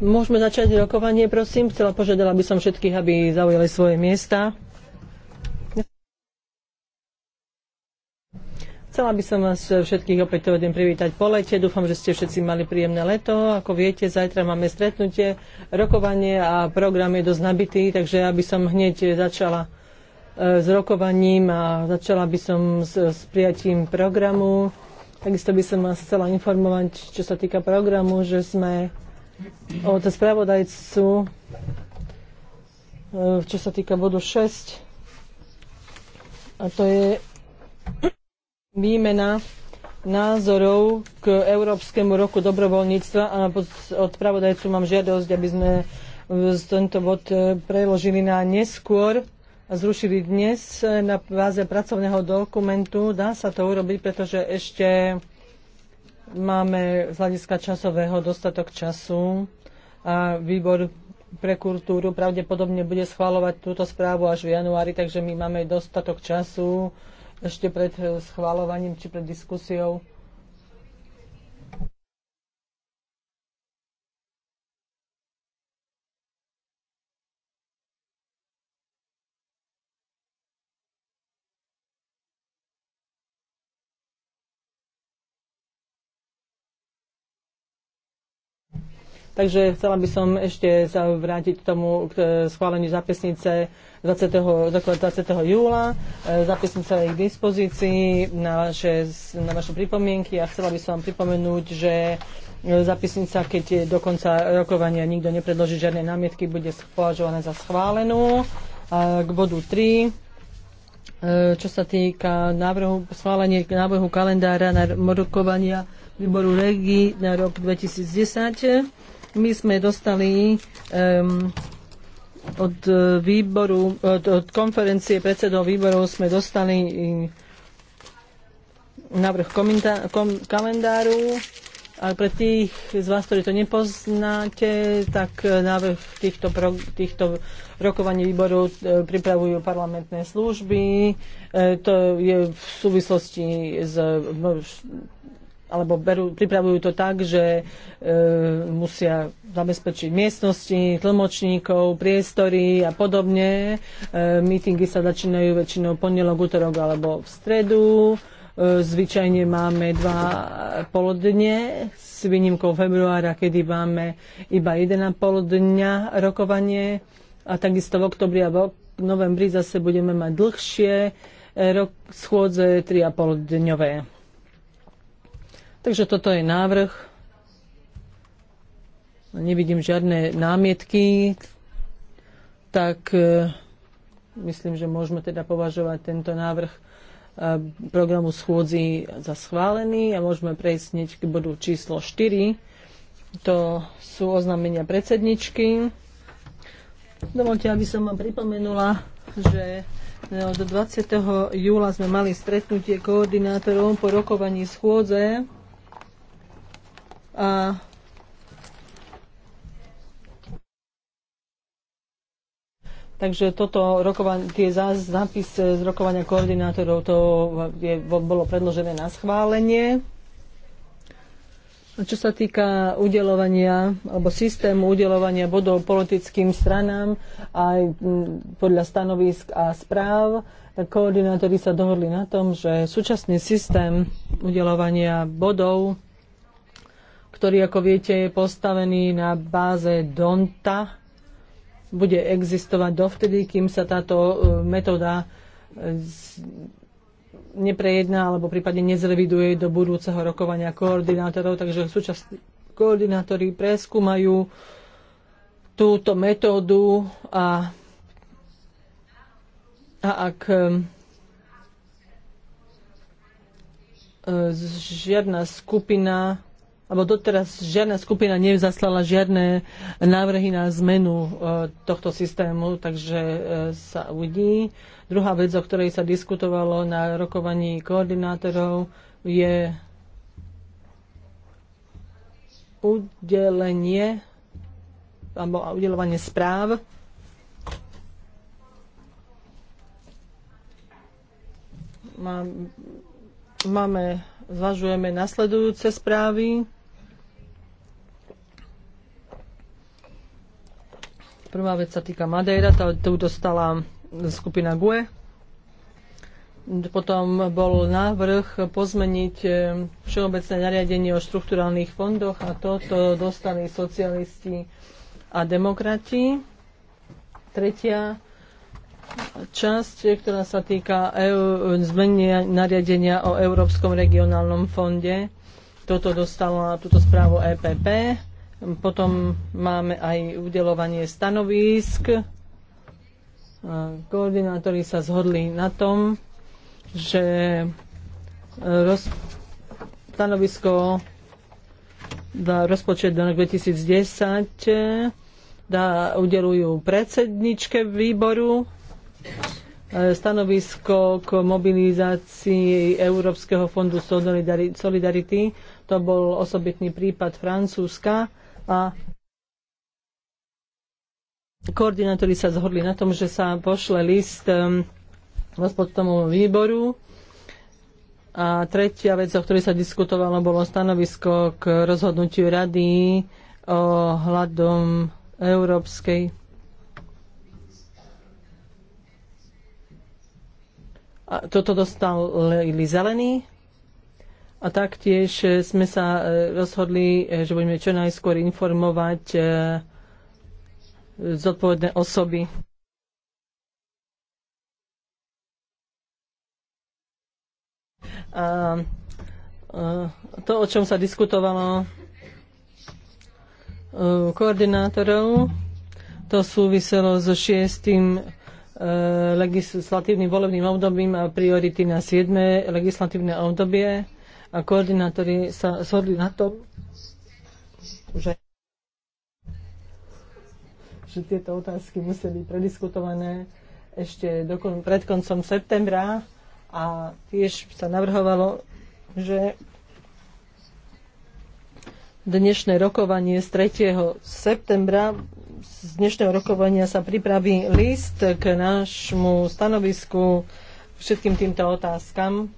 Môžeme začať rokovanie, prosím. Chcela požiadala by som všetkých, aby zaujali svoje miesta. Chcela by som vás všetkých opätovne privítať po lete. Dúfam, že ste všetci mali príjemné leto. Ako viete, zajtra máme stretnutie, rokovanie a program je dosť nabitý, takže aby som hneď začala e, s rokovaním a začala by som s, s prijatím programu. Takisto by som vás chcela informovať, čo sa týka programu, že sme od spravodajcu, e, čo sa týka bodu 6, a to je výmena názorov k Európskemu roku dobrovoľníctva a od spravodajcu mám žiadosť, aby sme tento bod e, preložili na neskôr zrušili dnes eh, na báze pracovného dokumentu. Dá sa to urobiť, pretože ešte máme z hľadiska časového dostatok času a výbor pre kultúru pravdepodobne bude schváľovať túto správu až v januári, takže my máme dostatok času ešte pred eh, schváľovaním či pred diskusiou. Takže chcela by som ešte sa vrátiť k tomu k e, schváleniu zapisnice 20. 20. júla. E, zapisnica je k dispozícii na vaše, na vaše pripomienky a chcela by som vám pripomenúť, že e, zapisnica, keď je do konca rokovania nikto nepredloží žiadne námietky, bude považovaná za schválenú. A k bodu 3 čo sa týka návrhu, schválenie návrhu kalendára na rokovania výboru REGI na rok 2010. My sme dostali um, od výboru, od, od konferencie predsedov výborov sme dostali návrh kom, kalendáru. A pre tých z vás, ktorí to nepoznáte, tak návrh týchto, pro, týchto rokovaní výboru e, pripravujú parlamentné služby. E, to je v súvislosti s alebo berú, pripravujú to tak, že e, musia zabezpečiť miestnosti, tlmočníkov, priestory a podobne. E, mítingy sa začínajú väčšinou pondelok, útorok alebo v stredu. E, zvyčajne máme dva polodne s výnimkou februára, kedy máme iba 1,5 dňa rokovanie a takisto v oktobri a v novembri zase budeme mať dlhšie e, rok, schôdze 3,5 dňové. Takže toto je návrh. Nevidím žiadne námietky, tak e, myslím, že môžeme teda považovať tento návrh e, programu schôdzi za schválený a môžeme prejsť hneď k bodu číslo 4. To sú oznámenia predsedničky. Dovolte, aby som vám pripomenula, že e, od 20. júla sme mali stretnutie koordinátorov po rokovaní schôdze Uh, Takže toto rokovanie, tie zápis z rokovania koordinátorov, to je, bolo predložené na schválenie. Čo sa týka udelovania alebo systému udelovania bodov politickým stranám aj podľa stanovisk a správ, koordinátori sa dohodli na tom, že súčasný systém udelovania bodov ktorý, ako viete, je postavený na báze Donta, bude existovať dovtedy, kým sa táto e, metóda e, neprejedná alebo prípadne nezreviduje do budúceho rokovania koordinátorov, takže súčasní koordinátori preskúmajú túto metódu a, a ak e, žiadna skupina lebo doteraz žiadna skupina nevzaslala žiadne návrhy na zmenu e, tohto systému, takže e, sa uvidí. Druhá vec, o ktorej sa diskutovalo na rokovaní koordinátorov, je udelenie alebo udelovanie správ Máme, zvažujeme nasledujúce správy. Prvá vec sa týka Madeira, tu dostala skupina GUE. Potom bol návrh pozmeniť eh, všeobecné nariadenie o štruktúrálnych fondoch a toto dostali socialisti a demokrati. Tretia časť, ktorá sa týka EU, eh, zmenia nariadenia o Európskom regionálnom fonde. Toto dostala túto správu EPP. Potom máme aj udelovanie stanovísk. Koordinátori sa zhodli na tom, že e, roz... stanovisko na rozpočet do 2010 e, dá, udelujú predsedničke výboru e, stanovisko k mobilizácii Európskeho fondu Solidarity. To bol osobitný prípad Francúzska a koordinátori sa zhodli na tom, že sa pošle list um, tomu výboru. A tretia vec, o ktorej sa diskutovalo, bolo stanovisko k rozhodnutiu rady o hľadom európskej A toto Lili zelený a taktiež e, sme sa e, rozhodli, e, že budeme čo najskôr informovať zodpovedné osoby. A to, o čom sa diskutovalo koordinátorov, to súviselo so šiestým legislatívnym volebným obdobím a priority na siedme legislatívne obdobie a koordinátori sa shodli na tom, že že tieto otázky musia byť prediskutované ešte dokon, pred koncom septembra a tiež sa navrhovalo, že dnešné rokovanie z 3. septembra z dnešného rokovania sa pripraví list k nášmu stanovisku všetkým týmto otázkam.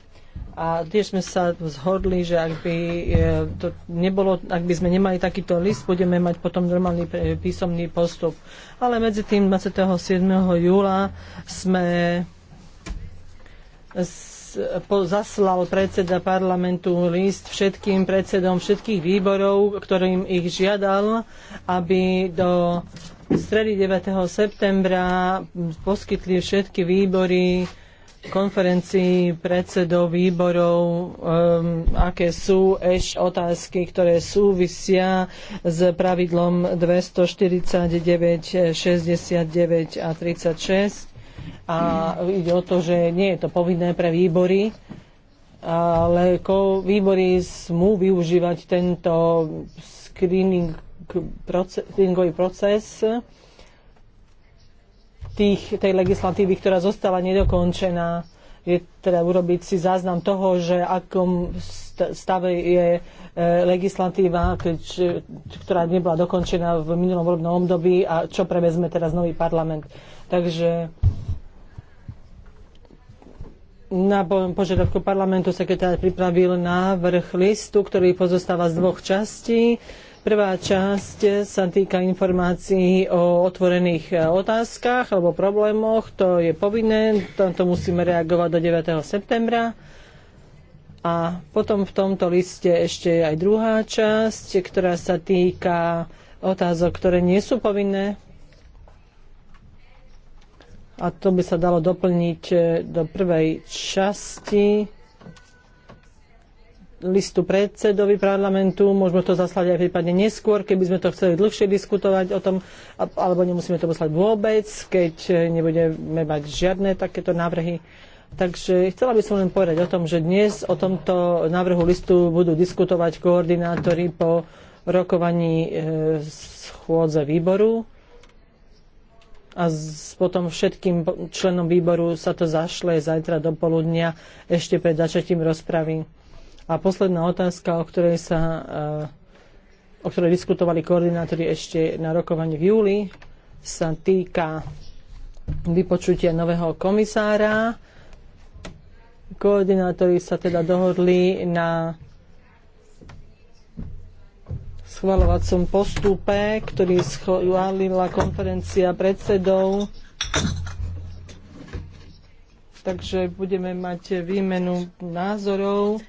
A tiež sme sa zhodli, že ak by e, to nebolo, ak by sme nemali takýto list, budeme mať potom normálny e, písomný postup. Ale medzi tým 27. júla sme zaslal predseda parlamentu list všetkým predsedom všetkých výborov, ktorým ich žiadal, aby do stredy 9. septembra poskytli všetky výbory konferencii predsedov výborov, um, aké sú ešte otázky, ktoré súvisia s pravidlom 249, 69 a 36. A ide o to, že nie je to povinné pre výbory, ale výbory smú využívať tento screening, proces, screeningový proces tých, tej legislatívy, ktorá zostala nedokončená. Je teda urobiť si záznam toho, že akom stave je e, legislatíva, ktorá nebola dokončená v minulom volebnom období a čo prevezme teraz nový parlament. Takže na požiadavku parlamentu sekretár pripravil návrh listu, ktorý pozostáva z dvoch častí. Prvá časť sa týka informácií o otvorených eh, otázkach alebo problémoch. To je povinné, to musíme reagovať do 9. septembra. A potom v tomto liste ešte aj druhá časť, ktorá sa týka otázok, ktoré nie sú povinné. A to by sa dalo doplniť eh, do prvej časti listu predsedovi parlamentu, môžeme to zaslať aj prípadne neskôr, keby sme to chceli dlhšie diskutovať o tom, alebo nemusíme to poslať vôbec, keď e, nebudeme mať žiadne takéto návrhy. Takže chcela by som len povedať o tom, že dnes o tomto návrhu listu budú diskutovať koordinátori po rokovaní e, schôdze výboru a potom všetkým členom výboru sa to zašle zajtra do poludnia ešte pred začatím rozpravy. A posledná otázka, o ktorej sa eh, o ktorej diskutovali koordinátori ešte na rokovaní v júli, sa týka vypočutia nového komisára. Koordinátori sa teda dohodli na schvalovacom postupe, ktorý schválila konferencia predsedov. Takže budeme mať výmenu názorov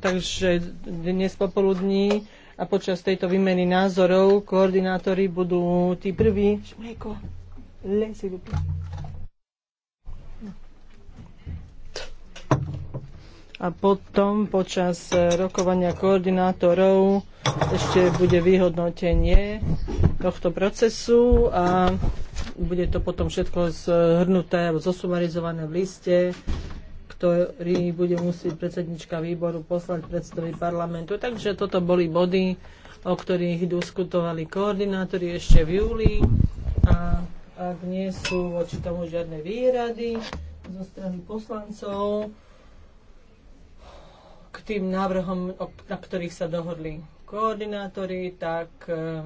Takže dnes popoludní a počas tejto výmeny názorov koordinátori budú tí prví. si lesy a potom počas e, rokovania koordinátorov ešte bude vyhodnotenie tohto procesu a bude to potom všetko zhrnuté alebo zosumarizované v liste ktorý bude musieť predsednička výboru poslať predstavy parlamentu. Takže toto boli body, o ktorých diskutovali koordinátori ešte v júli. A ak nie sú voči tomu žiadne výrady zo strany poslancov k tým návrhom, na ktorých sa dohodli koordinátori, tak eh,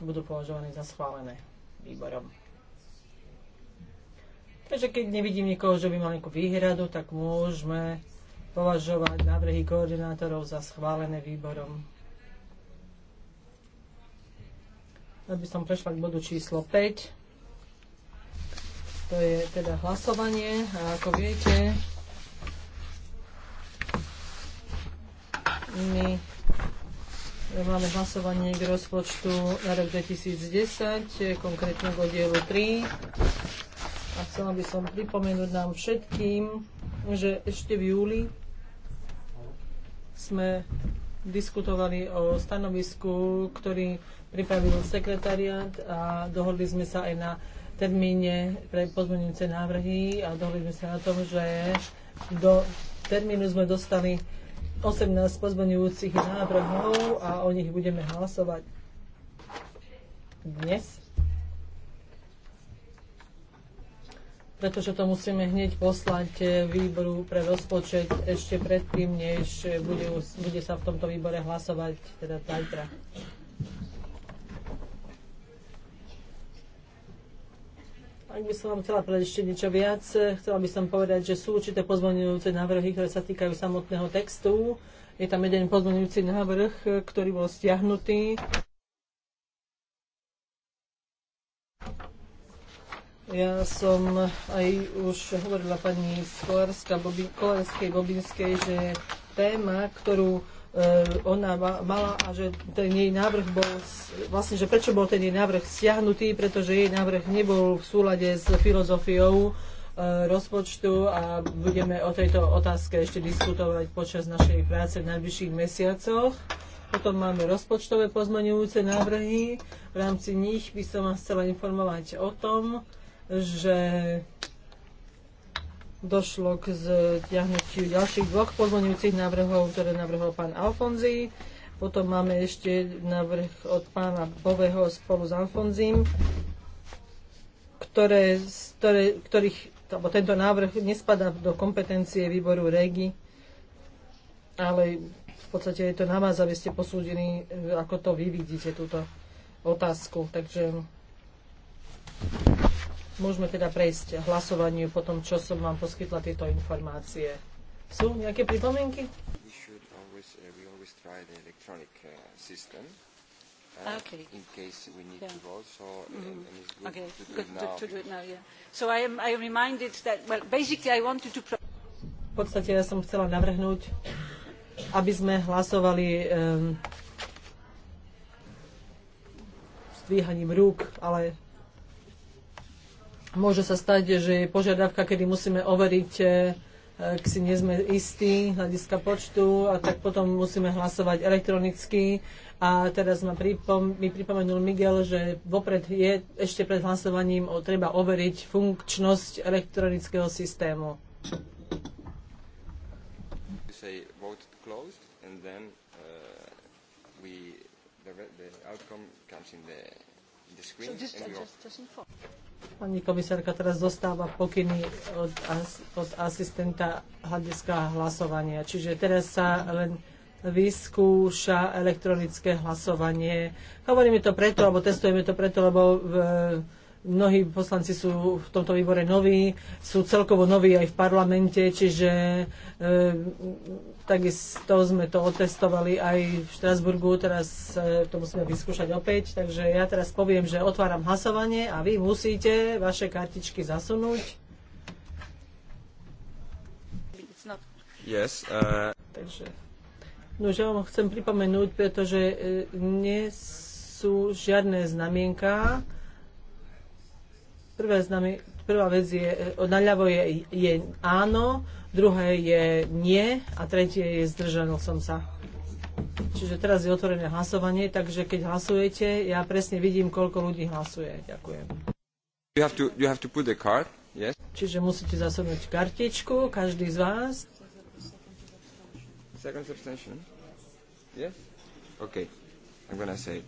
budú považované za schválené výborom. Takže keď nevidím nikoho, že by mal nejakú výhradu, tak môžeme považovať návrhy koordinátorov za schválené výborom. Aby som prešla k bodu číslo 5. To je teda hlasovanie a ako viete, my máme hlasovanie k rozpočtu na rok 2010, konkrétne k oddielu 3 a chcela by som pripomenúť nám všetkým, že ešte v júli sme diskutovali o stanovisku, ktorý pripravil sekretariat a dohodli sme sa aj na termíne pre pozmeňujúce návrhy a dohodli sme sa na tom, že do termínu sme dostali 18 pozmeňujúcich návrhov a o nich budeme hlasovať dnes. pretože to musíme hneď poslať eh, výboru pre rozpočet ešte predtým, než eh, bude, bude sa v tomto výbore hlasovať, teda zajtra. Ak by som vám chcela povedať ešte niečo viac, chcela by som povedať, že sú určité pozvonujúce návrhy, ktoré sa týkajú samotného textu. Je tam jeden pozvonujúci návrh, eh, ktorý bol stiahnutý. Ja som aj už hovorila pani Kolarskej Bobinskej, že téma, ktorú e, ona mala a že ten jej návrh bol, vlastne, že prečo bol ten jej návrh stiahnutý, pretože jej návrh nebol v súlade s filozofiou e, rozpočtu a budeme o tejto otázke ešte diskutovať počas našej práce v najbližších mesiacoch. Potom máme rozpočtové pozmaňujúce návrhy. V rámci nich by som vás chcela informovať o tom, že došlo k zdiahnutiu ďalších dvoch pozvoňujúcich návrhov, ktoré navrhol pán Alfonzi. Potom máme ešte návrh od pána Boveho spolu s Alfonzím, ktoré, ktoré, ktorých, alebo tento návrh nespadá do kompetencie výboru REGI, ale v podstate je to na vás, aby ste posúdili, ako to vy vidíte, túto otázku. Takže Môžeme teda prejsť hlasovaniu po tom, čo som vám poskytla tieto informácie. Sú nejaké pripomienky? Uh, uh, uh, okay. in case we need yeah. to vote. So mm -hmm. and it's good okay. to do good, it now. To, to do it now yeah. So I am, I am reminded that, well, basically I wanted to... Pro- v podstate ja som chcela navrhnúť, aby sme hlasovali um, dvíhaním rúk, ale môže sa stať, že je požiadavka, kedy musíme overiť, e, ak si nie sme istí hľadiska počtu, a tak potom musíme hlasovať elektronicky. A teraz ma pripom- mi pripomenul Miguel, že vopred je ešte pred hlasovaním o, treba overiť funkčnosť elektronického systému. Closed, and then uh, we, the, the outcome comes in the Pani komisárka teraz dostáva pokyny od, od asistenta hľadiska hlasovania. Čiže teraz sa len vyskúša elektronické hlasovanie. Hovoríme to preto, alebo testujeme to preto, lebo v, mnohí poslanci sú v tomto výbore noví, sú celkovo noví aj v parlamente, čiže e, takisto sme to otestovali aj v Štrasburgu, teraz e, to musíme vyskúšať opäť, takže ja teraz poviem, že otváram hlasovanie a vy musíte vaše kartičky zasunúť. Yes, uh... Takže, no, že vám chcem pripomenúť, pretože e, nie sú žiadne znamienka, Prvé znamy, prvá vec je, e, naľavo je, je áno, druhé je nie a tretie je zdržanil som sa. Čiže teraz je otvorené hlasovanie, takže keď hlasujete, ja presne vidím, koľko ľudí hlasuje. Ďakujem. You have to, you have to put the card. Yes. Čiže musíte zasunúť kartičku, každý z vás. Second substantial. Yes? Okay. I'm gonna say.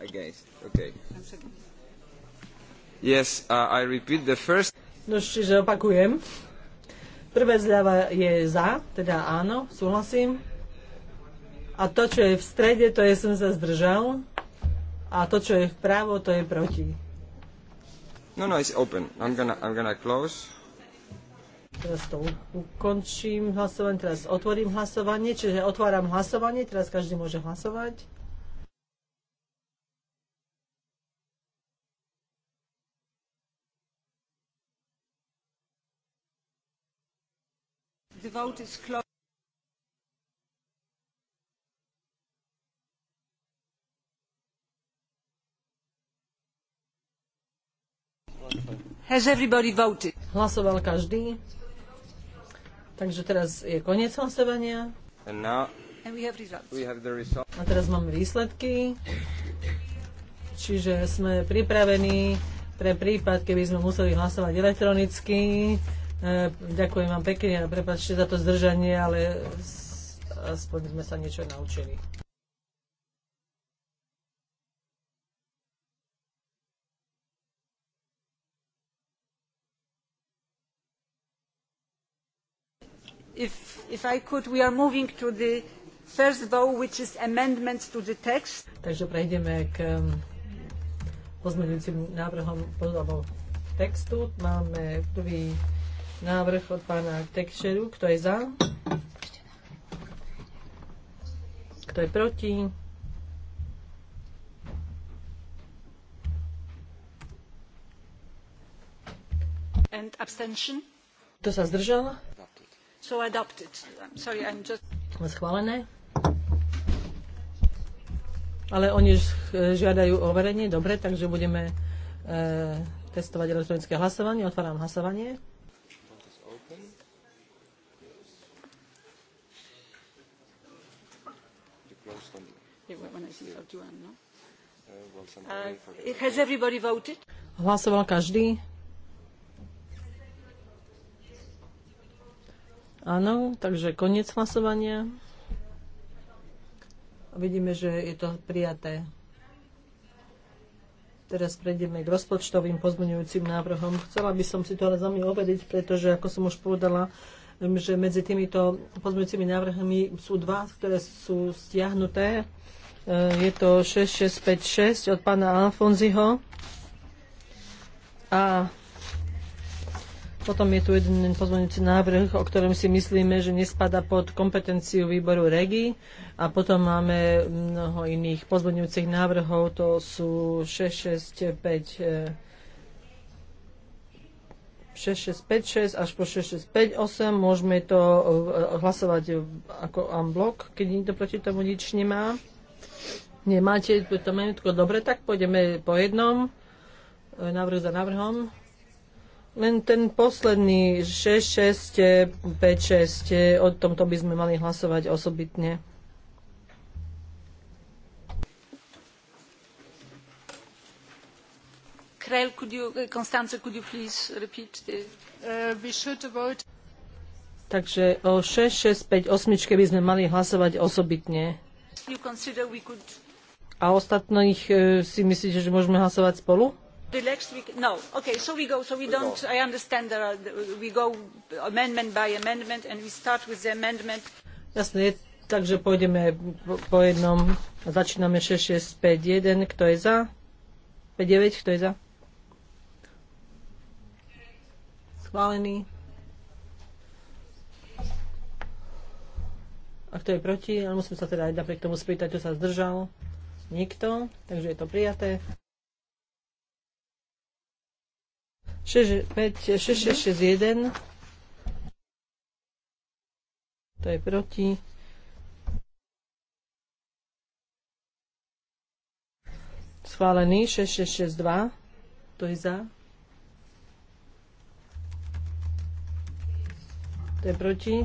Against. Okay. Yes, uh, I repeat the first... No, čiže opakujem. Prvé zľava je za, teda áno, súhlasím. A to, čo je v strede, to je som sa zdržal. A to, čo je vpravo, to je proti. No, no, it's open. I'm gonna, I'm gonna close. Teraz to ukončím hlasovanie, teraz otvorím hlasovanie, čiže otváram hlasovanie, teraz každý môže hlasovať. Hlasoval každý. Takže teraz je koniec hlasovania. A teraz máme výsledky. Čiže sme pripravení pre prípad, keby sme museli hlasovať elektronicky. E, ďakujem vám pekne a prepáčte za to zdržanie, ale aspoň sme sa niečo naučili. If, if I could, we are moving to the first which is amendments to the text. Takže prejdeme k um, pozmeňujúcim návrhom alebo textu. Máme prvý Návrh od pána Tekšeru. Kto je za? Kto je proti? And abstention? Kto sa zdržal? So adopted. I'm sorry, I'm just... Schválené. Ale oni žiadajú overenie, dobre, takže budeme e, testovať elektronické hlasovanie. Otváram hlasovanie. Uh, has everybody voted? Hlasoval každý? Áno, takže koniec hlasovania. Vidíme, že je to prijaté. Teraz prejdeme k rozpočtovým pozmeňujúcim návrhom. Chcela by som si to ale mňa overiť, pretože, ako som už povedala, že medzi týmito pozmeňujúcimi návrhmi sú dva, ktoré sú stiahnuté Eh, je to 6656 od pána Alfonziho. A potom je tu jeden pozmeňujúci návrh, o ktorom si myslíme, že nespada pod kompetenciu výboru REGI. A potom máme mnoho iných pozmeňujúcich návrhov, to sú 665 6656 eh, až po 6658 môžeme to eh, hlasovať ako unblock, keď nikto proti tomu nič nemá nemáte to menutko dobre, tak pôjdeme po jednom, e, Navrh za navrhom. Len ten posledný 6, 6, 5, 6, o tomto by sme mali hlasovať osobitne. Krell, could you, eh, Constance, could you please repeat the... Uh, we should vote... Takže o 6, 6, 5, 8 by sme mali hlasovať osobitne. You consider we could a ostatných e, si myslíte, že môžeme hlasovať spolu? The next week, no. Okay, so we go, so we don't, I understand that we go amendment by amendment and we start with the amendment. Jasne, takže pôjdeme po, po jednom, začíname 6, 6, 5, 1, kto je za? 5, 9, kto je za? Schválený. A kto je proti? Ale musím sa teda aj napriek tomu spýtať, kto sa zdržal. Nikto, takže je to prijaté. 6661. To je proti. Schválený 6662. To je za. To je proti.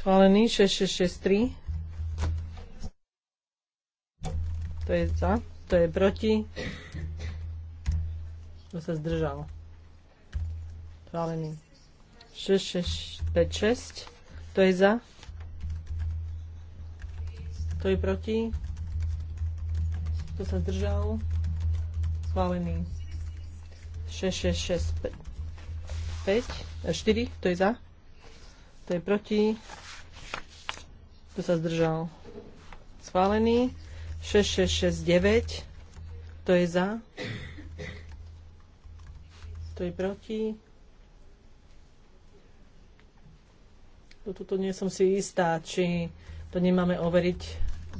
Schválený 6663. To je za, to je proti. To sa zdržalo. Schválený. 6656. To je za. To je proti. To sa zdržalo. Schválený. 6665. 4. To je za. To je proti. Kto sa zdržal? Schválený. 6669. Kto je za? Kto je proti? No, tuto nie som si istá, či to nemáme overiť,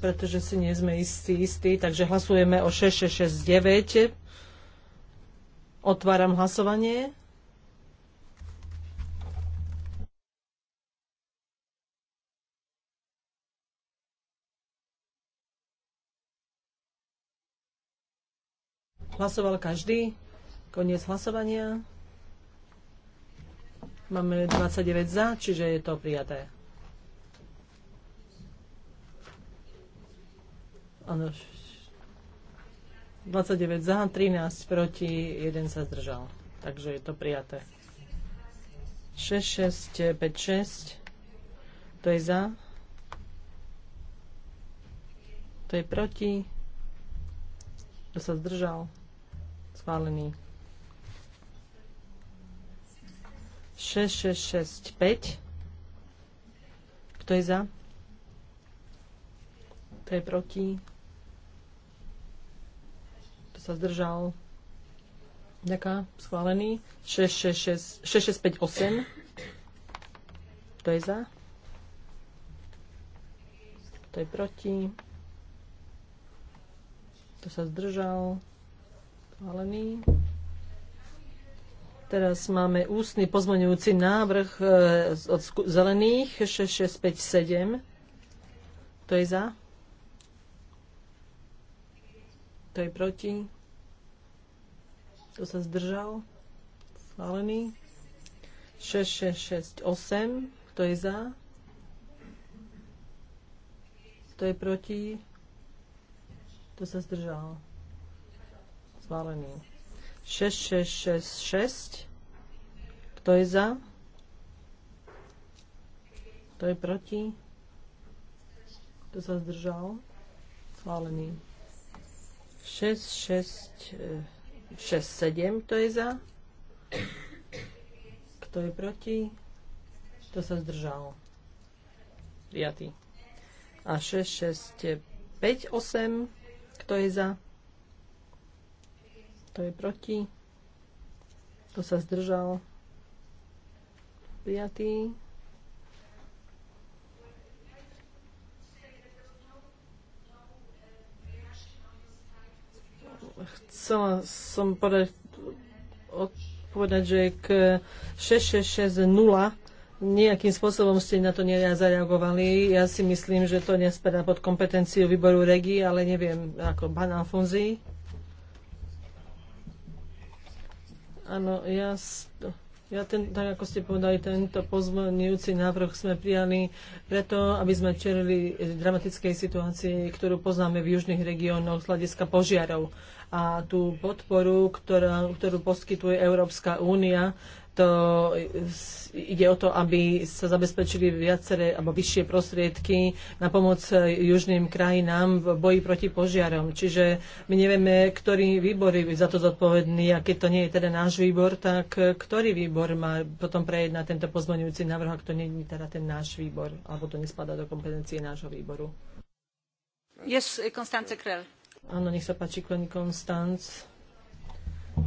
pretože si nie sme istí, istí. Takže hlasujeme o 6669. Otváram hlasovanie. Hlasoval každý. Koniec hlasovania. Máme 29 za, čiže je to prijaté. Ano. 29 za, 13 proti, 1 sa zdržal. Takže je to prijaté. 6, 6, 5, 6. To je za. To je proti. To sa zdržal. Schválený. 6665. Kto je za? Kto je proti? Kto sa zdržal? Ďaká, schválený. 6658. Kto je za? Kto je proti? Kto sa zdržal? schválený. Teraz máme ústny pozmeňujúci návrh e, od zelených 6657. To je za? To je proti? To sa zdržal? Schválený. 6668. Kto je za? Kto je proti? To sa zdržal schválený. 6666. Kto je za? Kto je proti? Kto sa zdržal? Schválený. 6667. Kto je za? Kto je proti? Kto sa zdržal? Prijatý. A 6658. Kto je za? Kto je proti? Kto sa zdržal? Prijatý. Chcela som povedať, odpovedať, že k 6660 nejakým spôsobom ste na to nezareagovali. Ja si myslím, že to nespadá pod kompetenciu výboru regí, ale neviem, ako pán funzí. Áno, ja, ja ten, tak ako ste povedali, tento pozmenujúci návrh sme prijali preto, aby sme čerili dramatickej situácii, ktorú poznáme v južných regiónoch z hľadiska požiarov a tú podporu, ktorá, ktorú poskytuje Európska únia to ide o to, aby sa zabezpečili viaceré alebo vyššie prostriedky na pomoc eh, južným krajinám v boji proti požiarom. Čiže my nevieme, ktorý výbor je za to zodpovedný a keď to nie je teda náš výbor, tak eh, ktorý výbor má potom prejednať tento pozmeňujúci návrh, ak to nie je teda ten náš výbor, alebo to nespadá do kompetencie nášho výboru. Yes, Konstance eh, Krell. Áno, nech sa páči, Konstanc.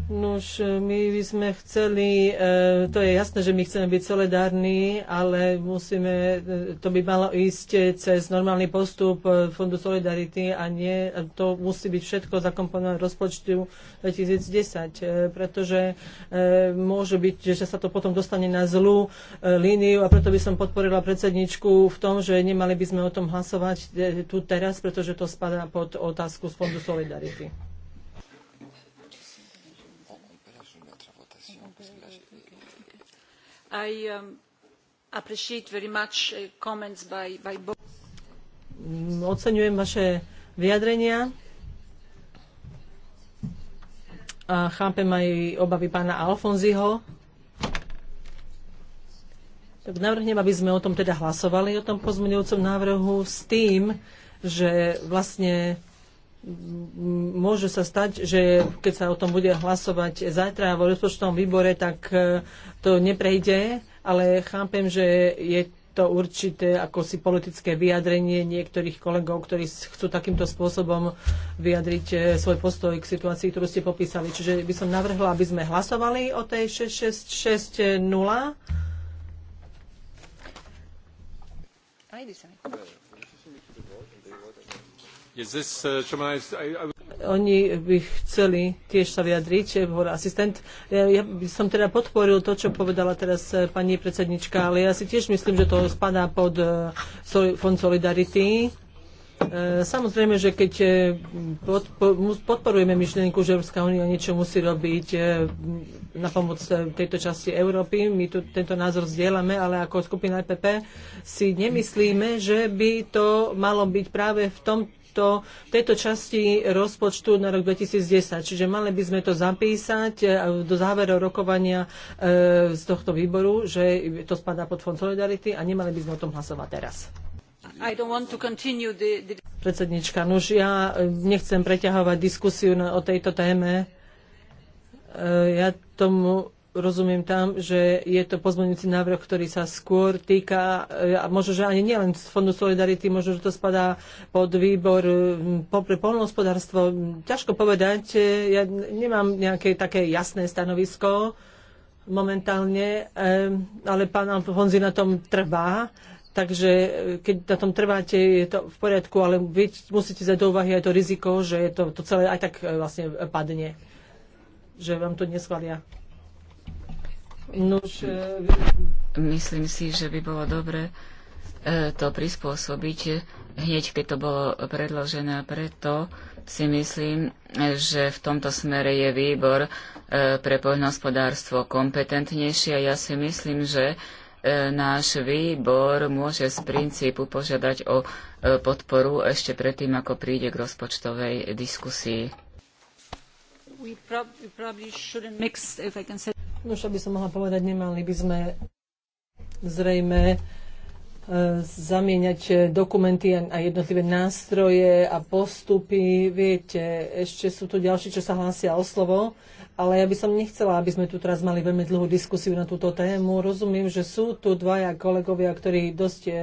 Nuž, my by sme chceli, e, to je jasné, že my chceme byť solidárni, ale musíme, e, to by malo ísť cez normálny postup e, Fondu Solidarity a nie, to musí byť všetko zakomponované v rozpočtu 2010, pretože môže byť, že sa to potom dostane na zlú líniu a preto by som podporila predsedničku v tom, že nemali by sme o tom hlasovať tu teraz, pretože to spadá pod otázku z Fondu Solidarity. I um, appreciate very much uh, comments by, by both. Oceňujem vaše vyjadrenia a chápem aj obavy pána Alfonziho. Tak navrhnem, aby sme o tom teda hlasovali, o tom pozmeňujúcom návrhu s tým, že vlastne môže sa stať, že keď sa o tom bude hlasovať zajtra vo rozpočtovom výbore, tak e, to neprejde, ale chápem, že je to určité ako si politické vyjadrenie niektorých kolegov, ktorí chcú takýmto spôsobom vyjadriť e, svoj postoj k situácii, ktorú ste popísali. Čiže by som navrhla, aby sme hlasovali o tej 6660. Uh, Oni by chceli tiež sa vyjadriť, eh, hovorí asistent. Ja, ja by som teda podporil to, čo povedala teraz eh, pani predsednička, ale ja si tiež myslím, že to spadá pod eh, Fond Solidarity. Samozrejme, že keď podporujeme myšlienku, že Európska únia niečo musí robiť na pomoc tejto časti Európy, my tu tento názor zdieľame, ale ako skupina EPP si nemyslíme, že by to malo byť práve v tom, tohto, tejto časti rozpočtu na rok 2010. Čiže mali by sme to zapísať e, do záveru rokovania e, z tohto výboru, že to spadá pod Fond Solidarity a nemali by sme o tom hlasovať teraz. The... Predsednička, nuž no ja e, nechcem preťahovať diskusiu na, o tejto téme. Ja tomu rozumiem tam, že je to pozmeňujúci návrh, ktorý sa skôr týka, e, a možno, že ani nielen z Fondu Solidarity, možno, že to spadá pod výbor pre polnohospodárstvo. Ťažko povedať, e, ja nemám nejaké také jasné stanovisko momentálne, e, ale pán Alfonzi na tom trvá. Takže keď na tom trváte, je to v poriadku, ale vy musíte zať do úvahy aj to riziko, že to, to celé aj tak vlastne padne, že vám to neschvalia. Nož, e, myslím si, že by bolo dobre e, to prispôsobiť hneď, keď to bolo predložené. Preto si myslím, že v tomto smere je výbor e, pre poľnohospodárstvo kompetentnejší a ja si myslím, že náš výbor môže z princípu požiadať o podporu ešte predtým, ako príde k rozpočtovej diskusii. No čo by som mohla povedať, nemali by sme zrejme e, zamieňať dokumenty a jednotlivé nástroje a postupy. Viete, ešte sú tu ďalší, čo sa hlásia o slovo, ale ja by som nechcela, aby sme tu teraz mali veľmi dlhú diskusiu na túto tému. Rozumiem, že sú tu dvaja kolegovia, ktorí dosť e,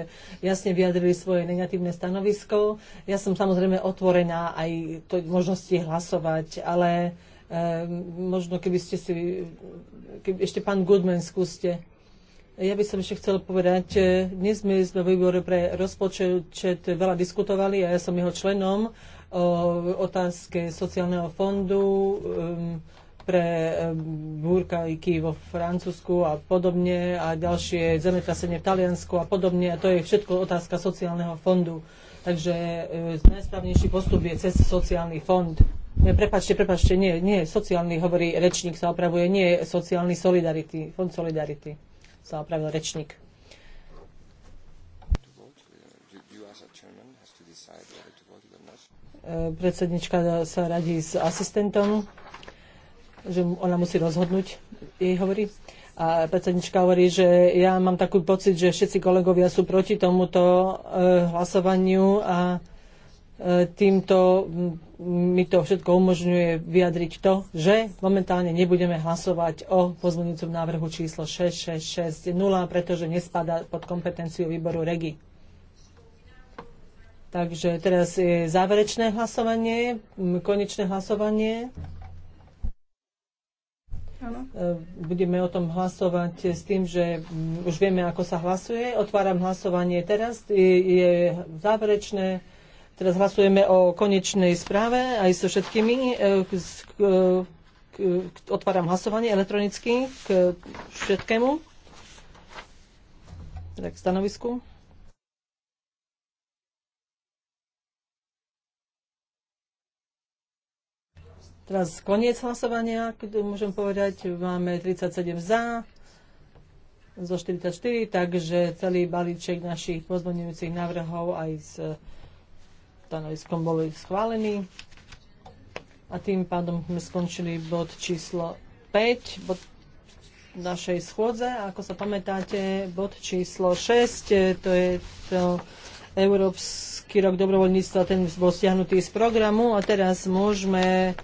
jasne vyjadrili svoje negatívne stanovisko. Ja som samozrejme otvorená aj to možnosti hlasovať, ale Ehm, možno keby ste si, keby, ešte pán Goodman skúste. Ja by som ešte chcel povedať, dnes sme v výbore pre rozpočet veľa diskutovali a ja som jeho členom o otázke sociálneho fondu ehm, pre ehm, búrkajky vo Francúzsku a podobne a ďalšie zemetrasenie v Taliansku a podobne a to je všetko otázka sociálneho fondu. Takže najsprávnejší postup je cez sociálny fond. Prepačte, prepačte, nie, nie, sociálny, hovorí rečník, sa opravuje, nie sociálny solidarity, fond solidarity, sa opravil rečník. E, predsednička sa radí s asistentom, že ona musí rozhodnúť, jej hovorí. A predsednička hovorí, že ja mám taký pocit, že všetci kolegovia sú proti tomuto e, hlasovaniu a e, týmto mi to všetko umožňuje vyjadriť to, že momentálne nebudeme hlasovať o pozvonujúcom návrhu číslo 6660, pretože nespada pod kompetenciu výboru REGI. Takže teraz je záverečné hlasovanie, konečné hlasovanie. E, budeme o tom hlasovať s tým, že už vieme, ako sa hlasuje. Otváram hlasovanie teraz. Je záverečné Teraz hlasujeme o konečnej správe aj so všetkými. E, e, otváram hlasovanie elektronicky k všetkému. tak stanovisku. Teraz koniec hlasovania, môžem povedať, máme 37 za, zo 44, takže celý balíček našich pozvonujúcich návrhov aj z stanoviskom boli schválení. A tým pádom sme skončili bod číslo 5, bod našej schôdze. Ako sa pamätáte, bod číslo 6, e, to je to Európsky rok dobrovoľníctva, ten bol stiahnutý z programu a teraz môžeme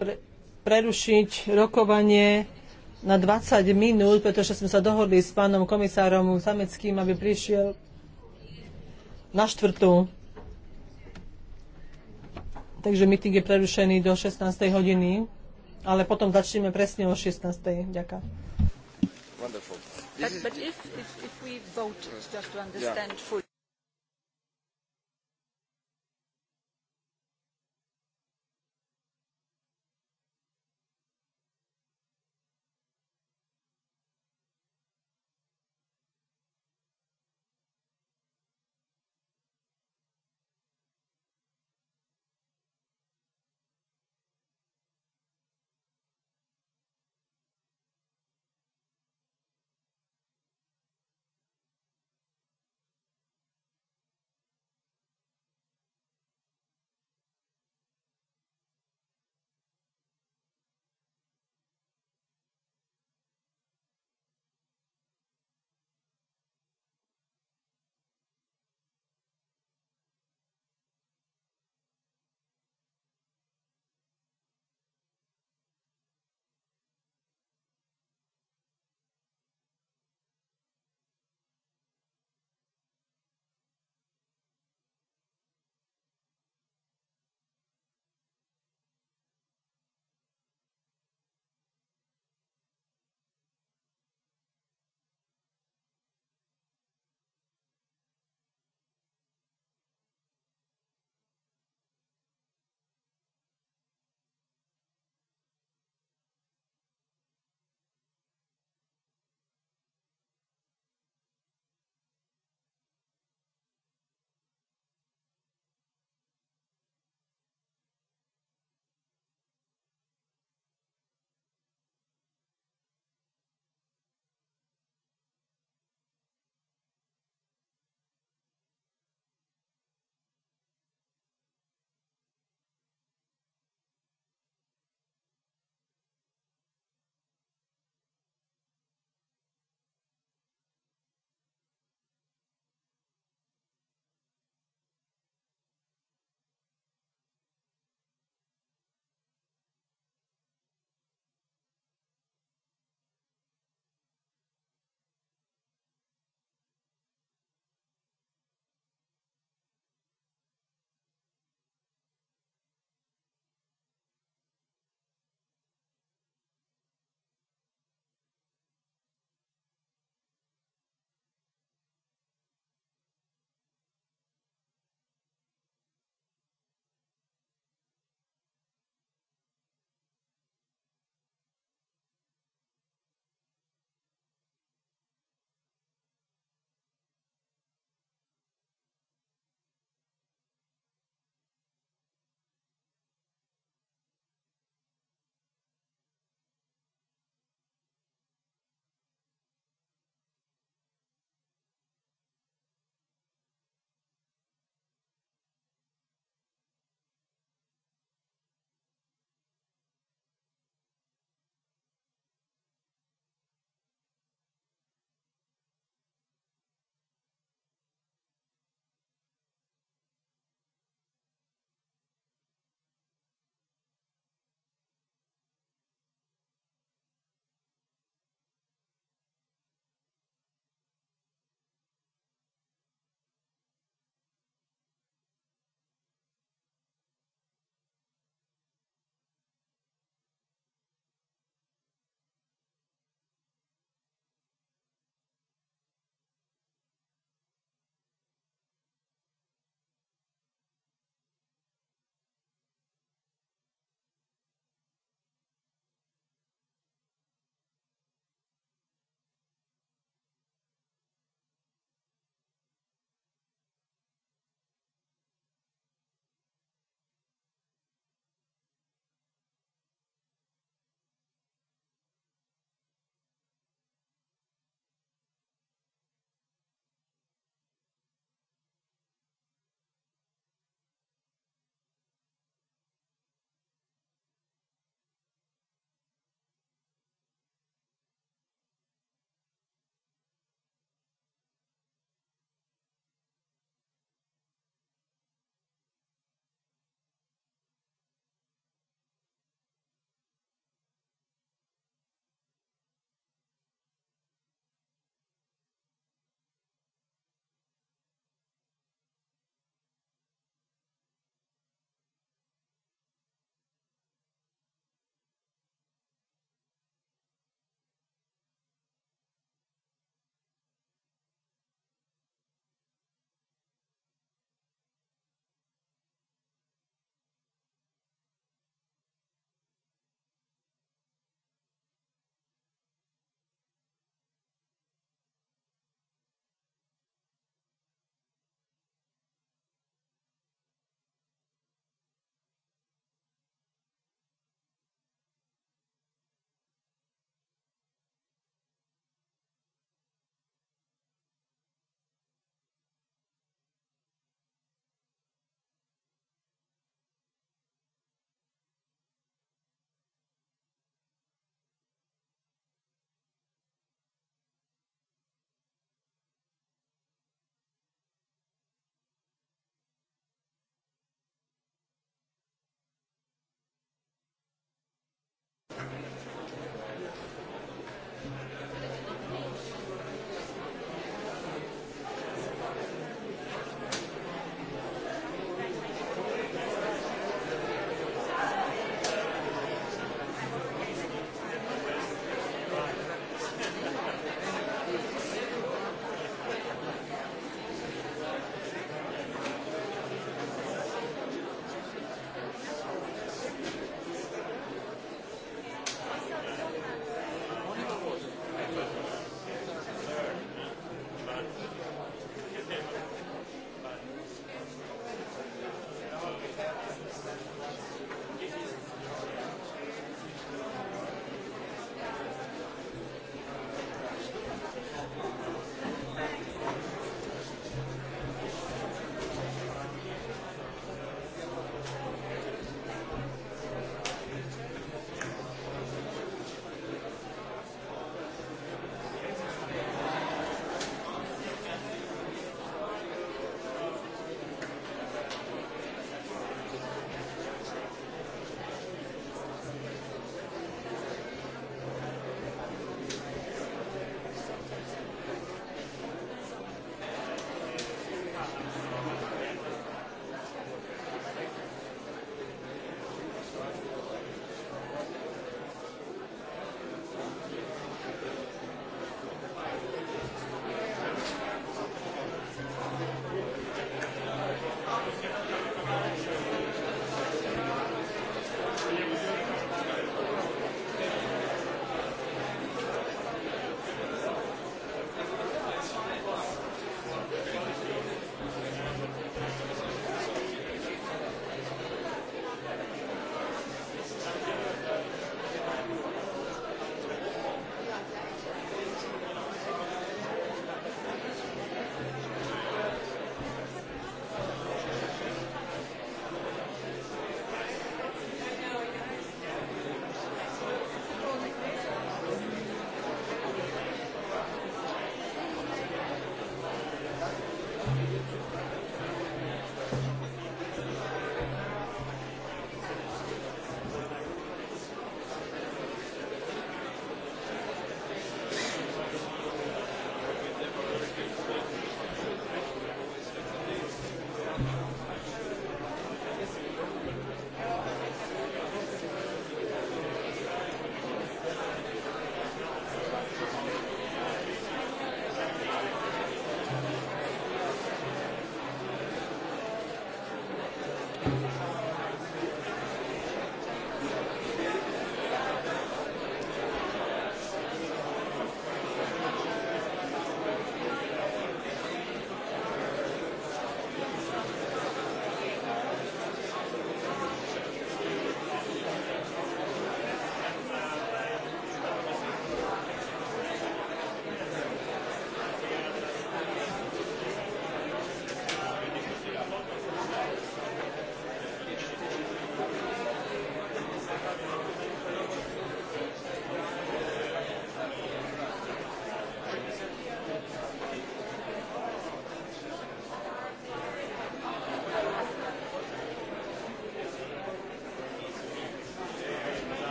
pre, prerušiť rokovanie na 20 minút, pretože sme sa dohodli s pánom komisárom Sameckým, aby prišiel na štvrtú. Takže meeting je prerušený do 16. hodiny, ale potom začneme presne o 16. Ďakujem. Wonderful. But, but if, if, if we vote, just to understand yeah. fully.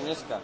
dneska.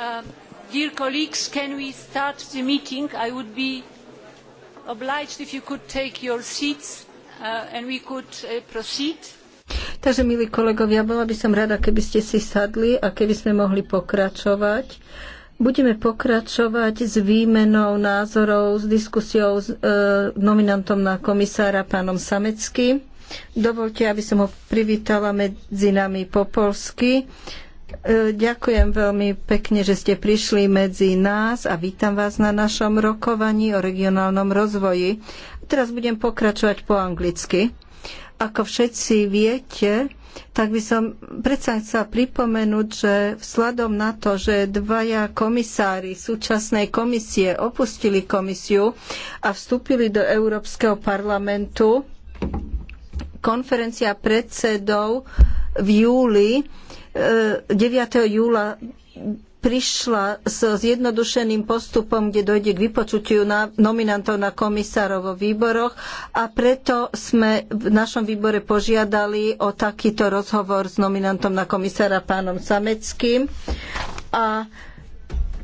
Um, dear colleagues, can we start the meeting? I would be obliged if you could take your seats uh, and we could uh, proceed. Takže, milí kolegovia, bola by som rada, keby ste si sadli a keby sme mohli pokračovať. Budeme pokračovať s výmenou názorov, s diskusiou s e, nominantom na komisára pánom Sameckým. Dovolte, aby som ho privítala medzi nami po polsky. E, ďakujem veľmi pekne, že ste prišli medzi nás a vítam vás na našom rokovaní o regionálnom rozvoji. Teraz budem pokračovať po anglicky. Ako všetci viete, tak by som predsa chcela pripomenúť, že vzhľadom na to, že dvaja komisári súčasnej komisie opustili komisiu a vstúpili do Európskeho parlamentu, konferencia predsedov v júli 9. E, júla prišla so zjednodušeným postupom, kde dojde k vypočutiu nominantov na komisárov vo výboroch a preto sme v našom výbore požiadali o takýto rozhovor s nominantom na komisára pánom Sameckým. A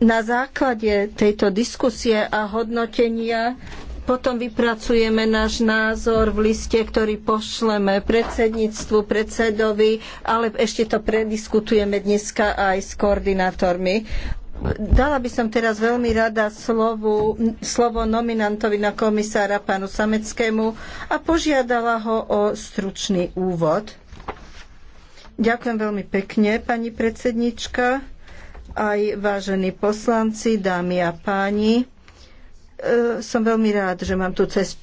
na základe tejto diskusie a hodnotenia potom vypracujeme náš názor v liste, ktorý pošleme predsedníctvu, predsedovi, ale ešte to prediskutujeme dneska aj s koordinátormi. Dala by som teraz veľmi rada slovo, slovo nominantovi na komisára pánu Sameckému a požiadala ho o stručný úvod. Ďakujem veľmi pekne, pani predsednička, aj vážení poslanci, dámy a páni. E, som veľmi rád, že mám tu cez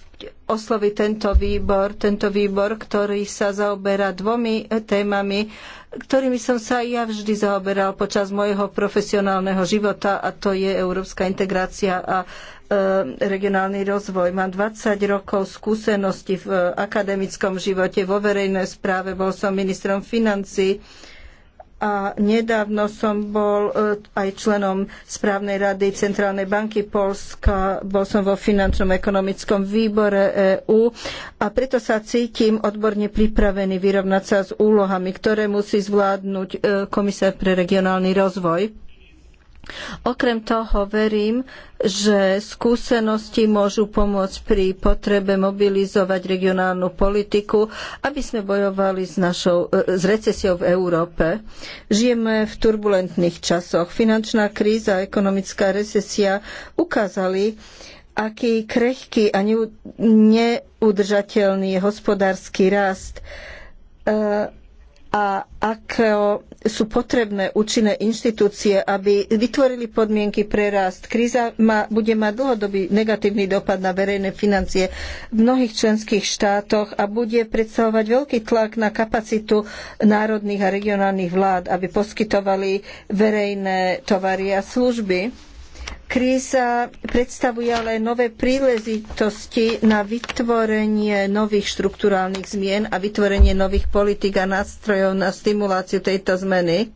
osloviť tento výbor, tento výbor, ktorý sa zaoberá dvomi e, témami, ktorými som sa aj ja vždy zaoberal počas môjho profesionálneho života a to je európska integrácia a e, regionálny rozvoj. Mám 20 rokov skúsenosti v e, akademickom živote, vo verejnej správe, bol som ministrom financií, a nedávno som bol e, aj členom správnej rady Centrálnej banky Polska, bol som vo finančnom ekonomickom výbore EÚ a preto sa cítim odborne pripravený vyrovnať sa s úlohami, ktoré musí zvládnuť e, komisár pre regionálny rozvoj. Okrem toho verím, že skúsenosti môžu pomôcť pri potrebe mobilizovať regionálnu politiku, aby sme bojovali s, našou, e, s recesiou v Európe. Žijeme v turbulentných časoch. Finančná kríza a ekonomická recesia ukázali, aký krehký a neudržateľný je hospodársky rast e, a ako sú potrebné účinné inštitúcie, aby vytvorili podmienky pre rast. Kríza má, bude mať dlhodobý negatívny dopad na verejné financie v mnohých členských štátoch a bude predstavovať veľký tlak na kapacitu národných a regionálnych vlád, aby poskytovali verejné tovary a služby Kríza predstavuje ale nové príležitosti na vytvorenie nových štrukturálnych zmien a vytvorenie nových politik a nástrojov na stimuláciu tejto zmeny. E,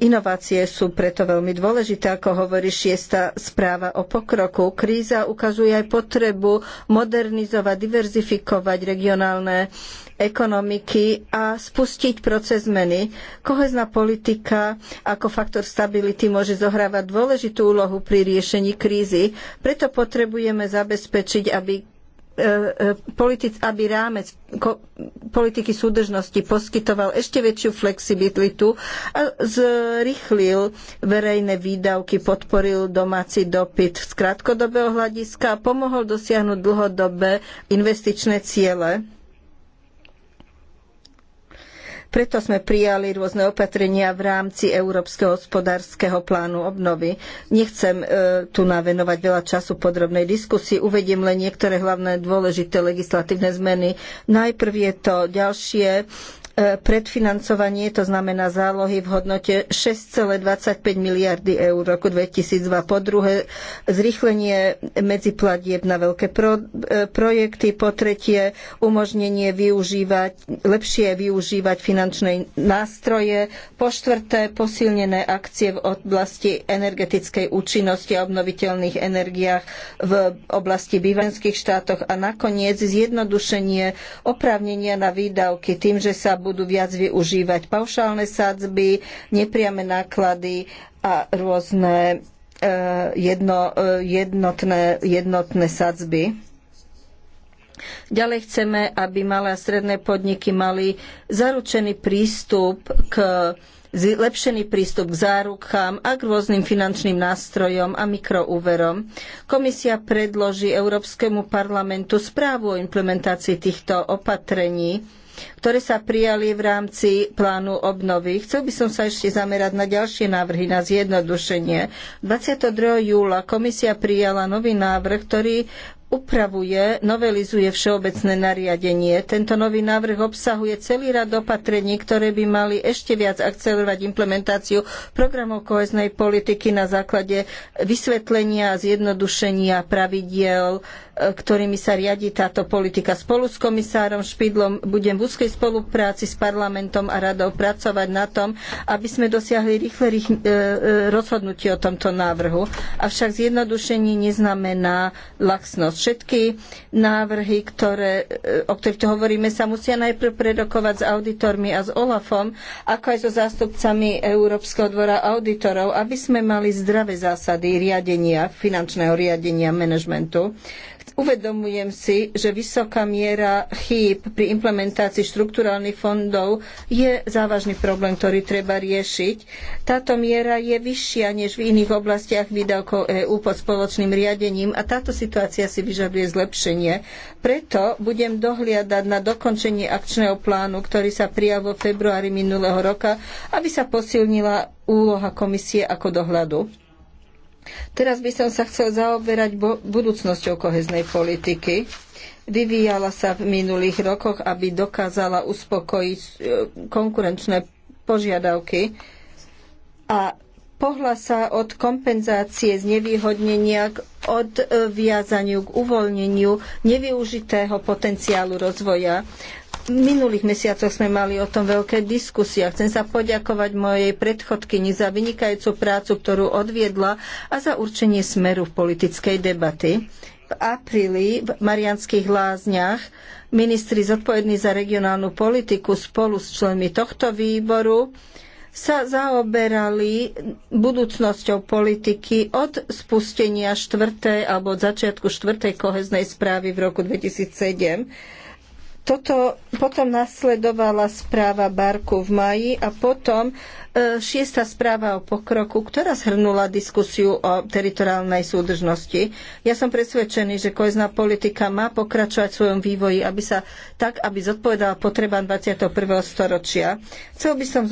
inovácie sú preto veľmi dôležité, ako hovorí šiesta správa o pokroku. Kríza ukazuje aj potrebu modernizovať, diverzifikovať regionálne ekonomiky a spustiť proces zmeny. Kohezná politika ako faktor stability môže zohrávať dôležitú úlohu pri riešení krízy, preto potrebujeme zabezpečiť, aby e, e, aby rámec politiky súdržnosti poskytoval ešte väčšiu flexibilitu a zrychlil verejné výdavky, podporil domáci dopyt z krátkodobého hľadiska a pomohol dosiahnuť dlhodobé investičné ciele. Preto sme prijali rôzne opatrenia v rámci Európskeho hospodárskeho plánu obnovy. Nechcem e, tu navenovať veľa času podrobnej diskusii, uvediem len niektoré hlavné dôležité legislatívne zmeny. Najprv je to ďalšie E, predfinancovanie, to znamená zálohy v hodnote 6,25 miliardy eur v roku 2002. Po druhé, zrýchlenie medziplatieb na veľké pro, e, projekty. Po tretie, umožnenie využívať, lepšie využívať finančné nástroje. Po štvrté, posilnené akcie v oblasti energetickej účinnosti a obnoviteľných energiách v oblasti bývanských štátoch a nakoniec zjednodušenie oprávnenia na výdavky tým, že sa budú viac využívať paušálne sadzby, nepriame náklady a rôzne e, jedno, e, jednotné, jednotné sadzby. Ďalej chceme, aby malé a stredné podniky mali zaručený prístup k zlepšený prístup k zárukám a k rôznym finančným nástrojom a mikroúverom. Komisia predloží Európskemu parlamentu správu o implementácii týchto opatrení ktoré sa prijali v rámci plánu obnovy. Chcel by som sa ešte zamerať na ďalšie návrhy na zjednodušenie. 22. júla komisia prijala nový návrh, ktorý upravuje, novelizuje všeobecné nariadenie. Tento nový návrh obsahuje celý rad opatrení, ktoré by mali ešte viac akcelerovať implementáciu programov koheznej politiky na základe vysvetlenia a zjednodušenia pravidiel, e, ktorými sa riadi táto politika. Spolu s komisárom Špidlom budem v úzkej spolupráci s parlamentom a radou pracovať na tom, aby sme dosiahli rýchle rých, e, e rozhodnutie o tomto návrhu. Avšak zjednodušenie neznamená laxnosť Všetky návrhy, ktoré, e, o ktorých tu hovoríme, sa musia najprv prerokovať s auditormi a s OLAFom, ako aj so zástupcami Európskeho dvora auditorov, aby sme mali zdravé zásady riadenia, finančného riadenia, manažmentu. Uvedomujem si, že vysoká miera chýb pri implementácii štrukturálnych fondov je závažný problém, ktorý treba riešiť. Táto miera je vyššia než v iných oblastiach výdavkov EÚ pod spoločným riadením a táto situácia si vyžaduje zlepšenie. Preto budem dohliadať na dokončenie akčného plánu, ktorý sa prijal vo februári minulého roka, aby sa posilnila úloha komisie ako dohľadu. Teraz by som sa chcel zaoberať budúcnosťou koheznej politiky. Vyvíjala sa v minulých rokoch, aby dokázala uspokojiť e, konkurenčné požiadavky a pohla sa od kompenzácie znevýhodnenia k odviazaniu, e, k uvoľneniu nevyužitého potenciálu rozvoja minulých mesiacoch sme mali o tom veľké diskusie. Chcem sa poďakovať mojej predchodkyni za vynikajúcu prácu, ktorú odviedla a za určenie smeru v politickej debaty. V apríli v Marianských lázniach ministri zodpovední za regionálnu politiku spolu s členmi tohto výboru sa zaoberali budúcnosťou politiky od spustenia štvrtej alebo od začiatku štvrtej koheznej správy v roku 2007 toto, potom nasledovala správa Barku v maji a potom e, šiesta správa o pokroku, ktorá zhrnula diskusiu o teritoriálnej súdržnosti. Ja som presvedčený, že kojezná politika má pokračovať v svojom vývoji, aby sa tak, aby zodpovedala potrebám 21. storočia. Chcel by som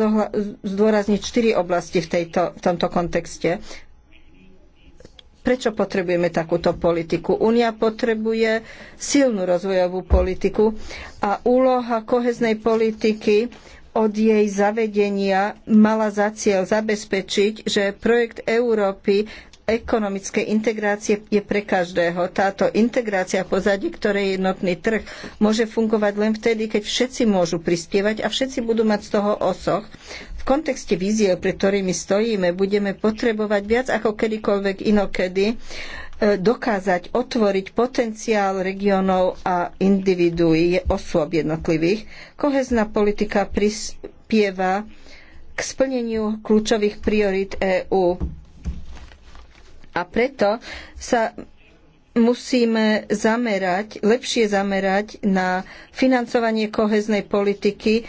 zdôrazniť štyri oblasti v, tejto, v tomto kontexte. Prečo potrebujeme takúto politiku? Únia potrebuje silnú rozvojovú politiku a úloha koheznej politiky od jej zavedenia mala za cieľ zabezpečiť, že projekt Európy ekonomickej integrácie je pre každého. Táto integrácia pozadí, ktorej je jednotný trh, môže fungovať len vtedy, keď všetci môžu prispievať a všetci budú mať z toho osoch kontexte vízie, pre ktorými stojíme, budeme potrebovať viac ako kedykoľvek inokedy e, dokázať otvoriť potenciál regiónov a individuí, osôb jednotlivých. Kohezná politika prispieva k splneniu kľúčových priorít EÚ. A preto sa musíme zamerať, lepšie zamerať na financovanie koheznej politiky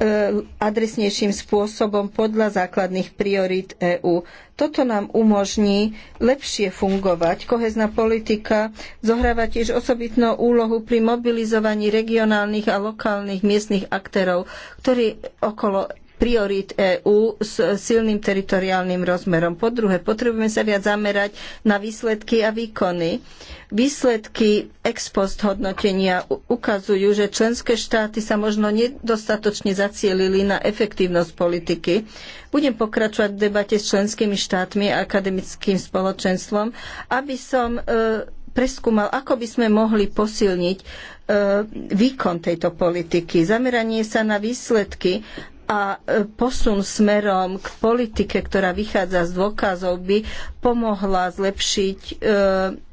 Eh, adresnejším spôsobom podľa základných priorít EÚ. Toto nám umožní lepšie fungovať. Kohezná politika zohráva tiež osobitnú úlohu pri mobilizovaní regionálnych a lokálnych miestnych aktérov, ktorí okolo priorít EÚ s silným teritoriálnym rozmerom. Po druhé, potrebujeme sa viac zamerať na výsledky a výkony. Výsledky ex post hodnotenia ukazujú, že členské štáty sa možno nedostatočne zacielili na efektívnosť politiky. Budem pokračovať v debate s členskými štátmi a akademickým spoločenstvom, aby som e, preskúmal, ako by sme mohli posilniť e, výkon tejto politiky, zameranie sa na výsledky a e, posun smerom k politike, ktorá vychádza z dôkazov, by pomohla zlepšiť e,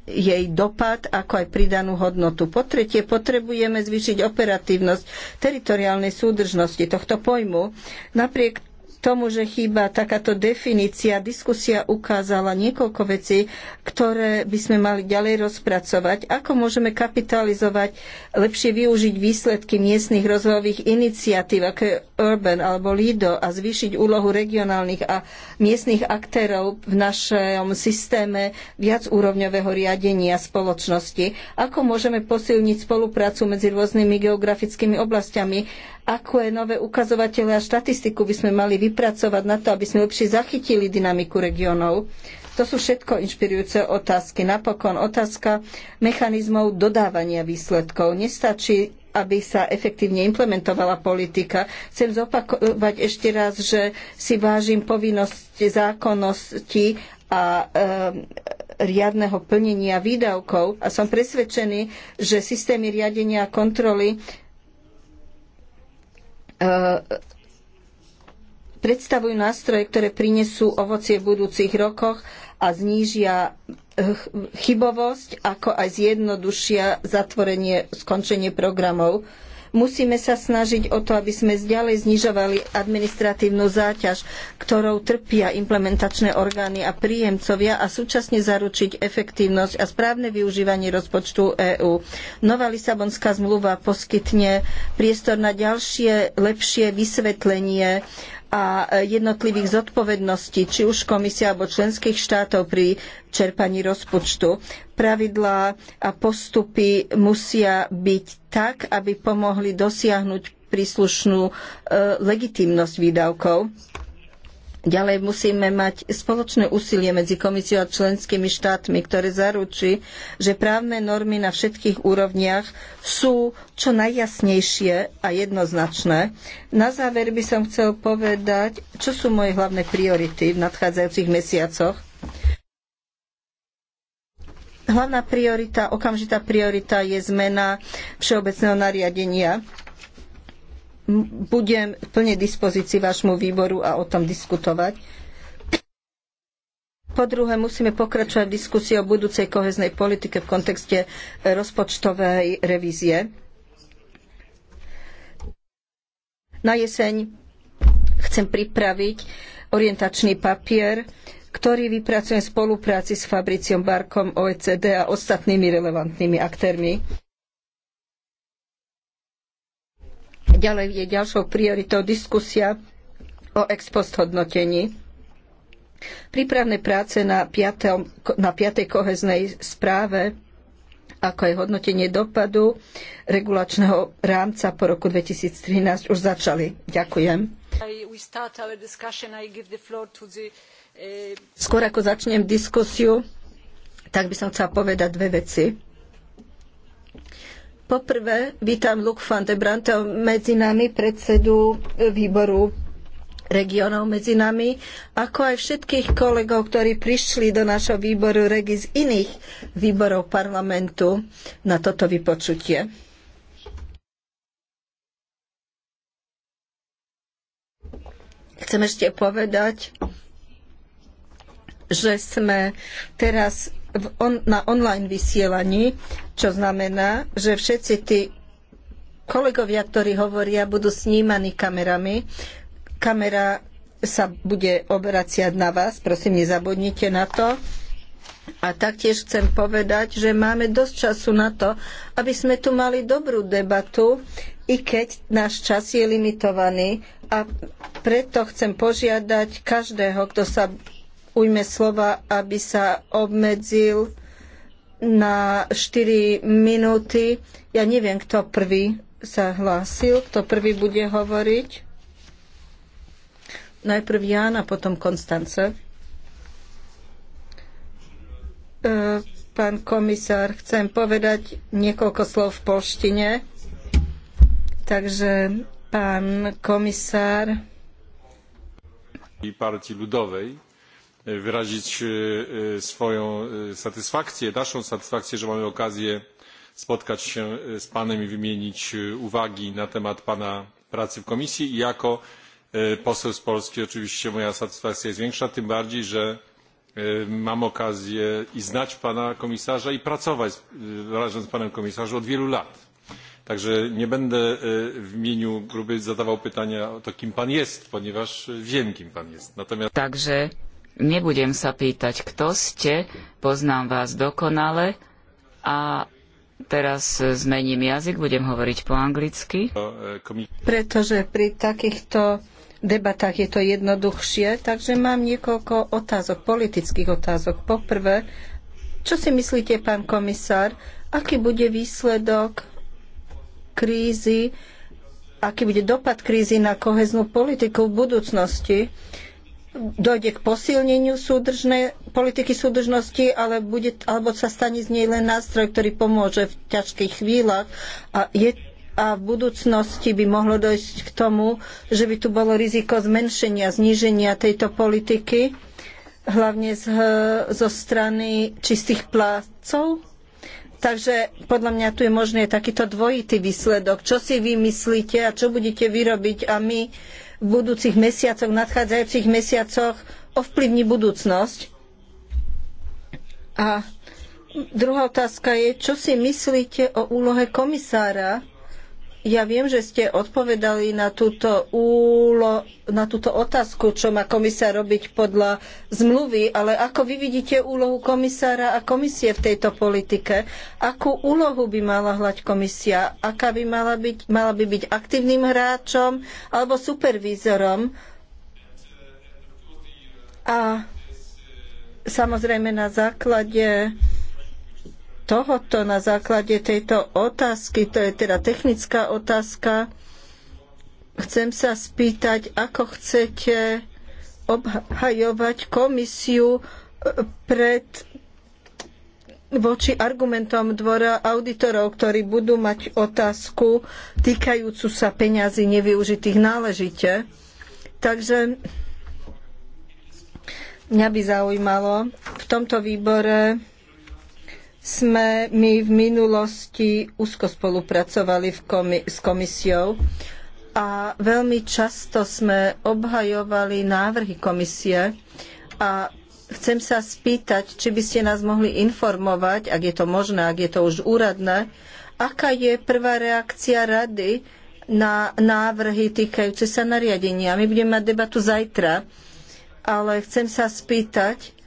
jej dopad, ako aj pridanú hodnotu. Po tretie, potrebujeme zvýšiť operatívnosť teritoriálnej súdržnosti tohto pojmu. Napriek tomu, že chýba takáto definícia, diskusia ukázala niekoľko vecí, ktoré by sme mali ďalej rozpracovať. Ako môžeme kapitalizovať, lepšie využiť výsledky miestnych rozvojových iniciatív, ako je Urban alebo LIDO a zvýšiť úlohu regionálnych a miestnych aktérov v našom systéme viacúrovňového riadenia spoločnosti. Ako môžeme posilniť spoluprácu medzi rôznymi geografickými oblastiami aké nové ukazovatele a štatistiku by sme mali vypracovať na to, aby sme lepšie zachytili dynamiku regiónov. To sú všetko inšpirujúce otázky. Napokon otázka mechanizmov dodávania výsledkov. Nestačí aby sa efektívne implementovala politika. Chcem zopakovať ešte raz, že si vážim povinnosť zákonnosti a e, riadneho plnenia výdavkov a som presvedčený, že systémy riadenia a kontroly E, predstavujú nástroje, ktoré prinesú ovocie v budúcich rokoch a znížia e, chybovosť, ako aj zjednodušia zatvorenie, skončenie programov. Musíme sa snažiť o to, aby sme ďalej znižovali administratívnu záťaž, ktorou trpia implementačné orgány a príjemcovia a súčasne zaručiť efektívnosť a správne využívanie rozpočtu EÚ. Nová Lisabonská zmluva poskytne priestor na ďalšie lepšie vysvetlenie a e, jednotlivých zodpovedností, či už komisia alebo členských štátov pri čerpaní rozpočtu. Pravidlá a postupy musia byť tak, aby pomohli dosiahnuť príslušnú e, legitimnosť výdavkov. Ďalej musíme mať spoločné úsilie medzi komisiou a členskými štátmi, ktoré zaručí, že právne normy na všetkých úrovniach sú čo najjasnejšie a jednoznačné. Na záver by som chcel povedať, čo sú moje hlavné priority v nadchádzajúcich mesiacoch. Hlavná priorita, okamžitá priorita je zmena všeobecného nariadenia budem v plne dispozícii vášmu výboru a o tom diskutovať. Po druhé, musíme pokračovať v diskusii o budúcej koheznej politike v kontexte rozpočtovej revízie. Na jeseň chcem pripraviť orientačný papier, ktorý vypracujem v spolupráci s Fabriciom Barkom OECD a ostatnými relevantnými aktérmi. Ďalej je ďalšou prioritou diskusia o ex post hodnotení. Prípravné práce na, piatom, na piatej koheznej správe ako aj hodnotenie dopadu regulačného rámca po roku 2013 už začali. Ďakujem. Skôr ako začnem diskusiu, tak by som chcela povedať dve veci. Poprvé vítam Luke van de Branto medzi nami, predsedu e, výboru regionov medzi nami, ako aj všetkých kolegov, ktorí prišli do našho výboru regi z iných výborov parlamentu na toto vypočutie. Chcem ešte povedať, že sme teraz on, na online vysielaní, čo znamená, že všetci tí kolegovia, ktorí hovoria, budú snímaní kamerami. Kamera sa bude obraciať na vás, prosím, nezabudnite na to. A taktiež chcem povedať, že máme dosť času na to, aby sme tu mali dobrú debatu, i keď náš čas je limitovaný. A preto chcem požiadať každého, kto sa ujme slova, aby sa obmedzil na 4 minúty. Ja neviem, kto prvý sa hlásil, kto prvý bude hovoriť. Najprv Ján a potom Konstance. E, pán komisár, chcem povedať niekoľko slov v polštine. Takže pán komisár. I Partii ľudovej wyrazić e, e, swoją e, satysfakcję naszą satysfakcję że mamy okazję spotkać się z panem i wymienić uwagi na temat pana pracy w komisji i jako poseł z polski oczywiście moja satysfakcja jest większa tym bardziej że mam okazję i znać pana komisarza i pracować razem z panem komisarzem od wielu lat. Także nie będę w imieniu grupy zadawał pytania o to, kim pan jest, ponieważ wiem, kim pan jest. Natomiast... Także Nebudem sa pýtať, kto ste, poznám vás dokonale a teraz zmením jazyk, budem hovoriť po anglicky. Pretože pri takýchto debatách je to jednoduchšie, takže mám niekoľko otázok, politických otázok. Poprvé, čo si myslíte, pán komisár, aký bude výsledok krízy, aký bude dopad krízy na koheznú politiku v budúcnosti? dojde k posilneniu súdržnej, politiky súdržnosti, ale bude, alebo sa stane z nej len nástroj, ktorý pomôže v ťažkých chvíľach a, je, a v budúcnosti by mohlo dojsť k tomu, že by tu bolo riziko zmenšenia, zníženia tejto politiky, hlavne z, zo strany čistých plácov. Takže podľa mňa tu je možný takýto dvojitý výsledok. Čo si vy myslíte a čo budete vyrobiť a my v budúcich mesiacoch, v nadchádzajúcich mesiacoch ovplyvní budúcnosť. A druhá otázka je, čo si myslíte o úlohe komisára ja viem, že ste odpovedali na túto, úlo, na túto otázku, čo má komisár robiť podľa zmluvy, ale ako vy vidíte úlohu komisára a komisie v tejto politike? Akú úlohu by mala hľať komisia? Aká by mala byť? Mala by byť aktívnym hráčom alebo supervízorom? A samozrejme na základe tohoto, na základe tejto otázky, to je teda technická otázka, chcem sa spýtať, ako chcete obhajovať komisiu e, pred voči argumentom dvora auditorov, ktorí budú mať otázku týkajúcu sa peňazí nevyužitých náležite. Takže mňa by zaujímalo v tomto výbore sme my v minulosti úzko spolupracovali komi s komisiou a veľmi často sme obhajovali návrhy komisie a chcem sa spýtať, či by ste nás mohli informovať, ak je to možné, ak je to už úradné, aká je prvá reakcia rady na návrhy týkajúce sa nariadenia. My budeme mať debatu zajtra, ale chcem sa spýtať,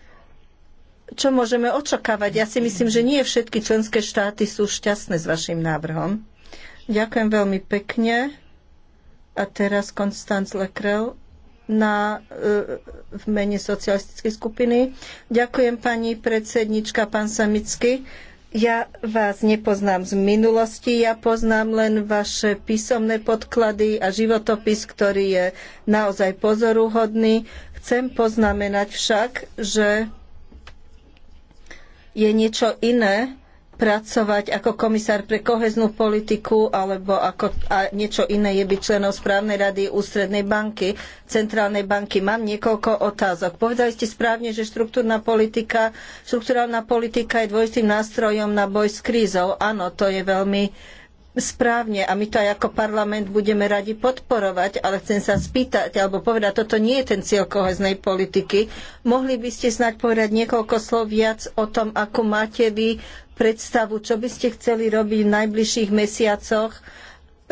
čo môžeme očakávať? Ja si myslím, že nie všetky členské štáty sú šťastné s vašim návrhom. Ďakujem veľmi pekne. A teraz Konstanc Lekrel na, e, v mene socialistickej skupiny. Ďakujem pani predsednička, pán Samicky. Ja vás nepoznám z minulosti, ja poznám len vaše písomné podklady a životopis, ktorý je naozaj pozoruhodný. Chcem poznamenať však, že je niečo iné pracovať ako komisár pre koheznú politiku alebo ako a niečo iné je byť členom správnej rady ústrednej banky, centrálnej banky. Mám niekoľko otázok. Povedali ste správne, že štruktúrna politika, štruktúrálna politika je dôležitým nástrojom na boj s krízou. Áno, to je veľmi správne a my to aj ako parlament budeme radi podporovať, ale chcem sa spýtať alebo povedať, toto nie je ten cieľ koheznej politiky. Mohli by ste snáď povedať niekoľko slov viac o tom, ako máte vy predstavu, čo by ste chceli robiť v najbližších mesiacoch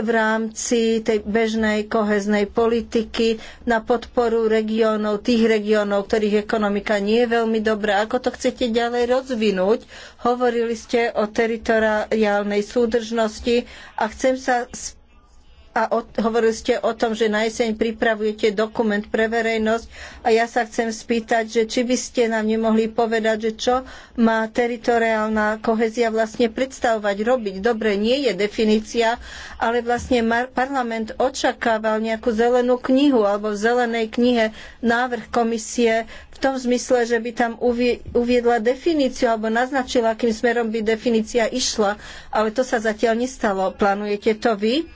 v rámci tej bežnej koheznej politiky na podporu regiónov, tých regiónov, ktorých ekonomika nie je veľmi dobrá. Ako to chcete ďalej rozvinúť? Hovorili ste o teritoriálnej súdržnosti a chcem sa spýtať, a o, hovorili ste o tom, že na jeseň pripravujete dokument pre verejnosť a ja sa chcem spýtať, že či by ste nám nemohli povedať, že čo má teritoriálna kohézia vlastne predstavovať, robiť. Dobre, nie je definícia, ale vlastne parlament očakával nejakú zelenú knihu alebo v zelenej knihe návrh komisie v tom zmysle, že by tam uviedla definíciu alebo naznačila, akým smerom by definícia išla, ale to sa zatiaľ nestalo. Plánujete to vy?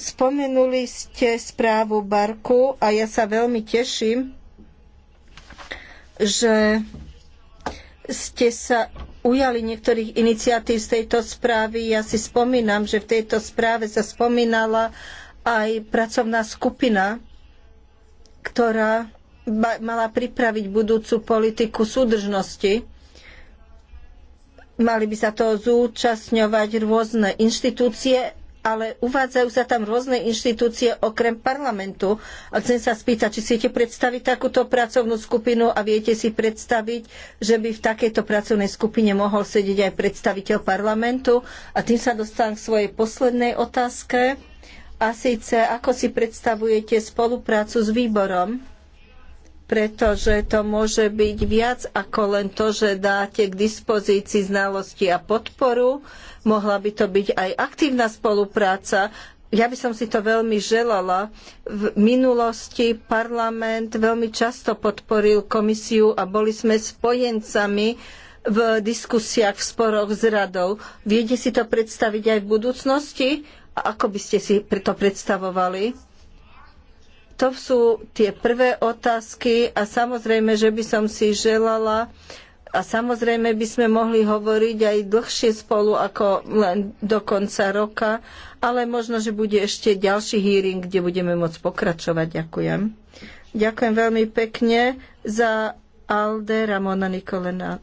Spomenuli ste správu Barku a ja sa veľmi teším, že ste sa ujali niektorých iniciatív z tejto správy. Ja si spomínam, že v tejto správe sa spomínala aj pracovná skupina, ktorá mala pripraviť budúcu politiku súdržnosti. Mali by sa toho zúčastňovať rôzne inštitúcie ale uvádzajú sa tam rôzne inštitúcie okrem parlamentu. A chcem sa spýtať, či si viete predstaviť takúto pracovnú skupinu a viete si predstaviť, že by v takejto pracovnej skupine mohol sedieť aj predstaviteľ parlamentu. A tým sa dostávam k svojej poslednej otázke. A síce, ako si predstavujete spoluprácu s výborom? pretože to môže byť viac ako len to, že dáte k dispozícii znalosti a podporu. Mohla by to byť aj aktívna spolupráca. Ja by som si to veľmi želala. V minulosti parlament veľmi často podporil komisiu a boli sme spojencami v diskusiách, v sporoch s radou. Viete si to predstaviť aj v budúcnosti? A ako by ste si to predstavovali? To sú tie prvé otázky a samozrejme, že by som si želala, a samozrejme by sme mohli hovoriť aj dlhšie spolu ako len do konca roka, ale možno, že bude ešte ďalší hearing, kde budeme môcť pokračovať. Ďakujem. Ďakujem veľmi pekne za Alde Ramona Nikole na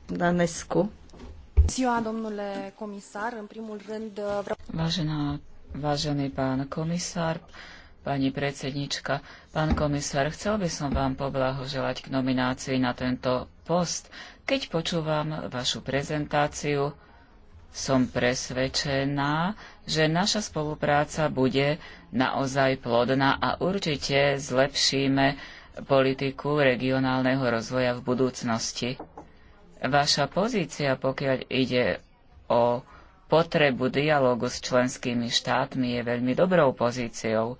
Vážená, vážený pán komisár, pani predsednička. Pán komisár, chcel by som vám poblahoželať k nominácii na tento post. Keď počúvam vašu prezentáciu, som presvedčená, že naša spolupráca bude naozaj plodná a určite zlepšíme politiku regionálneho rozvoja v budúcnosti. Vaša pozícia, pokiaľ ide o potrebu dialógu s členskými štátmi, je veľmi dobrou pozíciou.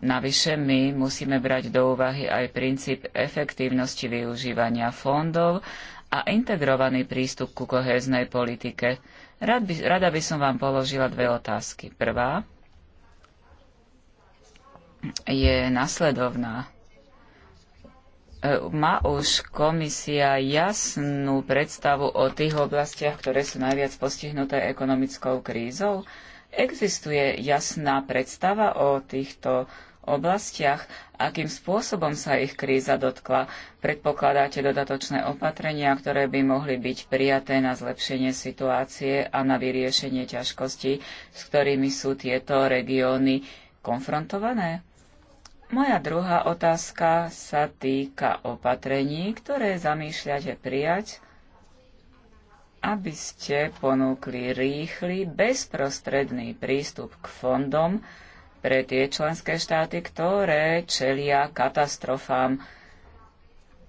Navyše my musíme brať do úvahy aj princíp efektívnosti využívania fondov a integrovaný prístup ku kohéznej politike. Rad by, rada by som vám položila dve otázky. Prvá je nasledovná. E, má už komisia jasnú predstavu o tých oblastiach, ktoré sú najviac postihnuté ekonomickou krízou? Existuje jasná predstava o týchto oblastiach? oblastiach, akým spôsobom sa ich kríza dotkla. Predpokladáte dodatočné opatrenia, ktoré by mohli byť prijaté na zlepšenie situácie a na vyriešenie ťažkostí, s ktorými sú tieto regióny konfrontované? Moja druhá otázka sa týka opatrení, ktoré zamýšľate prijať, aby ste ponúkli rýchly, bezprostredný prístup k fondom, pre tie členské štáty, ktoré čelia katastrofám.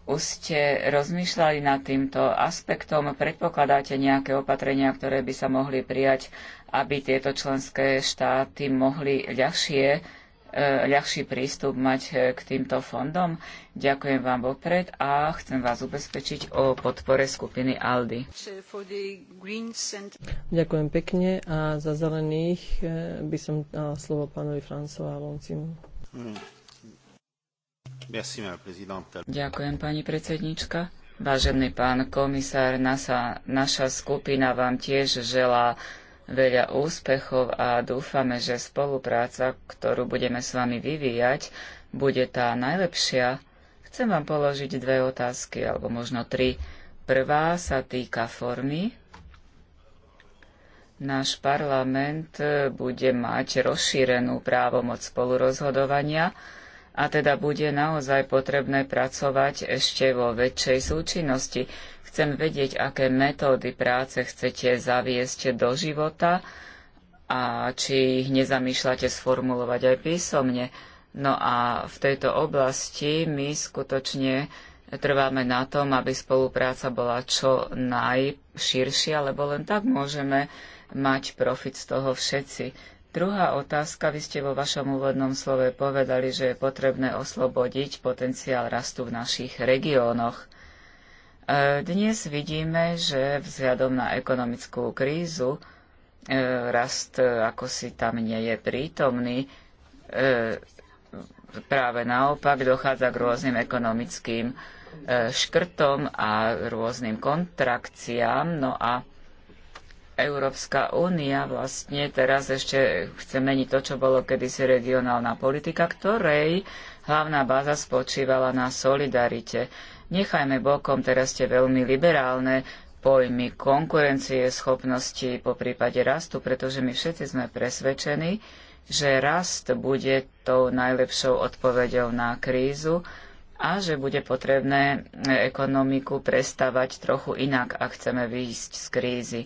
Už ste rozmýšľali nad týmto aspektom? Predpokladáte nejaké opatrenia, ktoré by sa mohli prijať, aby tieto členské štáty mohli ľahšie E, ľahší prístup mať e, k týmto fondom. Ďakujem vám vopred a chcem vás ubezpečiť o podpore skupiny ALDI. Ďakujem pekne a za zelených e, by som dal slovo pánovi Francova Loncimu. Ďakujem, pani predsednička. Vážený pán komisár, naša, naša skupina vám tiež želá veľa úspechov a dúfame, že spolupráca, ktorú budeme s vami vyvíjať, bude tá najlepšia. Chcem vám položiť dve otázky, alebo možno tri. Prvá sa týka formy. Náš parlament eh, bude mať rozšírenú právomoc spolurozhodovania, a teda bude naozaj potrebné pracovať ešte vo väčšej súčinnosti. Chcem vedieť, aké metódy práce chcete zaviesť do života a či ich nezamýšľate sformulovať aj písomne. No a v tejto oblasti my skutočne trváme na tom, aby spolupráca bola čo najširšia, lebo len tak môžeme mať profit z toho všetci. Druhá otázka, vy ste vo vašom úvodnom slove povedali, že je potrebné oslobodiť potenciál rastu v našich regiónoch. E, dnes vidíme, že vzhľadom na ekonomickú krízu e, rast e, ako si tam nie je prítomný. Práve naopak dochádza k rôznym ekonomickým škrtom a rôznym kontrakciám. No a Európska únia vlastne teraz ešte chce meniť to, čo bolo kedysi regionálna politika, ktorej hlavná báza spočívala na solidarite. Nechajme bokom teraz tie veľmi liberálne pojmy konkurencie, schopnosti, po prípade rastu, pretože my všetci sme presvedčení, že rast bude tou najlepšou odpoveďou na krízu a že bude potrebné ekonomiku prestavať trochu inak, ak chceme výjsť z krízy.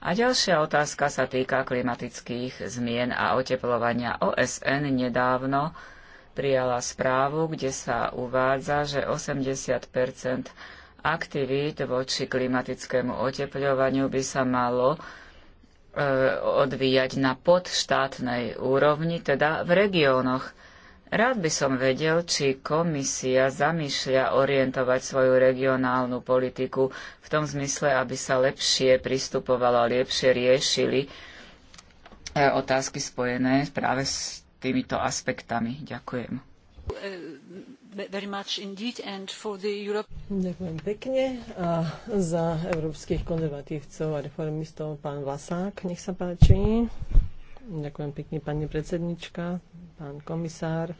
A ďalšia otázka sa týka klimatických zmien a oteplovania. OSN nedávno prijala správu, kde sa uvádza, že 80 aktivít voči klimatickému oteplovaniu by sa malo e, odvíjať na podštátnej úrovni, teda v regiónoch. Rád by som vedel, či komisia zamýšľa orientovať svoju regionálnu politiku v tom zmysle, aby sa lepšie pristupovalo a lepšie riešili e, otázky spojené práve s týmito aspektami. Ďakujem. Uh, Ďakujem pekne. A za európskych konzervatívcov a reformistov pán Vlasák, nech sa páči. Ďakujem pekne, pani predsednička, pán komisár.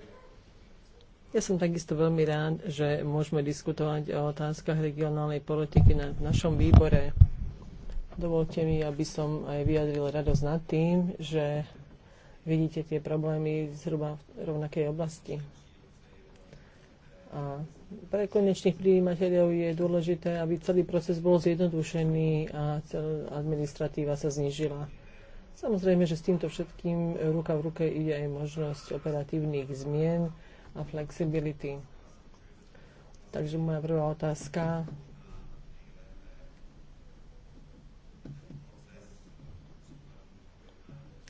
Ja som takisto veľmi rád, že môžeme diskutovať o otázkach regionálnej politiky na našom výbore. Dovolte mi, aby som aj vyjadril radosť nad tým, že vidíte tie problémy zhruba v rovnakej oblasti. A pre konečných príjimateľov je dôležité, aby celý proces bol zjednodušený a administratíva sa znižila. Samozrejme, že s týmto všetkým ruka v ruke ide aj možnosť operatívnych zmien a flexibility. Takže moja prvá otázka.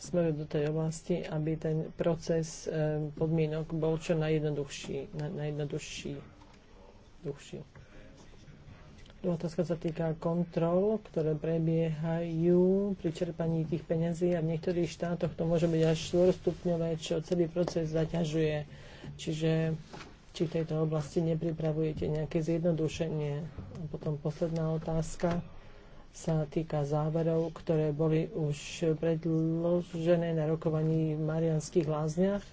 Smeruje do tej oblasti, aby ten proces eh, podmienok bol čo najjednoduchší. najjednoduchší. Duchší. Otázka sa týka kontrol, ktoré prebiehajú pri čerpaní tých peňazí a v niektorých štátoch to môže byť až štvorstupňové, čo celý proces zaťažuje. Čiže či v tejto oblasti nepripravujete nejaké zjednodušenie. A potom posledná otázka sa týka záverov, ktoré boli už predložené na rokovaní v Marianských lázniach.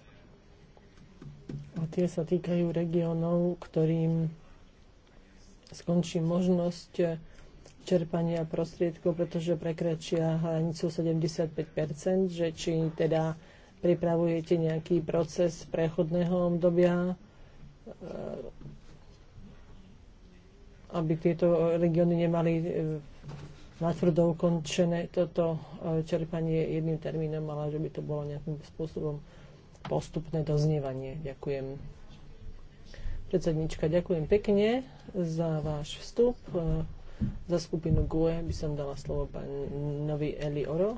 A tie sa týkajú regiónov, ktorým skončí možnosť eh, čerpania prostriedkov, pretože prekračia hranicu 75 že či teda pripravujete nejaký proces prechodného obdobia, eh, aby tieto regióny nemali natvrdo eh, ukončené toto čerpanie jedným termínom, ale že by to bolo nejakým spôsobom postupné doznievanie. Ďakujem. Predsednička, ďakujem pekne za váš vstup. E, za skupinu GUE by som dala slovo pánovi Eli Oro.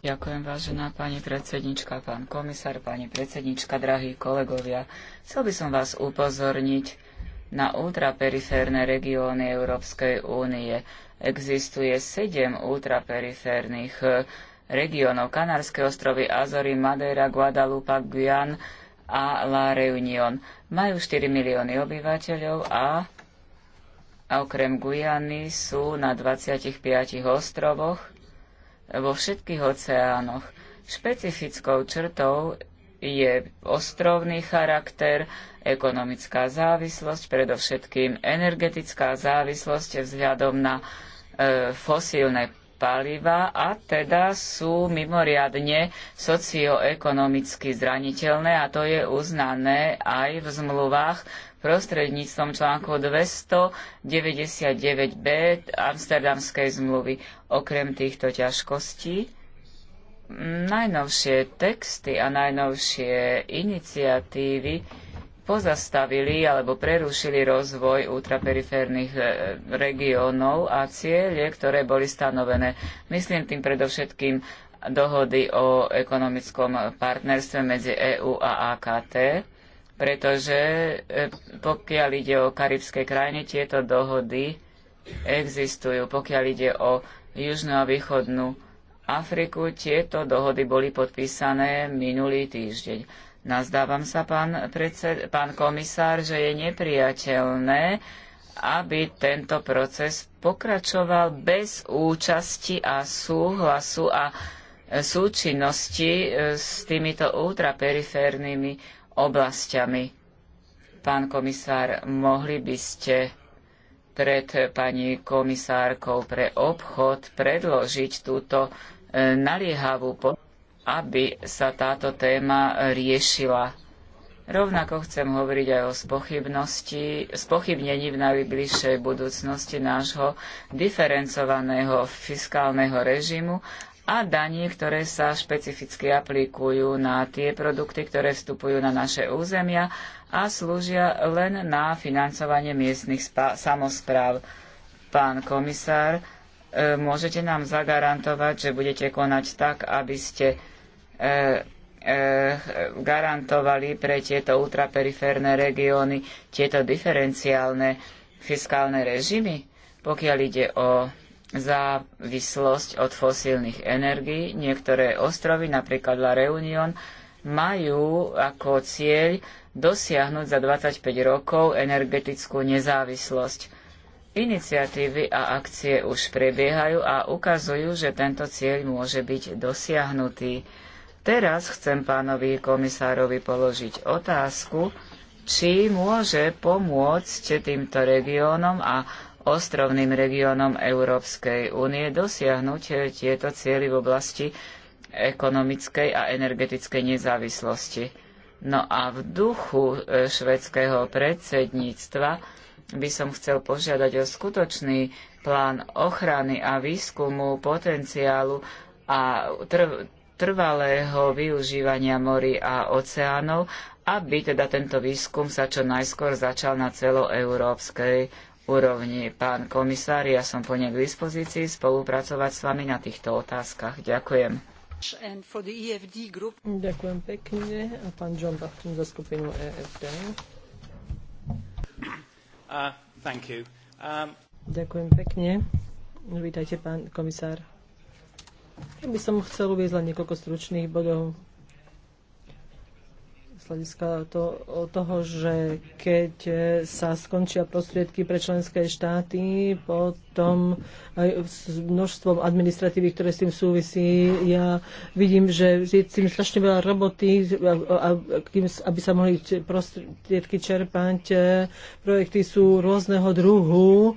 Ďakujem, vážená pani predsednička, pán komisár, pani predsednička, drahí kolegovia. Chcel by som vás upozorniť na ultraperiférne regióny Európskej únie. Existuje sedem ultraperiférnych e, regiónov. Kanárske ostrovy, Azory, Madeira, Guadalupe, Guyana, a La Reunion. Majú 4 milióny obyvateľov a, a okrem Gujany sú na 25 ostrovoch vo všetkých oceánoch. Špecifickou črtou je ostrovný charakter, ekonomická závislosť, predovšetkým energetická závislosť vzhľadom na e, fosílne paliva a teda sú mimoriadne socioekonomicky zraniteľné a to je uznané aj v zmluvách prostredníctvom článku 299b Amsterdamskej zmluvy. Okrem týchto ťažkostí najnovšie texty a najnovšie iniciatívy pozastavili alebo prerušili rozvoj ultraperiférnych e, regiónov a ciele, ktoré boli stanovené. Myslím tým predovšetkým dohody o ekonomickom partnerstve medzi EÚ a AKT, pretože e, pokiaľ ide o karibské krajiny, tieto dohody existujú. Pokiaľ ide o južnú a východnú Afriku, tieto dohody boli podpísané minulý týždeň. Nazdávam sa, pán, predsed, pán komisár, že je nepriateľné, aby tento proces pokračoval bez účasti a súhlasu a súčinnosti e, s týmito ultraperiférnymi oblastiami. Pán komisár, mohli by ste pred pani komisárkou pre obchod predložiť túto e, naliehavú podporu? aby sa táto téma riešila. Rovnako chcem hovoriť aj o spochybnosti, spochybnení v najbližšej budúcnosti nášho diferencovaného fiskálneho režimu a daní, ktoré sa špecificky aplikujú na tie produkty, ktoré vstupujú na naše územia a slúžia len na financovanie miestnych samospráv. Pán komisár, e, môžete nám zagarantovať, že budete konať tak, aby ste E, e, garantovali pre tieto ultraperiférne regióny tieto diferenciálne fiskálne režimy, pokiaľ ide o závislosť od fosílnych energií. Niektoré ostrovy, napríklad La Reunion, majú ako cieľ dosiahnuť za 25 rokov energetickú nezávislosť. Iniciatívy a akcie už prebiehajú a ukazujú, že tento cieľ môže byť dosiahnutý. Teraz chcem pánovi komisárovi položiť otázku, či môže pomôcť týmto regiónom a ostrovným regiónom Európskej únie dosiahnuť tieto cieľy v oblasti ekonomickej a energetickej nezávislosti. No a v duchu e, švedského predsedníctva by som chcel požiadať o skutočný plán ochrany a výskumu potenciálu a trv, trvalého využívania morí a oceánov, aby teda tento výskum sa čo najskôr začal na celoeurópskej úrovni. Pán komisár, ja som plne k dispozícii spolupracovať s vami na týchto otázkach. Ďakujem. Ďakujem pekne. A pán John Bachtin za skupinu EFD. Uh, um... Ďakujem pekne. Vítajte, pán komisár. Ja by som chcel uvieť len niekoľko stručných bodov z hľadiska to, toho, že keď sa skončia prostriedky pre členské štáty, pod tom, aj s množstvom administratívy, ktoré s tým súvisí. Ja vidím, že je s tým strašne veľa roboty, aby sa mohli prostriedky čerpať. E, projekty sú rôzneho druhu e,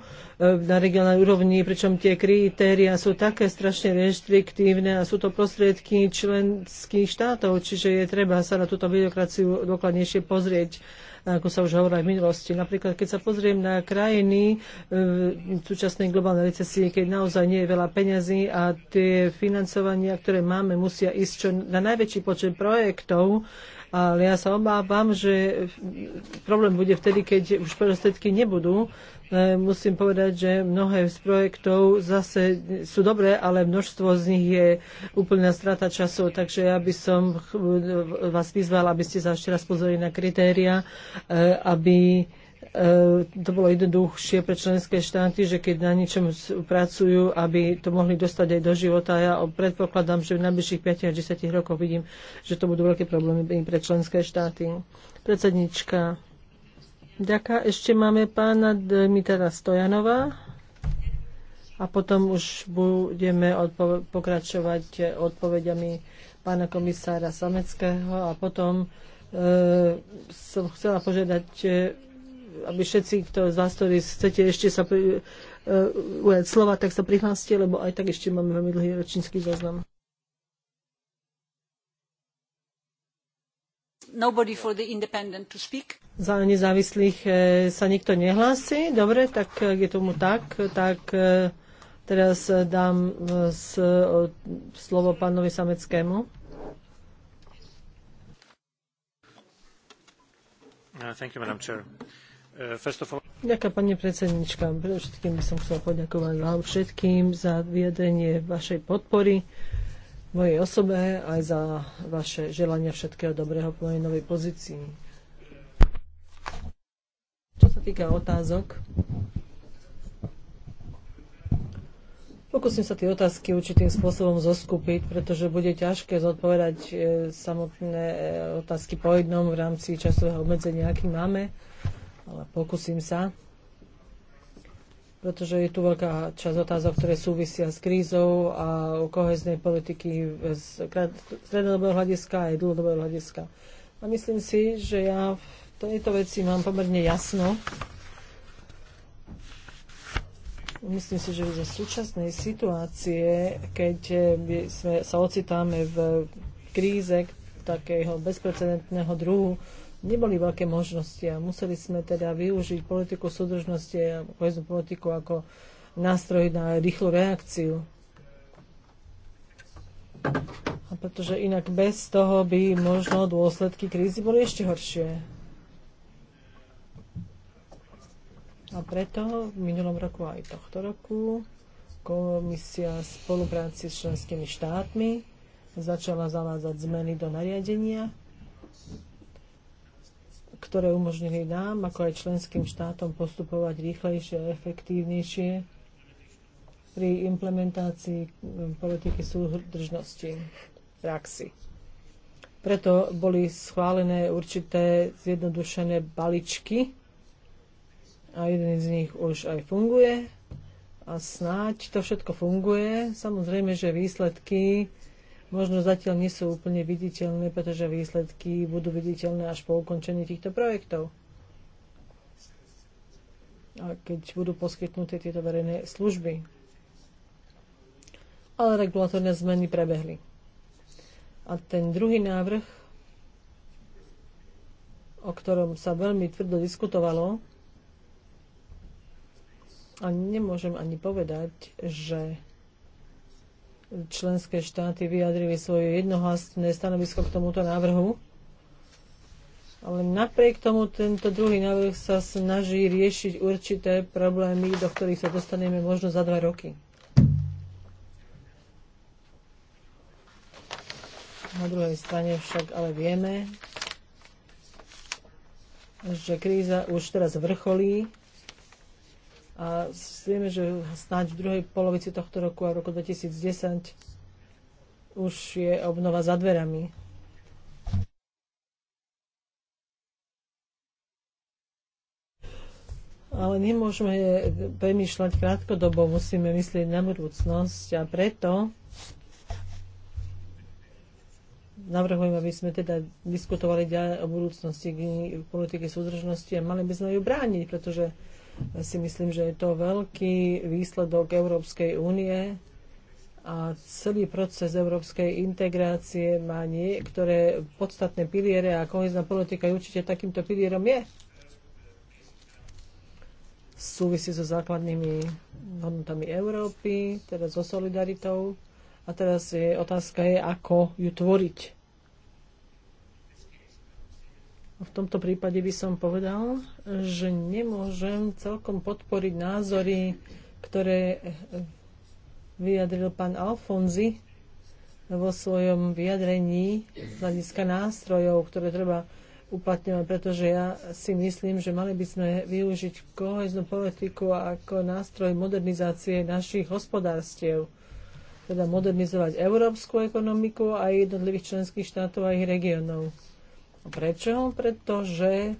na regionálnej úrovni, pričom tie kritéria sú také strašne reštriktívne a sú to prostriedky členských štátov, čiže je treba sa na túto byrokraciu dôkladnejšie pozrieť ako sa už hovorilo aj v minulosti. Napríklad, keď sa pozriem na krajiny e, v súčasnej globálnej recesie, keď naozaj nie je veľa peňazí a tie financovania, ktoré máme, musia ísť čo na najväčší počet projektov ale ja sa obávam, že problém bude vtedy, keď už prostriedky nebudú. E, musím povedať, že mnohé z projektov zase sú dobré, ale množstvo z nich je úplná strata času. Takže ja by som e, vás vyzval, aby ste sa ešte raz pozorili na kritéria, e, aby E, to bolo jednoduchšie pre členské štáty, že keď na ničom pracujú, aby to mohli dostať aj do života. Ja predpokladám, že v najbližších 5 až 10 rokoch vidím, že to budú veľké problémy pre členské štáty. Predsednička. Ďaká. Ešte máme pána Dmitra Stojanova a potom už budeme odpo- pokračovať odpovediami pána komisára Sameckého a potom e, som chcela požiadať aby všetci, kto z vás, ktorí chcete ešte sa uh, ujať slova, tak sa prihláste, lebo aj tak ešte máme veľmi dlhý ročnícky zoznam. Nobody for the independent to speak. Za nezávislých eh, sa nikto nehlási. Dobre, tak eh, je tomu tak. Tak teraz dám s, slovo pánovi Sameckému. Uh, thank you, Madam Chair. Eh, Ďakujem, pani predsednička. Predovšetkým by som chcela poďakovať vám všetkým za vyjadrenie vašej podpory mojej osobe aj za vaše želania všetkého dobrého po mojej novej pozícii. Čo sa týka otázok, Pokúsim sa tie otázky určitým spôsobom zoskupiť, pretože bude ťažké zodpovedať eh, samotné eh, otázky po jednom v rámci časového obmedzenia, aký máme ale pokúsim sa pretože je tu veľká časť otázok, ktoré súvisia s krízou a koheznej politiky z strednodobého hľadiska aj dlhodobého hľadiska. A myslím si, že ja v tejto veci mám pomerne jasno. Myslím si, že za súčasnej situácie, keď sme sa ocitáme v kríze takého bezprecedentného druhu, neboli veľké možnosti a museli sme teda využiť politiku súdržnosti a povedzme politiku ako nástroj na rýchlu reakciu. A pretože inak bez toho by možno dôsledky krízy boli ešte horšie. A preto v minulom roku aj tohto roku komisia spolupráci s členskými štátmi začala zavádzať zmeny do nariadenia ktoré umožnili nám, ako aj členským štátom, postupovať rýchlejšie a efektívnejšie pri implementácii um, politiky súdržnosti praxi. Preto boli schválené určité zjednodušené baličky a jeden z nich už aj funguje a snáď to všetko funguje. Samozrejme, že výsledky možno zatiaľ nie sú úplne viditeľné, pretože výsledky budú viditeľné až po ukončení týchto projektov. A keď budú poskytnuté tieto verejné služby. Ale regulatórne zmeny prebehli. A ten druhý návrh, o ktorom sa veľmi tvrdo diskutovalo, a nemôžem ani povedať, že členské štáty vyjadrili svoje jednohlasné stanovisko k tomuto návrhu. Ale napriek tomu tento druhý návrh sa snaží riešiť určité problémy, do ktorých sa dostaneme možno za dva roky. Na druhej strane však ale vieme, že kríza už teraz vrcholí a vieme, že snáď v druhej polovici tohto roku a roku 2010 už je obnova za dverami. Ale nemôžeme premýšľať krátkodobo, musíme myslieť na budúcnosť a preto navrhujem, aby sme teda diskutovali ďalej o budúcnosti politiky súdržnosti a mali by sme ju brániť, pretože si myslím, že je to veľký výsledok Európskej únie a celý proces európskej integrácie má niektoré podstatné piliere a kohezná politika je určite takýmto pilierom je. Súvisí so základnými hodnotami Európy, teda so solidaritou. A teraz je otázka je, ako ju tvoriť. V tomto prípade by som povedal, že nemôžem celkom podporiť názory, ktoré vyjadril pán Alfonzi vo svojom vyjadrení z hľadiska nástrojov, ktoré treba uplatňovať, pretože ja si myslím, že mali by sme využiť koheznú politiku ako nástroj modernizácie našich hospodárstiev teda modernizovať európsku ekonomiku a jednotlivých členských štátov a ich regiónov. Prečo? Pretože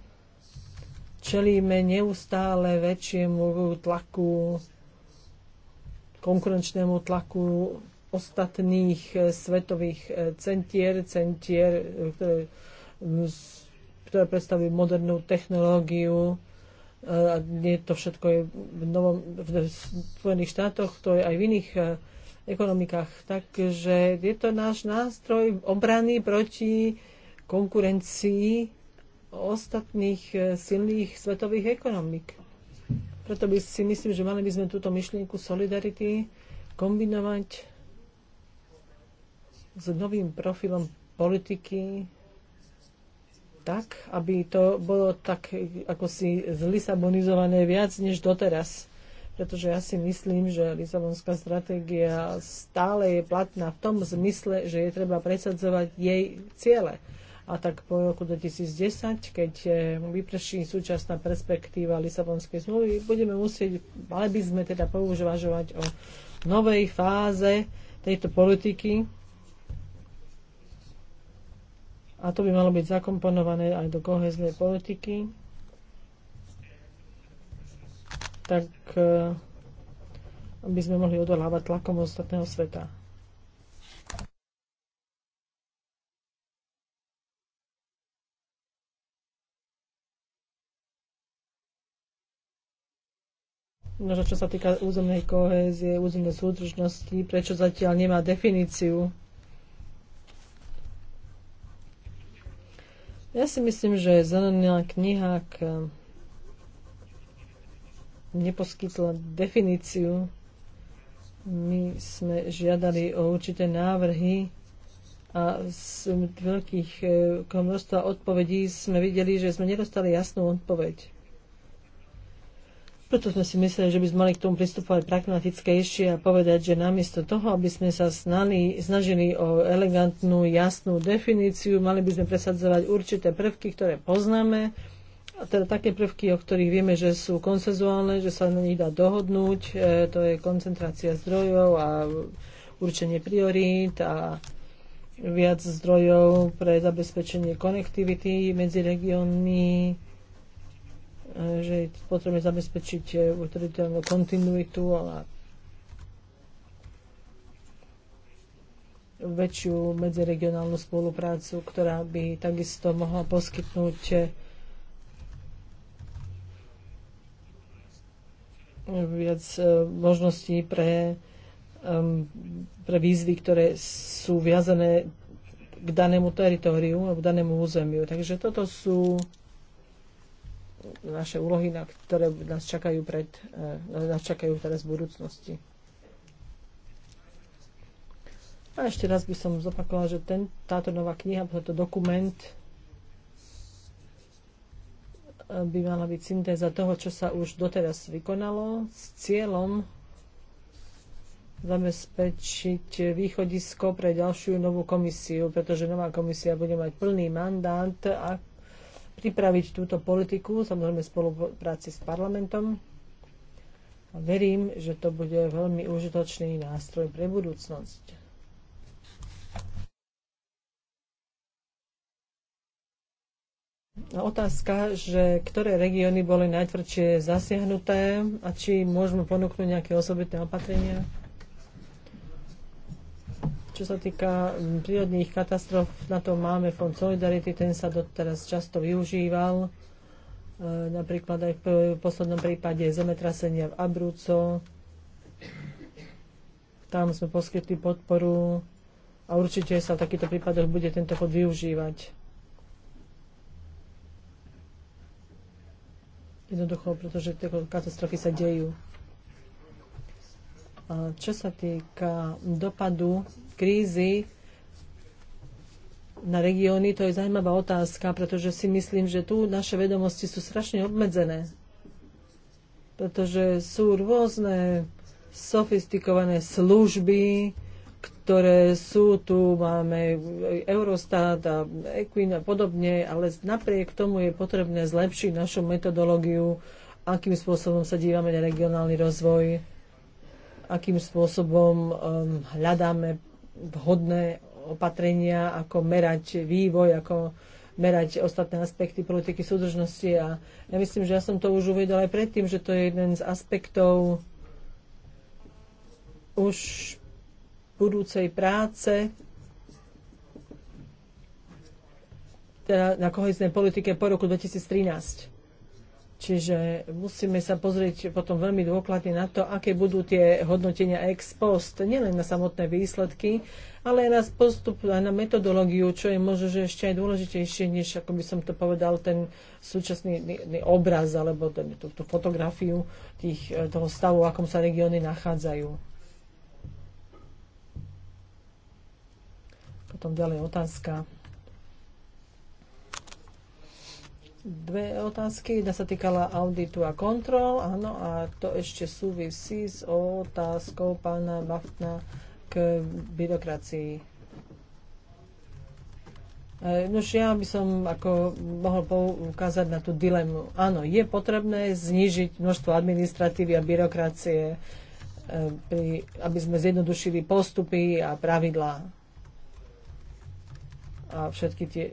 čelíme neustále väčšiemu tlaku, konkurenčnému tlaku ostatných eh, svetových eh, centier, centier, eh, ktoré, mm, ktoré predstavujú modernú technológiu. A nie to všetko je v, novom, v Spojených štátoch, to je aj v iných ekonomikách. Takže je to náš nástroj obrany proti konkurencii ostatných e, silných svetových ekonomik. Preto by si myslím, že mali by sme túto myšlienku solidarity kombinovať s novým profilom politiky tak, aby to bolo tak e, ako si zlisabonizované viac než doteraz. Pretože ja si myslím, že Lisabonská stratégia stále je platná v tom zmysle, že je treba presadzovať jej ciele. A tak po roku 2010, keď eh, vyprší súčasná perspektíva Lisabonskej zmluvy, budeme musieť, ale by sme teda použvažovať o novej fáze tejto politiky. A to by malo byť zakomponované aj do koheznej politiky. Tak aby eh, sme mohli odolávať tlakom ostatného sveta. No, čo sa týka územnej kohézie, územnej súdržnosti, prečo zatiaľ nemá definíciu? Ja si myslím, že zelená kniha k eh, neposkytla definíciu. My sme žiadali o určité návrhy a z veľkých eh, množstva odpovedí sme videli, že sme nedostali jasnú odpoveď. Preto sme si mysleli, že by sme mali k tomu pristupovať pragmatickejšie a povedať, že namiesto toho, aby sme sa snali, snažili o elegantnú, jasnú definíciu, mali by sme presadzovať určité prvky, ktoré poznáme, a teda také prvky, o ktorých vieme, že sú konsenzuálne, že sa na nich dá dohodnúť, e, to je koncentrácia zdrojov a určenie priorít a viac zdrojov pre zabezpečenie konektivity medzi regiónmi, že potrebujeme zabezpečiť e, teritoriálnu kontinuitu a väčšiu medziregionálnu spoluprácu, ktorá by takisto mohla poskytnúť e, viac e, možností pre, pre výzvy, ktoré sú viazané k danému teritoriu alebo k danému územiu. Takže toto sú naše úlohy, na ktoré nás čakajú, pred, e, nás čakajú teraz v budúcnosti. A ešte raz by som zopakovala, že ten, táto nová kniha, tento dokument e, by mala byť syntéza toho, čo sa už doteraz vykonalo s cieľom zabezpečiť východisko pre ďalšiu novú komisiu, pretože nová komisia bude mať plný mandát, ak pripraviť túto politiku, samozrejme v spolupráci s parlamentom. A verím, že to bude veľmi užitočný nástroj pre budúcnosť. Otázka, že ktoré regióny boli najtvrdšie zasiahnuté a či môžeme ponúknuť nejaké osobitné opatrenia? Čo sa týka prírodných katastrof, na to máme fond Solidarity, ten sa doteraz často využíval. Napríklad aj v poslednom prípade zemetrasenia v Abruco. Tam sme poskytli podporu a určite sa v takýchto prípadoch bude tento fond využívať. Jednoducho, pretože tie katastrofy sa dejú. Čo sa týka dopadu krízy na regióny, to je zaujímavá otázka, pretože si myslím, že tu naše vedomosti sú strašne obmedzené. Pretože sú rôzne sofistikované služby, ktoré sú tu, máme Eurostat a Equin a podobne, ale napriek tomu je potrebné zlepšiť našu metodológiu, akým spôsobom sa dívame na regionálny rozvoj akým spôsobom um, hľadáme vhodné opatrenia, ako merať vývoj, ako merať ostatné aspekty politiky súdržnosti. A ja myslím, že ja som to už uvedol aj predtým, že to je jeden z aspektov už budúcej práce teda na kohezné politike po roku 2013. Čiže musíme sa pozrieť potom veľmi dôkladne na to, aké budú tie hodnotenia ex post, nielen na samotné výsledky, ale aj na postup, aj na metodológiu, čo je možno, že ešte aj dôležitejšie, než ako by som to povedal, ten súčasný obraz alebo ten, tú, tú fotografiu tých, e, toho stavu, v akom sa regióny nachádzajú. Potom ďalej otázka. dve otázky. Jedna sa týkala auditu a kontrol, áno, a to ešte súvisí s otázkou pána Baftna k byrokracii. E, nož ja by som ako mohol poukázať na tú dilemu. Áno, je potrebné znížiť množstvo administratívy a byrokracie, e, aby sme zjednodušili postupy a pravidlá a všetky tie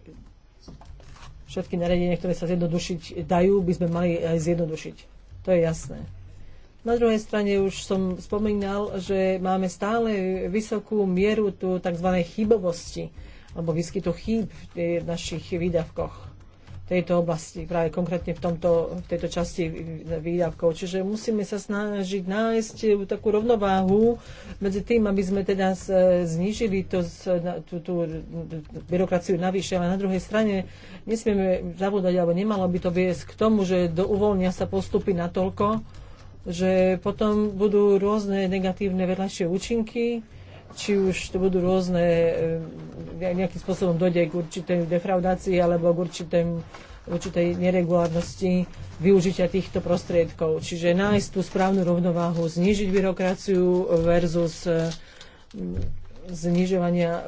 všetky nariadenia, ktoré sa zjednodušiť dajú, by sme mali aj zjednodušiť. To je jasné. Na druhej strane už som spomínal, že máme stále vysokú mieru tu tzv. chybovosti alebo výskytu chýb v našich výdavkoch tejto oblasti, práve konkrétne v, tomto, v tejto časti výdavkov. Čiže musíme sa snažiť nájsť takú rovnováhu medzi tým, aby sme teda znížili to, tú, tú byrokraciu navyše, ale na druhej strane nesmieme zabúdať, alebo nemalo by to viesť k tomu, že do uvoľnia sa postupy natoľko, že potom budú rôzne negatívne vedľajšie účinky, či už to budú rôzne, e, nejakým spôsobom dojde k určitej defraudácii alebo k určitej, určitej neregulárnosti využitia týchto prostriedkov. Čiže nájsť tú správnu rovnováhu, znižiť byrokraciu versus e, znižovania,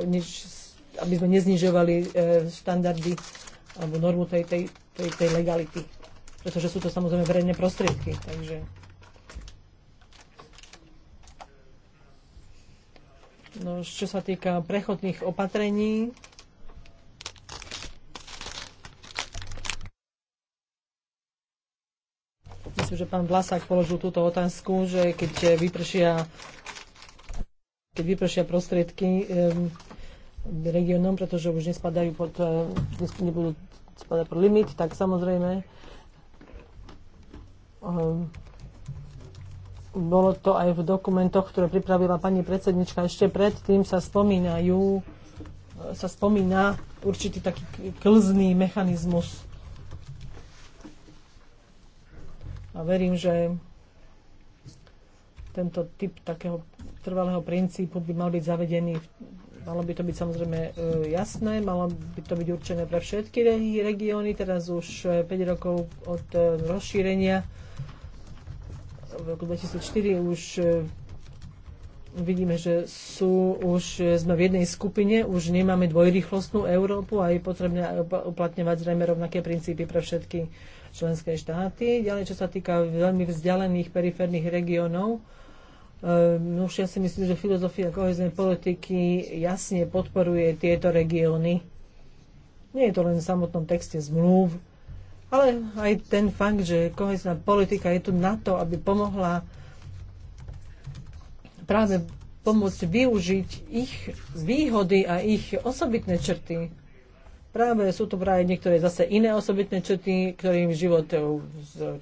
aby sme neznižovali e, štandardy alebo normu tej, tej, tej, tej legality. Pretože sú to samozrejme verejné prostriedky. Takže No, čo sa týka prechodných opatrení, myslím, že pán Vlasák položil túto otázku, že keď vypršia, keď vypršia prostriedky um, regionom, pretože už nespadajú pod, eh, nebudú spadať pod limit, tak samozrejme eh, bolo to aj v dokumentoch, ktoré pripravila pani predsednička. Ešte predtým sa spomínajú, sa spomína určitý taký klzný mechanizmus. A verím, že tento typ takého trvalého princípu by mal byť zavedený Malo by to byť samozrejme e, jasné, malo by to byť určené pre všetky regióny. Teraz už 5 e, rokov od e, rozšírenia v roku 2004 už e, vidíme, že sú, už e, sme v jednej skupine, už nemáme dvojrychlostnú Európu a je potrebné uplatňovať zrejme rovnaké princípy pre všetky členské štáty. Ďalej, čo sa týka veľmi vzdialených periférnych regiónov, e, no už ja si myslím, že filozofia koheznej politiky jasne podporuje tieto regióny. Nie je to len v samotnom texte zmluv, ale aj ten fakt, že kohezná politika je tu na to, aby pomohla práve pomôcť využiť ich výhody a ich osobitné črty. Práve sú to práve niektoré zase iné osobitné črty, ktorým život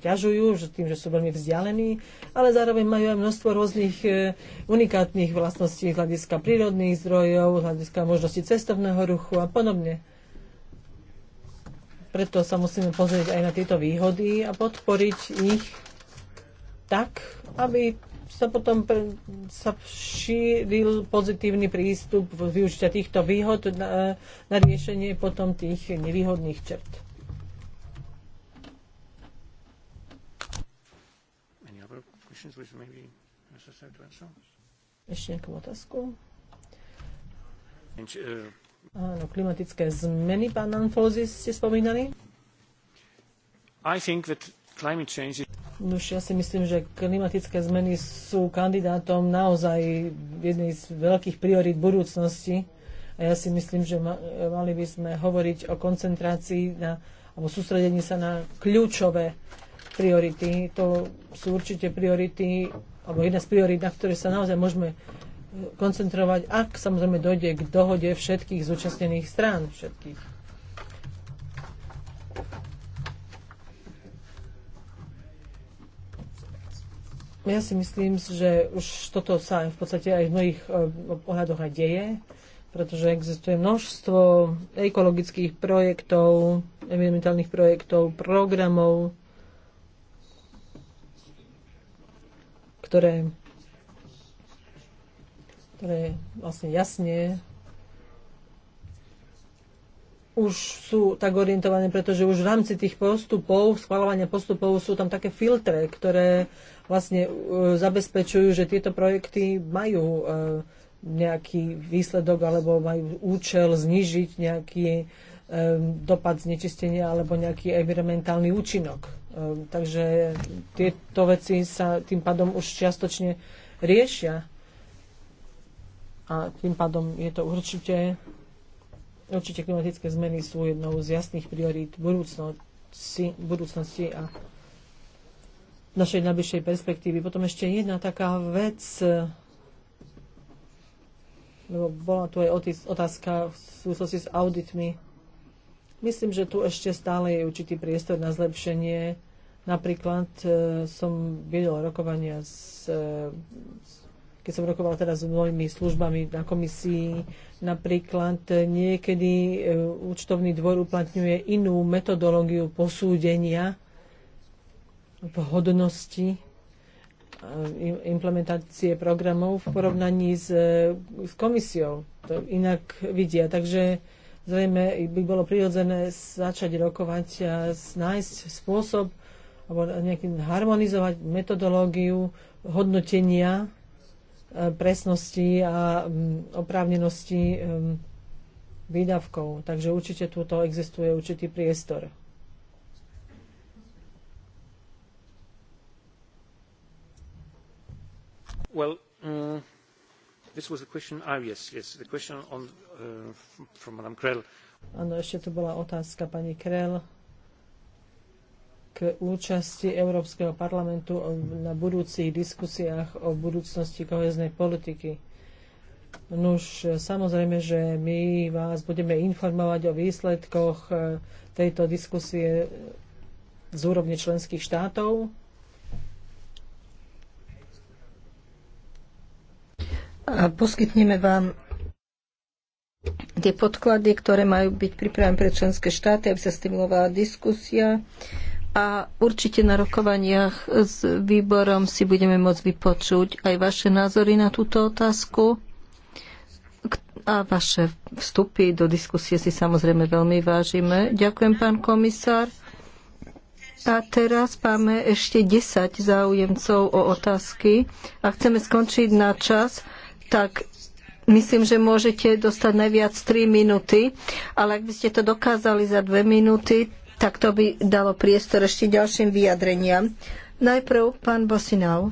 ťažujú, že tým, že sú veľmi vzdialení, ale zároveň majú aj množstvo rôznych e, unikátnych vlastností z hľadiska prírodných zdrojov, z hľadiska možnosti cestovného ruchu a podobne. Preto sa musíme pozrieť aj na tieto výhody a podporiť ich tak, aby sa potom pre, sa šíril pozitívny prístup využitia týchto výhod na, na riešenie potom tých nevýhodných črt. Ešte nejakú otázku? Uh, Áno, klimatické zmeny, pán Anfózis, ste spomínali? I think that climate change is... Už ja si myslím, že klimatické zmeny sú kandidátom naozaj jednej z veľkých priorít budúcnosti. A ja si myslím, že mali by sme hovoriť o koncentrácii na, alebo sústredení sa na kľúčové priority. To sú určite priority, alebo jedna z priorít, na ktoré sa naozaj môžeme koncentrovať, ak samozrejme dojde k dohode všetkých zúčastnených strán, všetkých. Ja si myslím, že už toto sa v podstate aj v mnohých e, ohľadoch aj deje, pretože existuje množstvo ekologických projektov, environmentálnych projektov, programov, ktoré ktoré vlastne jasne už sú tak orientované, pretože už v rámci tých postupov, schvalovania postupov sú tam také filtre, ktoré vlastne e, zabezpečujú, že tieto projekty majú e, nejaký výsledok alebo majú účel znižiť nejaký e, dopad znečistenia alebo nejaký environmentálny účinok. Takže tieto veci sa tým pádom už čiastočne riešia a tým pádom je to určite, určite klimatické zmeny sú jednou z jasných priorít budúcnosti, budúcnosti a našej najbližšej perspektívy. Potom ešte jedna taká vec, lebo bola tu aj otázka v súvislosti s auditmi. Myslím, že tu ešte stále je určitý priestor na zlepšenie. Napríklad e, som viedol rokovania s, e, s keď som rokoval teraz s mojimi službami na komisii, napríklad e, niekedy e, účtovný dvor uplatňuje inú metodológiu posúdenia vhodnosti e, implementácie programov v porovnaní s, s komisiou. To inak vidia. Takže zrejme by bolo prirodzené začať rokovať a nájsť spôsob alebo nejakým harmonizovať metodológiu hodnotenia presnosti a mm, oprávnenosti mm, výdavkov. Takže určite túto existuje určitý priestor. Well, um, this was question. Ah, yes, yes, the question on, uh, from Madame Krell. ešte tu bola otázka pani Krell k účasti Európskeho parlamentu na budúcich diskusiách o budúcnosti koheznej politiky. No už samozrejme, že my vás budeme informovať o výsledkoch e, tejto diskusie z úrovne členských štátov. A poskytneme vám tie podklady, ktoré majú byť pripravené pre členské štáty, aby sa stimulovala diskusia a určite na rokovaniach s výborom si budeme môcť vypočuť aj vaše názory na túto otázku a vaše vstupy do diskusie si samozrejme veľmi vážime. Ďakujem, pán komisár. A teraz máme ešte 10 záujemcov o otázky a chceme skončiť na čas, tak myslím, že môžete dostať najviac 3 minúty, ale ak by ste to dokázali za 2 minúty, tak to by dalo priestor ešte ďalším vyjadreniam. Najprv pán Bosinau.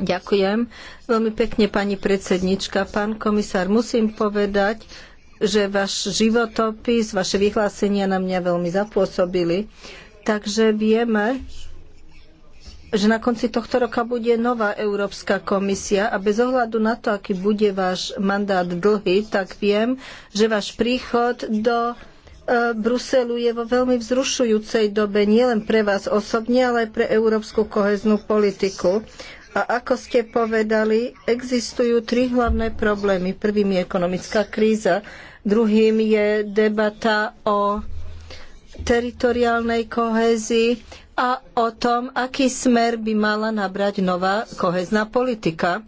Ďakujem. Veľmi pekne, pani predsednička. Pán komisár, musím povedať, že váš životopis, vaše vyhlásenia na mňa veľmi zapôsobili. Takže vieme, že na konci tohto roka bude nová Európska komisia a bez ohľadu na to, aký bude váš mandát dlhý, tak viem, že váš príchod do E, Bruselu je vo veľmi vzrušujúcej dobe nielen pre vás osobne, ale aj pre európsku koheznú politiku. A ako ste povedali, existujú tri hlavné problémy. Prvým je ekonomická kríza, druhým je debata o teritoriálnej kohézii a o tom, aký smer by mala nabrať nová kohezná politika.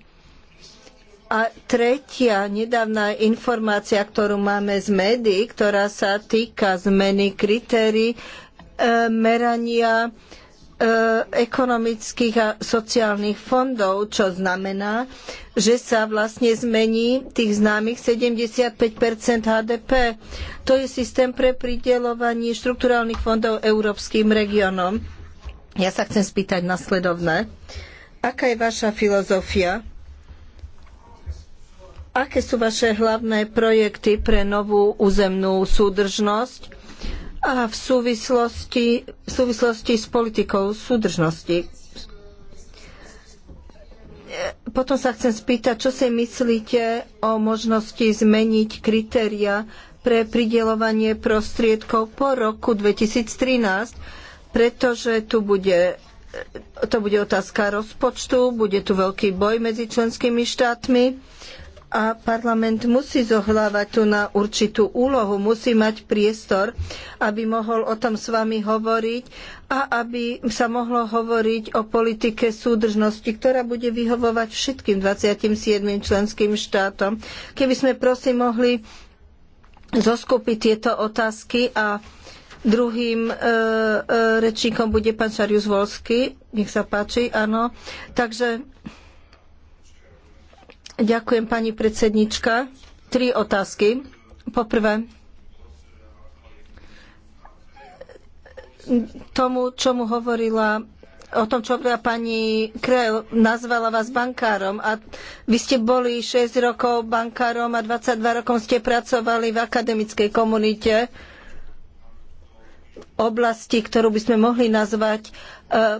A tretia nedávna informácia, ktorú máme z médií, ktorá sa týka zmeny kritérií e, merania e, ekonomických a sociálnych fondov, čo znamená, že sa vlastne zmení tých známych 75 HDP. To je systém pre prideľovanie štrukturálnych fondov európskym regiónom. Ja sa chcem spýtať nasledovné. Aká je vaša filozofia? Aké sú vaše hlavné projekty pre novú územnú súdržnosť a v súvislosti, v súvislosti s politikou súdržnosti? Potom sa chcem spýtať, čo si myslíte o možnosti zmeniť kritéria pre prideľovanie prostriedkov po roku 2013, pretože tu bude to bude otázka rozpočtu, bude tu veľký boj medzi členskými štátmi a parlament musí zohľávať tu na určitú úlohu, musí mať priestor, aby mohol o tom s vami hovoriť a aby sa mohlo hovoriť o politike súdržnosti, ktorá bude vyhovovať všetkým 27 členským štátom. Keby sme prosím mohli zoskupiť tieto otázky a Druhým e, e, rečníkom bude pán Šarius Volsky. Nech sa páči, áno. Takže Ďakujem, pani predsednička. Tri otázky. Poprvé, tomu, čo mu hovorila o tom, čo hovorila pani Krel, nazvala vás bankárom a vy ste boli 6 rokov bankárom a 22 rokov ste pracovali v akademickej komunite. Uh, oblasti, ktorú by sme mohli nazvať e,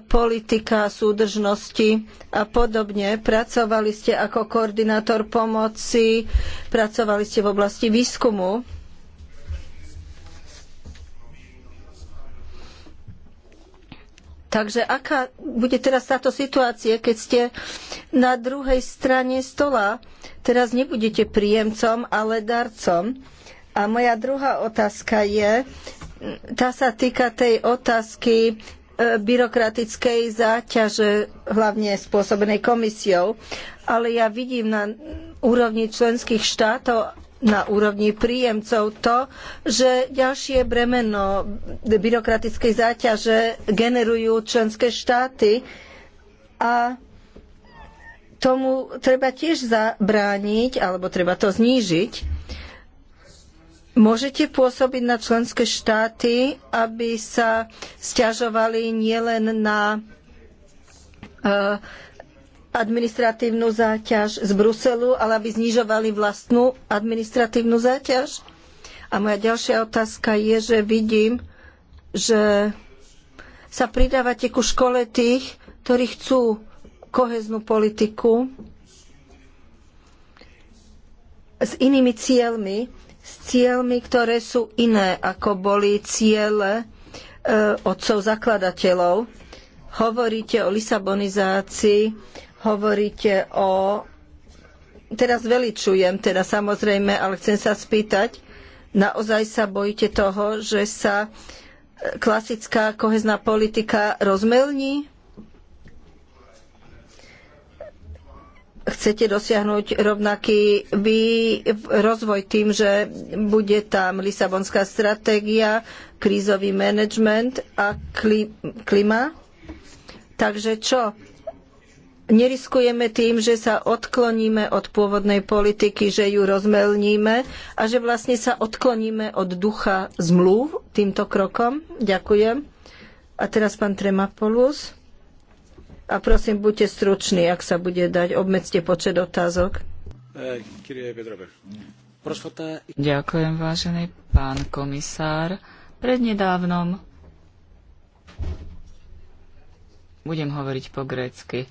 politika súdržnosti a podobne. Pracovali ste ako koordinátor pomoci, pracovali ste v oblasti výskumu. Takže aká bude teraz táto situácia, keď ste na druhej strane stola? Teraz nebudete príjemcom, ale darcom. A moja druhá otázka je, tá sa týka tej otázky e, byrokratickej záťaže, hlavne spôsobenej komisiou, ale ja vidím na úrovni členských štátov na úrovni príjemcov to, že ďalšie bremeno byrokratickej záťaže generujú členské štáty a tomu treba tiež zabrániť, alebo treba to znížiť. Môžete pôsobiť na členské štáty, aby sa stiažovali nielen na eh, administratívnu záťaž z Bruselu, ale aby znižovali vlastnú administratívnu záťaž? A moja ďalšia otázka je, že vidím, že sa pridávate ku škole tých, ktorí chcú koheznú politiku s inými cieľmi, s cieľmi, ktoré sú iné, ako boli ciele e, otcov zakladateľov. Hovoríte o lisabonizácii, hovoríte o... Teraz veličujem, teda samozrejme, ale chcem sa spýtať, naozaj sa bojíte toho, že sa e, klasická kohezná politika rozmelní? chcete dosiahnuť rovnaký rozvoj tým, že bude tam Lisabonská stratégia, krízový manažment a klima. Takže čo? Neriskujeme tým, že sa odkloníme od pôvodnej politiky, že ju rozmelníme a že vlastne sa odkloníme od ducha zmluv týmto krokom. Ďakujem. A teraz pán Tremapolus. A prosím, buďte struční, ak sa bude dať, obmedzte počet otázok. Ďakujem, vážený pán komisár. Prednedávnom budem hovoriť po grécky.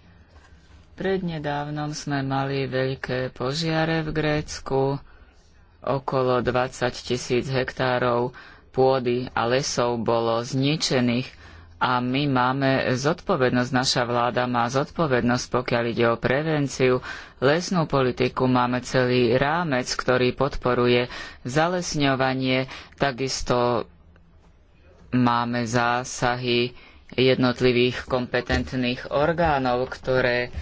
Prednedávnom sme mali veľké požiare v Grécku, okolo 20 tisíc hektárov pôdy a lesov bolo zničených a my máme zodpovednosť, naša vláda má zodpovednosť, pokiaľ ide o prevenciu, lesnú politiku, máme celý rámec, ktorý podporuje zalesňovanie, takisto máme zásahy jednotlivých kompetentných orgánov, ktoré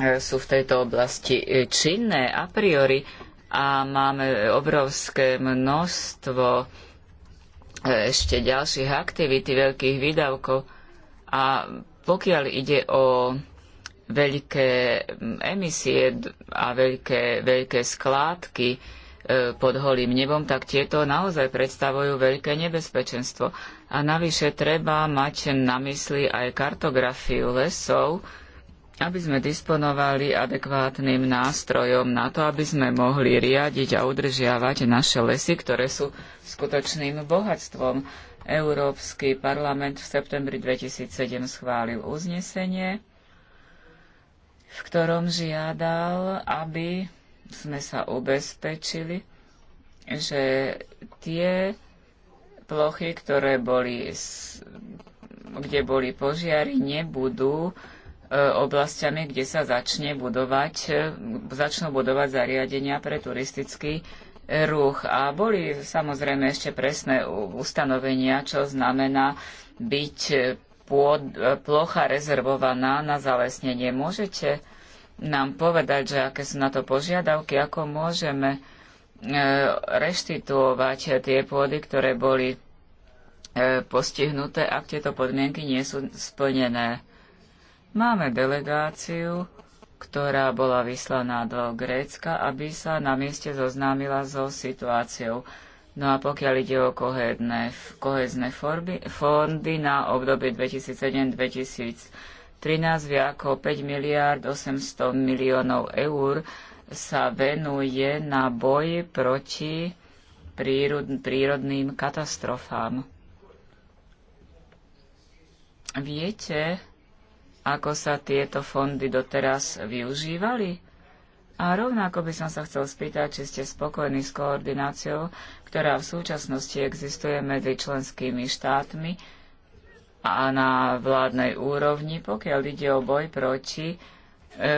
e, sú v tejto oblasti e, činné a priori a máme obrovské množstvo E, ešte ďalších aktivít, veľkých výdavkov. A pokiaľ ide o veľké emisie a veľké, veľké skládky e, pod holým nebom, tak tieto naozaj predstavujú veľké nebezpečenstvo. A navyše treba mať na mysli aj kartografiu lesov, aby sme disponovali adekvátnym nástrojom na to, aby sme mohli riadiť a udržiavať naše lesy, ktoré sú skutočným bohatstvom. Európsky parlament v septembri 2007 schválil uznesenie, v ktorom žiadal, aby sme sa ubezpečili, že tie plochy, ktoré boli, kde boli požiary, nebudú oblastiami, kde sa začne budovať, začnú budovať zariadenia pre turistický ruch. A boli samozrejme ešte presné ustanovenia, čo znamená byť pôd, plocha rezervovaná na zalesnenie. Môžete nám povedať, že aké sú na to požiadavky, ako môžeme e, reštituovať tie pôdy, ktoré boli e, postihnuté, ak tieto podmienky nie sú splnené. Máme delegáciu, ktorá bola vyslaná do Grécka, aby sa na mieste zoznámila so situáciou. No a pokiaľ ide o kohedné, kohezné forby, fondy na obdobie 2007-2013, viac ako 5 miliárd 800 miliónov eur sa venuje na boji proti prírodným katastrofám. Viete, ako sa tieto fondy doteraz využívali? A rovnako by som sa chcel spýtať, či ste spokojní s koordináciou, ktorá v súčasnosti existuje medzi členskými štátmi a na vládnej úrovni, pokiaľ ide o boj proti e,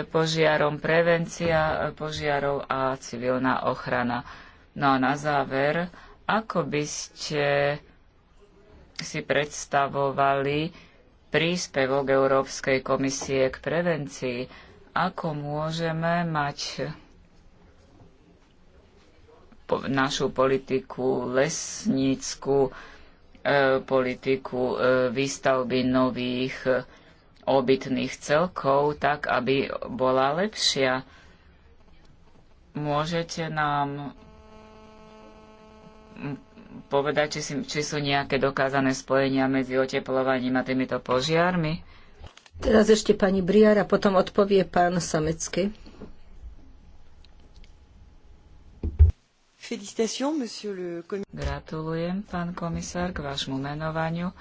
požiarom, prevencia požiarov a civilná ochrana. No a na záver, ako by ste si predstavovali príspevok Európskej komisie k prevencii. Ako môžeme mať našu politiku lesnícku, e, politiku e, výstavby nových e, obytných celkov, tak aby bola lepšia. Môžete nám povedať, či, si, či sú nejaké dokázané spojenia medzi oteplovaním a týmito požiarmi? Teraz ešte pani Briar a potom odpovie pán Samecky. Gratulujem, pán komisár, k vášmu menovaniu.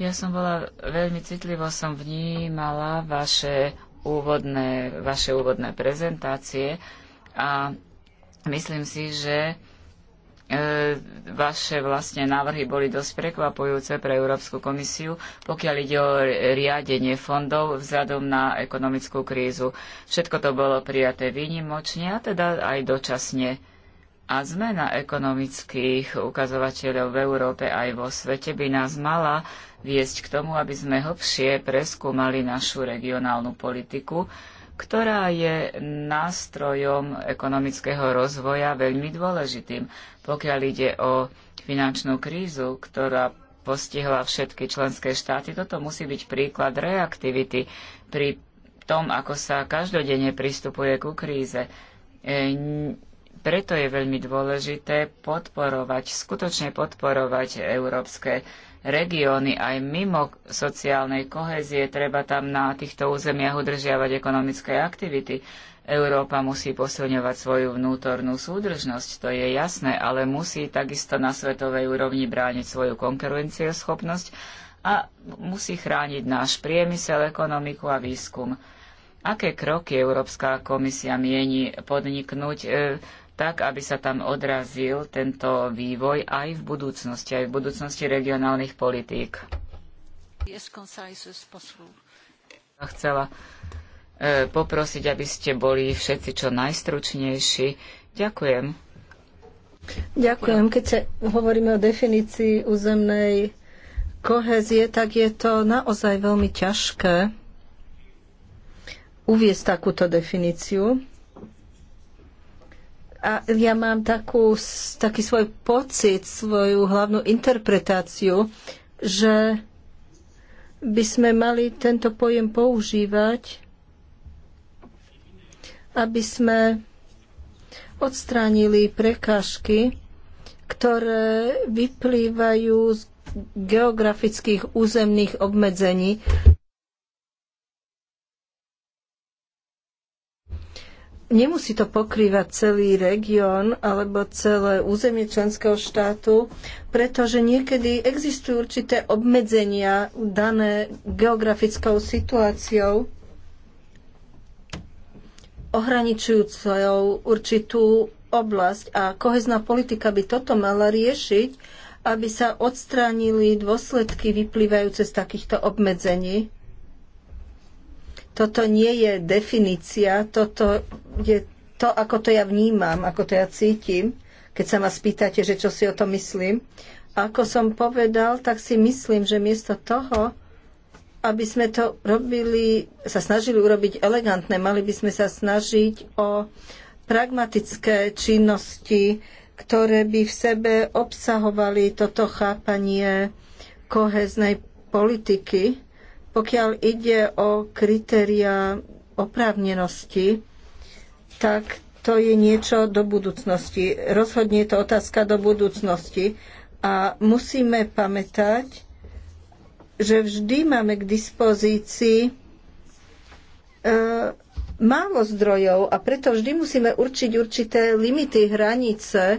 Ja som bola veľmi citlivo som vnímala vaše úvodné, vaše úvodné prezentácie a myslím si, že E, vaše vlastne návrhy boli dosť prekvapujúce pre Európsku komisiu, pokiaľ ide o riadenie fondov vzhľadom na ekonomickú krízu. Všetko to bolo prijaté výnimočne a teda aj dočasne. A zmena ekonomických ukazovateľov v Európe aj vo svete by nás mala viesť k tomu, aby sme hlbšie preskúmali našu regionálnu politiku, ktorá je nástrojom ekonomického rozvoja veľmi dôležitým, pokiaľ ide o finančnú krízu, ktorá postihla všetky členské štáty. Toto musí byť príklad reaktivity pri tom, ako sa každodenne pristupuje ku kríze. E, preto je veľmi dôležité podporovať, skutočne podporovať európske regióny aj mimo sociálnej kohézie. Treba tam na týchto územiach udržiavať ekonomické aktivity. Európa musí posilňovať svoju vnútornú súdržnosť, to je jasné, ale musí takisto na svetovej úrovni brániť svoju konkurencieschopnosť a musí chrániť náš priemysel, ekonomiku a výskum. Aké kroky Európska komisia mieni podniknúť? E, tak aby sa tam odrazil tento vývoj aj v budúcnosti, aj v budúcnosti regionálnych politík. Chcela e, poprosiť, aby ste boli všetci čo najstručnejší. Ďakujem. Ďakujem. Keď sa hovoríme o definícii územnej kohezie, tak je to naozaj veľmi ťažké uviesť takúto definíciu. A ja mám takú, taký svoj pocit, svoju hlavnú interpretáciu, že by sme mali tento pojem používať, aby sme odstránili prekážky, ktoré vyplývajú z geografických územných obmedzení Nemusí to pokrývať celý región alebo celé územie členského štátu, pretože niekedy existujú určité obmedzenia dané geografickou situáciou ohraničujúcou určitú oblasť a kohezná politika by toto mala riešiť, aby sa odstránili dôsledky vyplývajúce z takýchto obmedzení. Toto nie je definícia, toto je to, ako to ja vnímam, ako to ja cítim, keď sa ma spýtate, že čo si o tom myslím. A ako som povedal, tak si myslím, že miesto toho, aby sme to robili, sa snažili urobiť elegantné, mali by sme sa snažiť o pragmatické činnosti, ktoré by v sebe obsahovali toto chápanie koheznej politiky, pokiaľ ide o kritéria oprávnenosti, tak to je niečo do budúcnosti. Rozhodne je to otázka do budúcnosti. A musíme pamätať, že vždy máme k dispozícii e, málo zdrojov a preto vždy musíme určiť určité limity, hranice,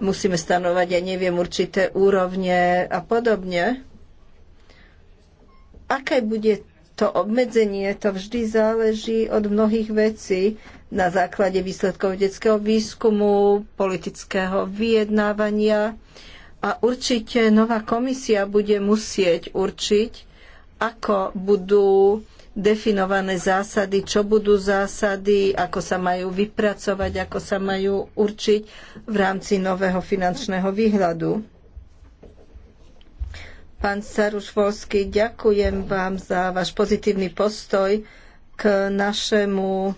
musíme stanovať, ja neviem, určité úrovne a podobne. Aké bude to obmedzenie, to vždy záleží od mnohých vecí na základe výsledkov detského výskumu, politického vyjednávania a určite nová komisia bude musieť určiť, ako budú definované zásady, čo budú zásady, ako sa majú vypracovať, ako sa majú určiť v rámci nového finančného výhľadu. Pán Saruš ďakujem vám za váš pozitívny postoj k našemu,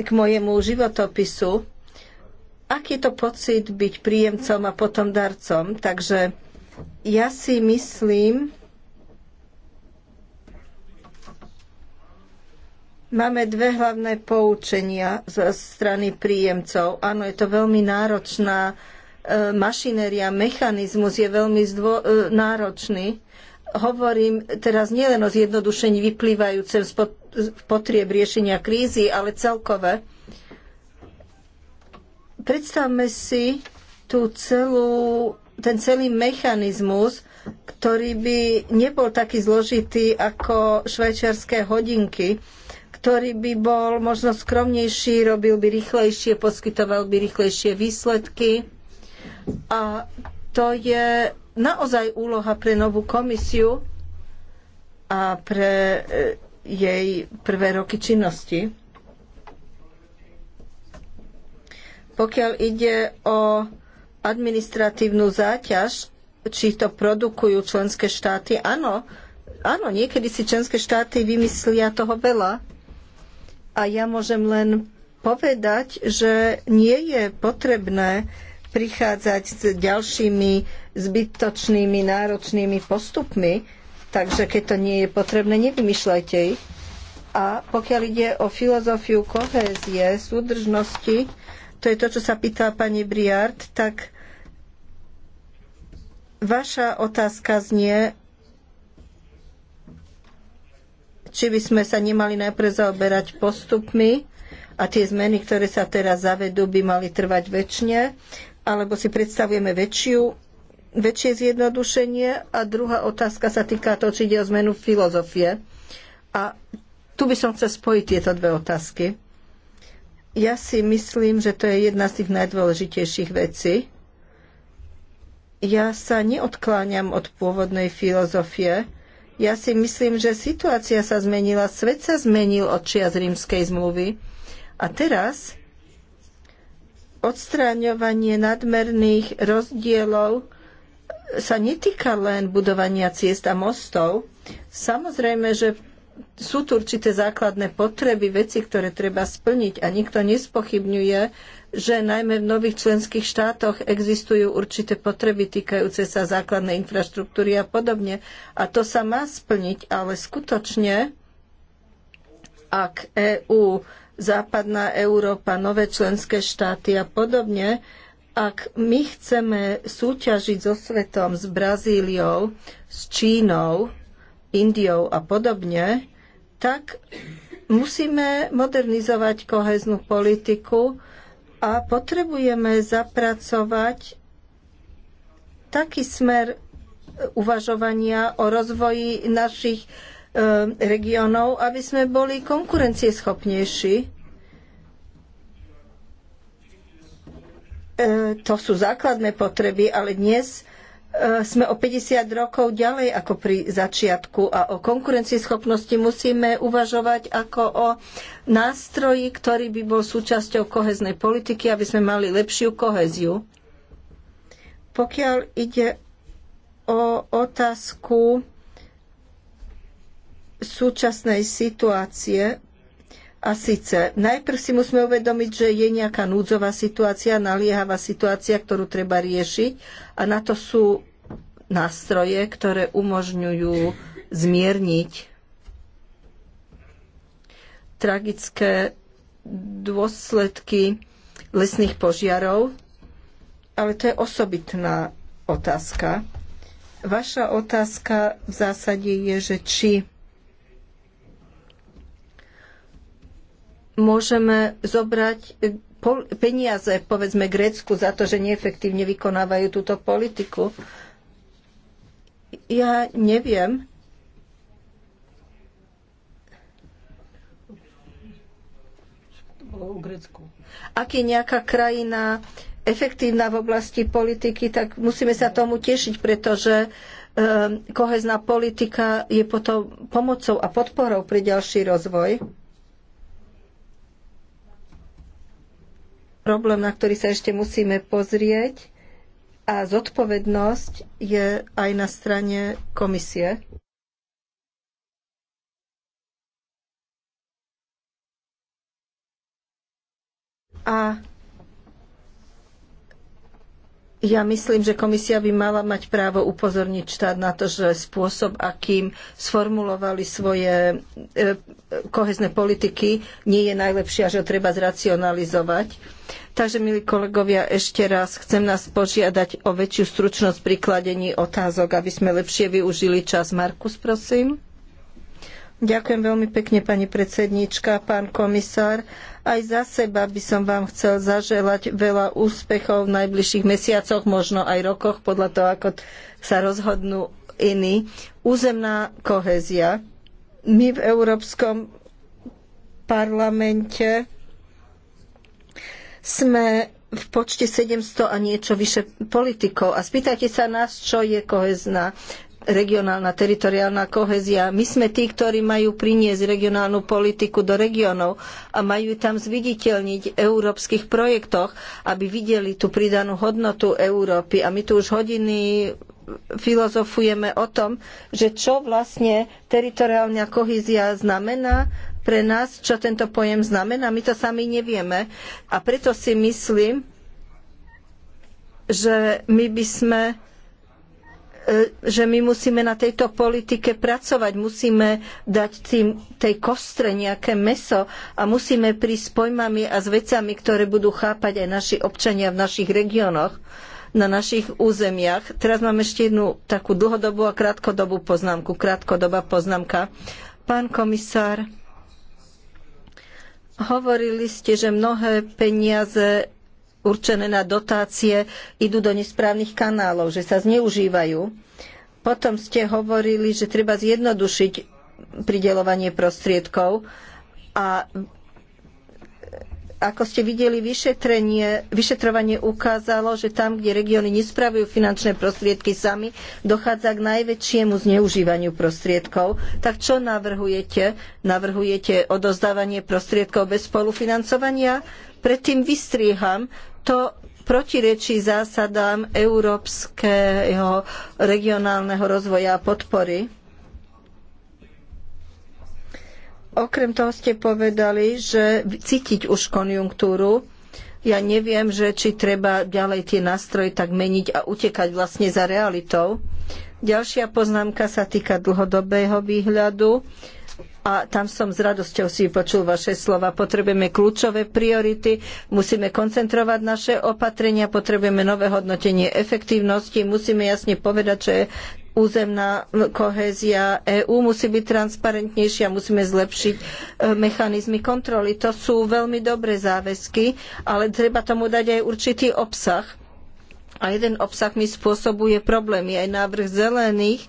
k mojemu životopisu. Aký je to pocit byť príjemcom a potom darcom? Takže ja si myslím, Máme dve hlavné poučenia zo strany príjemcov. Áno, je to veľmi náročná E, mašinéria, mechanizmus je veľmi zdvo- e, náročný. Hovorím teraz nielen o zjednodušení vyplývajúcem z potrieb riešenia krízy, ale celkové. Predstavme si tú celú, ten celý mechanizmus, ktorý by nebol taký zložitý ako švajčiarske hodinky, ktorý by bol možno skromnejší, robil by rýchlejšie, poskytoval by rýchlejšie výsledky a to je naozaj úloha pre novú komisiu a pre e, jej prvé roky činnosti. Pokiaľ ide o administratívnu záťaž, či to produkujú členské štáty, áno, áno, niekedy si členské štáty vymyslia toho veľa. A ja môžem len povedať, že nie je potrebné prichádzať s ďalšími zbytočnými náročnými postupmi, takže keď to nie je potrebné, nevymýšľajte ich. A pokiaľ ide o filozofiu kohézie, súdržnosti, to je to, čo sa pýtala pani Briard, tak vaša otázka znie, či by sme sa nemali najprv zaoberať postupmi a tie zmeny, ktoré sa teraz zavedú, by mali trvať väčšine alebo si predstavujeme väčšiu, väčšie zjednodušenie? A druhá otázka sa týka toho, či ide o zmenu filozofie. A tu by som chcel spojiť tieto dve otázky. Ja si myslím, že to je jedna z tých najdôležitejších vecí. Ja sa neodkláňam od pôvodnej filozofie. Ja si myslím, že situácia sa zmenila, svet sa zmenil od čias rímskej zmluvy. A teraz odstráňovanie nadmerných rozdielov sa netýka len budovania ciest a mostov. Samozrejme, že sú tu určité základné potreby, veci, ktoré treba splniť a nikto nespochybňuje, že najmä v nových členských štátoch existujú určité potreby týkajúce sa základnej infraštruktúry a podobne. A to sa má splniť, ale skutočne, ak EÚ západná Európa, nové členské štáty a podobne, ak my chceme súťažiť so svetom, s Brazíliou, s Čínou, Indiou a podobne, tak musíme modernizovať koheznú politiku a potrebujeme zapracovať taký smer uvažovania o rozvoji našich Eh, regiónov, aby sme boli konkurencieschopnejší. Eh, to sú základné potreby, ale dnes eh, sme o 50 rokov ďalej ako pri začiatku a o konkurencieschopnosti musíme uvažovať ako o nástroji, ktorý by bol súčasťou koheznej politiky, aby sme mali lepšiu koheziu. Pokiaľ ide o otázku súčasnej situácie a síce najprv si musíme uvedomiť, že je nejaká núdzová situácia, naliehavá situácia, ktorú treba riešiť a na to sú nástroje, ktoré umožňujú zmierniť tragické dôsledky lesných požiarov, ale to je osobitná otázka. Vaša otázka v zásade je, že či môžeme zobrať e, peniaze, povedzme Grécku, za to, že neefektívne vykonávajú túto politiku. Ja neviem. Ak je nejaká krajina efektívna v oblasti politiky, tak musíme sa tomu tešiť, pretože e, kohezná politika je potom pomocou a podporou pre ďalší rozvoj. problém, na ktorý sa ešte musíme pozrieť a zodpovednosť je aj na strane komisie. A ja myslím, že komisia by mala mať právo upozorniť štát na to, že spôsob, akým sformulovali svoje e, kohezné politiky, nie je najlepší a že ho treba zracionalizovať. Takže, milí kolegovia, ešte raz chcem nás požiadať o väčšiu stručnosť pri kladení otázok, aby sme lepšie využili čas. Markus, prosím. Ďakujem veľmi pekne, pani predsednička, pán komisár. Aj za seba by som vám chcel zaželať veľa úspechov v najbližších mesiacoch, možno aj rokoch, podľa toho, ako sa rozhodnú iní. Územná kohézia. My v Európskom parlamente sme v počte 700 a niečo vyše politikov. A spýtajte sa nás, čo je kohezná regionálna teritoriálna kohézia. My sme tí, ktorí majú priniesť regionálnu politiku do regiónov a majú tam zviditeľniť v európskych projektoch, aby videli tú pridanú hodnotu Európy. A my tu už hodiny filozofujeme o tom, že čo vlastne teritoriálna kohézia znamená pre nás, čo tento pojem znamená. My to sami nevieme. A preto si myslím, že my by sme E, že my musíme na tejto politike pracovať, musíme dať tým, tej kostre nejaké meso a musíme prísť s pojmami a s vecami, ktoré budú chápať aj naši občania v našich regiónoch na našich územiach. Teraz mám ešte jednu takú dlhodobú a krátkodobú poznámku. Krátkodobá poznámka. Pán komisár, hovorili ste, že mnohé peniaze určené na dotácie idú do nesprávnych kanálov, že sa zneužívajú. Potom ste hovorili, že treba zjednodušiť pridelovanie prostriedkov a ako ste videli, vyšetrenie, vyšetrovanie ukázalo, že tam, kde regióny nespravujú finančné prostriedky sami, dochádza k najväčšiemu zneužívaniu prostriedkov. Tak čo navrhujete? Navrhujete odozdávanie prostriedkov bez spolufinancovania? Predtým vystrieham, to protirečí zásadám európskeho regionálneho rozvoja a podpory. Okrem toho ste povedali, že cítiť už konjunktúru. Ja neviem, že či treba ďalej tie nástroje tak meniť a utekať vlastne za realitou. Ďalšia poznámka sa týka dlhodobého výhľadu. Uh, a tam som s radosťou si počul vaše slova. Potrebujeme kľúčové priority, musíme koncentrovať naše opatrenia, potrebujeme nové hodnotenie efektívnosti, musíme jasne povedať, čo je územná kohézia EÚ musí byť transparentnejšia, musíme zlepšiť e, mechanizmy kontroly. To sú veľmi dobré záväzky, ale treba tomu dať aj určitý obsah. A jeden obsah mi spôsobuje problémy. Aj návrh zelených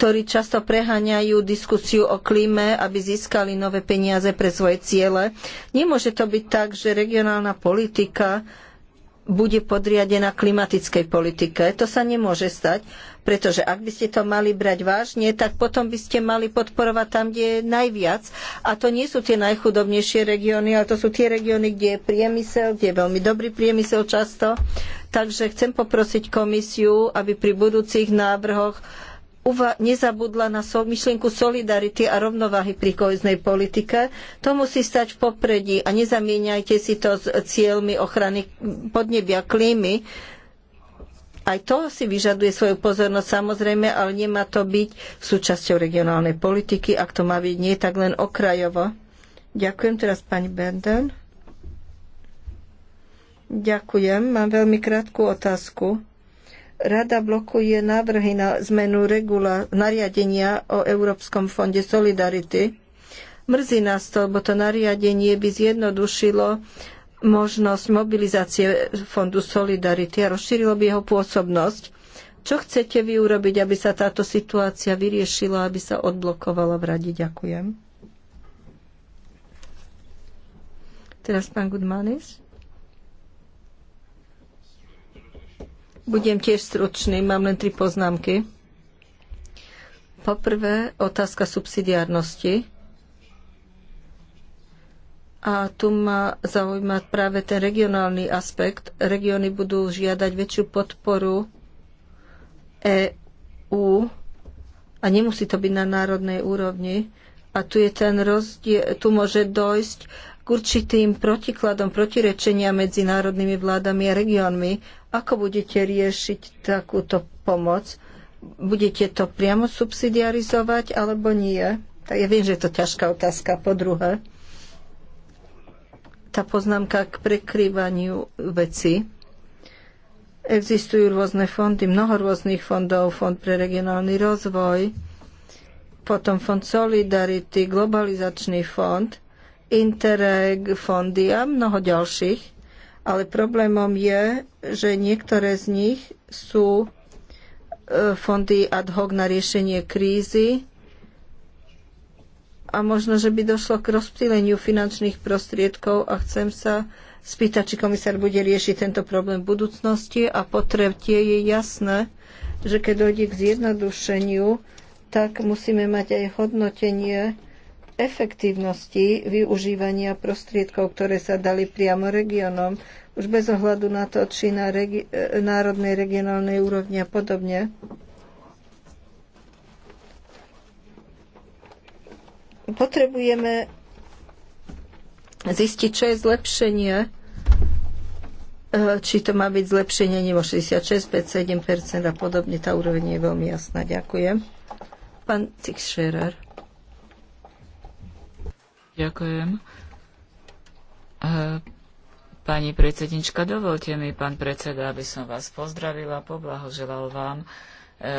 ktorí často preháňajú diskusiu o klíme, aby získali nové peniaze pre svoje ciele. Nemôže to byť tak, že regionálna politika bude podriadená klimatickej politike. To sa nemôže stať, pretože ak by ste to mali brať vážne, tak potom by ste mali podporovať tam, kde je najviac. A to nie sú tie najchudobnejšie regióny, ale to sú tie regióny, kde je priemysel, kde je veľmi dobrý priemysel často. Takže chcem poprosiť komisiu, aby pri budúcich návrhoch nezabudla na myšlienku solidarity a rovnováhy pri koheznej politike. To musí stať v popredí a nezamieňajte si to s cieľmi ochrany podnebia klímy. Aj to si vyžaduje svoju pozornosť samozrejme, ale nemá to byť súčasťou regionálnej politiky, ak to má byť nie tak len okrajovo. Ďakujem teraz pani Berden. Ďakujem, mám veľmi krátku otázku Rada blokuje návrhy na zmenu regula, nariadenia o Európskom fonde Solidarity. Mrzí nás to, lebo to nariadenie by zjednodušilo možnosť mobilizácie fondu Solidarity a rozšírilo by jeho pôsobnosť. Čo chcete vy urobiť, aby sa táto situácia vyriešila, aby sa odblokovala v rade? Ďakujem. Teraz pán Gudmanis. Budem tiež stručný, mám len tri poznámky. Poprvé, otázka subsidiárnosti. A tu ma zaujíma práve ten regionálny aspekt. Regióny budú žiadať väčšiu podporu EU a nemusí to byť na národnej úrovni. A tu je ten rozdiel, tu môže dojsť k určitým protikladom, protirečenia medzi národnými vládami a regiónmi. Ako budete riešiť takúto pomoc? Budete to priamo subsidiarizovať alebo nie? Tak ja viem, že je to ťažká otázka. Po druhé, tá poznámka k prekrývaniu veci. Existujú rôzne fondy, mnoho rôznych fondov, fond pre regionálny rozvoj, potom fond Solidarity, globalizačný fond, Interreg fondy a mnoho ďalších ale problémom je, že niektoré z nich sú e, fondy ad hoc na riešenie krízy a možno, že by došlo k rozptýleniu finančných prostriedkov a chcem sa spýtať, či komisár bude riešiť tento problém v budúcnosti a potrebtie je jasné, že keď dojde k zjednodušeniu, tak musíme mať aj hodnotenie efektívnosti využívania prostriedkov, ktoré sa dali priamo regiónom, už bez ohľadu na to, či na regi- e, národnej, regionálnej úrovni a podobne. Potrebujeme zistiť, čo je zlepšenie, e, či to má byť zlepšenie nebo 66, 5, 7 a podobne. Tá úroveň je veľmi jasná. Ďakujem. Pán Cixscherer. Ďakujem. E, pani predsednička, dovolte mi, pán predseda, aby som vás pozdravila, poblahoželal vám e,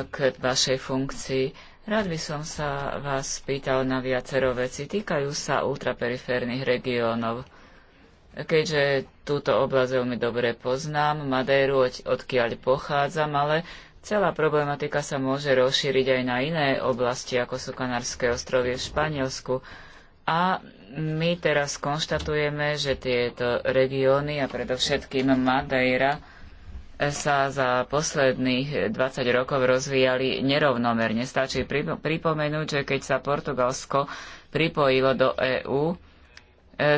k vašej funkcii. Rád by som sa vás spýtal na viacero veci. Týkajú sa ultraperiférnych regiónov. Keďže túto oblasť veľmi dobre poznám, Madéru, od, odkiaľ pochádzam, ale celá problematika sa môže rozšíriť aj na iné oblasti, ako sú Kanárske ostrovy v Španielsku a my teraz konštatujeme, že tieto regióny a predovšetkým Madeira sa za posledných 20 rokov rozvíjali nerovnomerne. Stačí pripomenúť, že keď sa Portugalsko pripojilo do EÚ, e,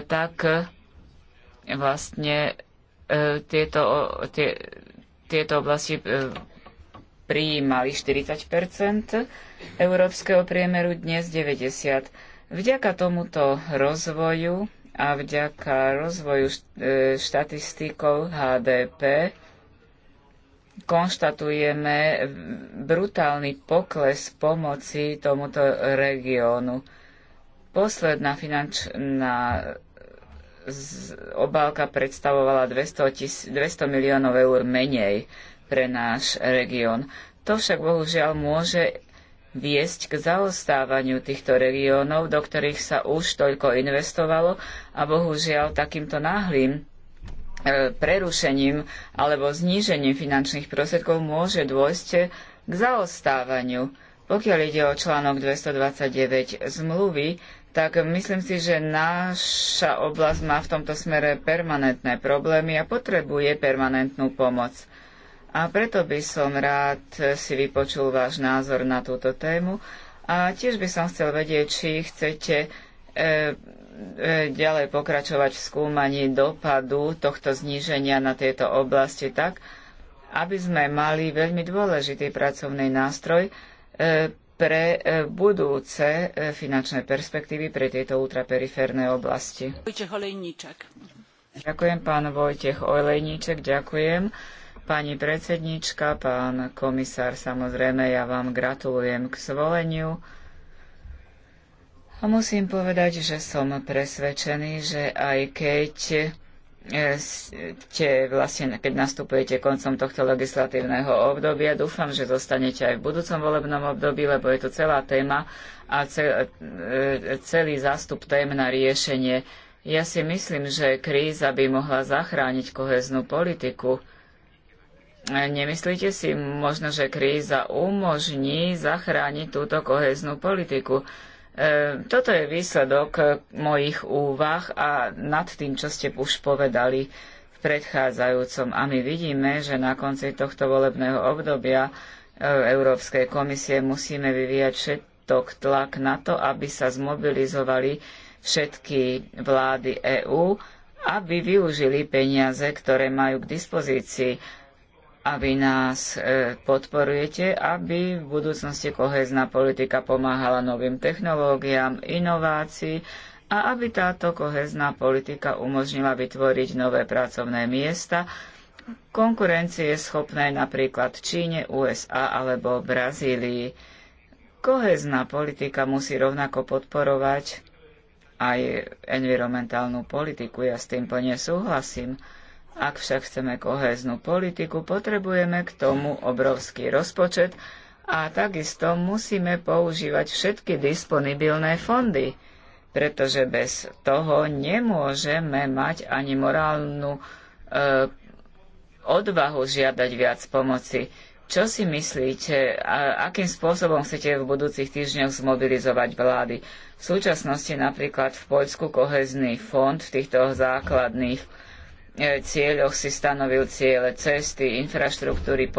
tak e, vlastne e, tieto, tie, tieto oblasti prijímali 40 európskeho priemeru, dnes 90 Vďaka tomuto rozvoju a vďaka rozvoju e, štatistikov HDP konštatujeme brutálny pokles pomoci tomuto regiónu. Posledná finančná obálka predstavovala 200, tis, 200 miliónov eur menej pre náš región. To však bohužiaľ môže viesť k zaostávaniu týchto regiónov, do ktorých sa už toľko investovalo a bohužiaľ takýmto náhlým e, prerušením alebo znížením finančných prostriedkov môže dôjsť k zaostávaniu. Pokiaľ ide o článok 229 zmluvy, tak myslím si, že naša oblasť má v tomto smere permanentné problémy a potrebuje permanentnú pomoc. A preto by som rád si vypočul váš názor na túto tému a tiež by som chcel vedieť, či chcete e, e, ďalej pokračovať v skúmaní dopadu tohto zníženia na tieto oblasti tak, aby sme mali veľmi dôležitý pracovný nástroj e, pre e, budúce e, finančné perspektívy pre tieto ultraperiférne oblasti. Ďakujem pán Vojtech Olejníček, ďakujem. Pani predsednička, pán komisár, samozrejme ja vám gratulujem k zvoleniu. A musím povedať, že som presvedčený, že aj keď eh, ste vlastne, keď nastupujete koncom tohto legislatívneho obdobia, dúfam, že zostanete aj v budúcom volebnom období, lebo je to celá téma a eh, celý zástup tém na riešenie. Ja si myslím, že kríza by mohla zachrániť koheznú politiku Nemyslíte si možno, že kríza umožní zachrániť túto koheznú politiku? E, toto je výsledok mojich úvah a nad tým, čo ste už povedali v predchádzajúcom. A my vidíme, že na konci tohto volebného obdobia e, Európskej komisie musíme vyvíjať všetok tlak na to, aby sa zmobilizovali všetky vlády EÚ, aby využili peniaze, ktoré majú k dispozícii a vy nás e, podporujete, aby v budúcnosti kohezná politika pomáhala novým technológiám, inovácii a aby táto kohezná politika umožnila vytvoriť nové pracovné miesta, konkurencie schopné napríklad Číne, USA alebo Brazílii. Kohezná politika musí rovnako podporovať aj environmentálnu politiku. Ja s tým plne súhlasím. Ak však chceme kohéznu politiku, potrebujeme k tomu obrovský rozpočet a takisto musíme používať všetky disponibilné fondy, pretože bez toho nemôžeme mať ani morálnu e, odvahu žiadať viac pomoci. Čo si myslíte, a akým spôsobom chcete v budúcich týždňoch zmobilizovať vlády? V súčasnosti napríklad v Poľsku kohezný fond v týchto základných E, cieľoch si stanovil ciele cesty, infraštruktúry, e,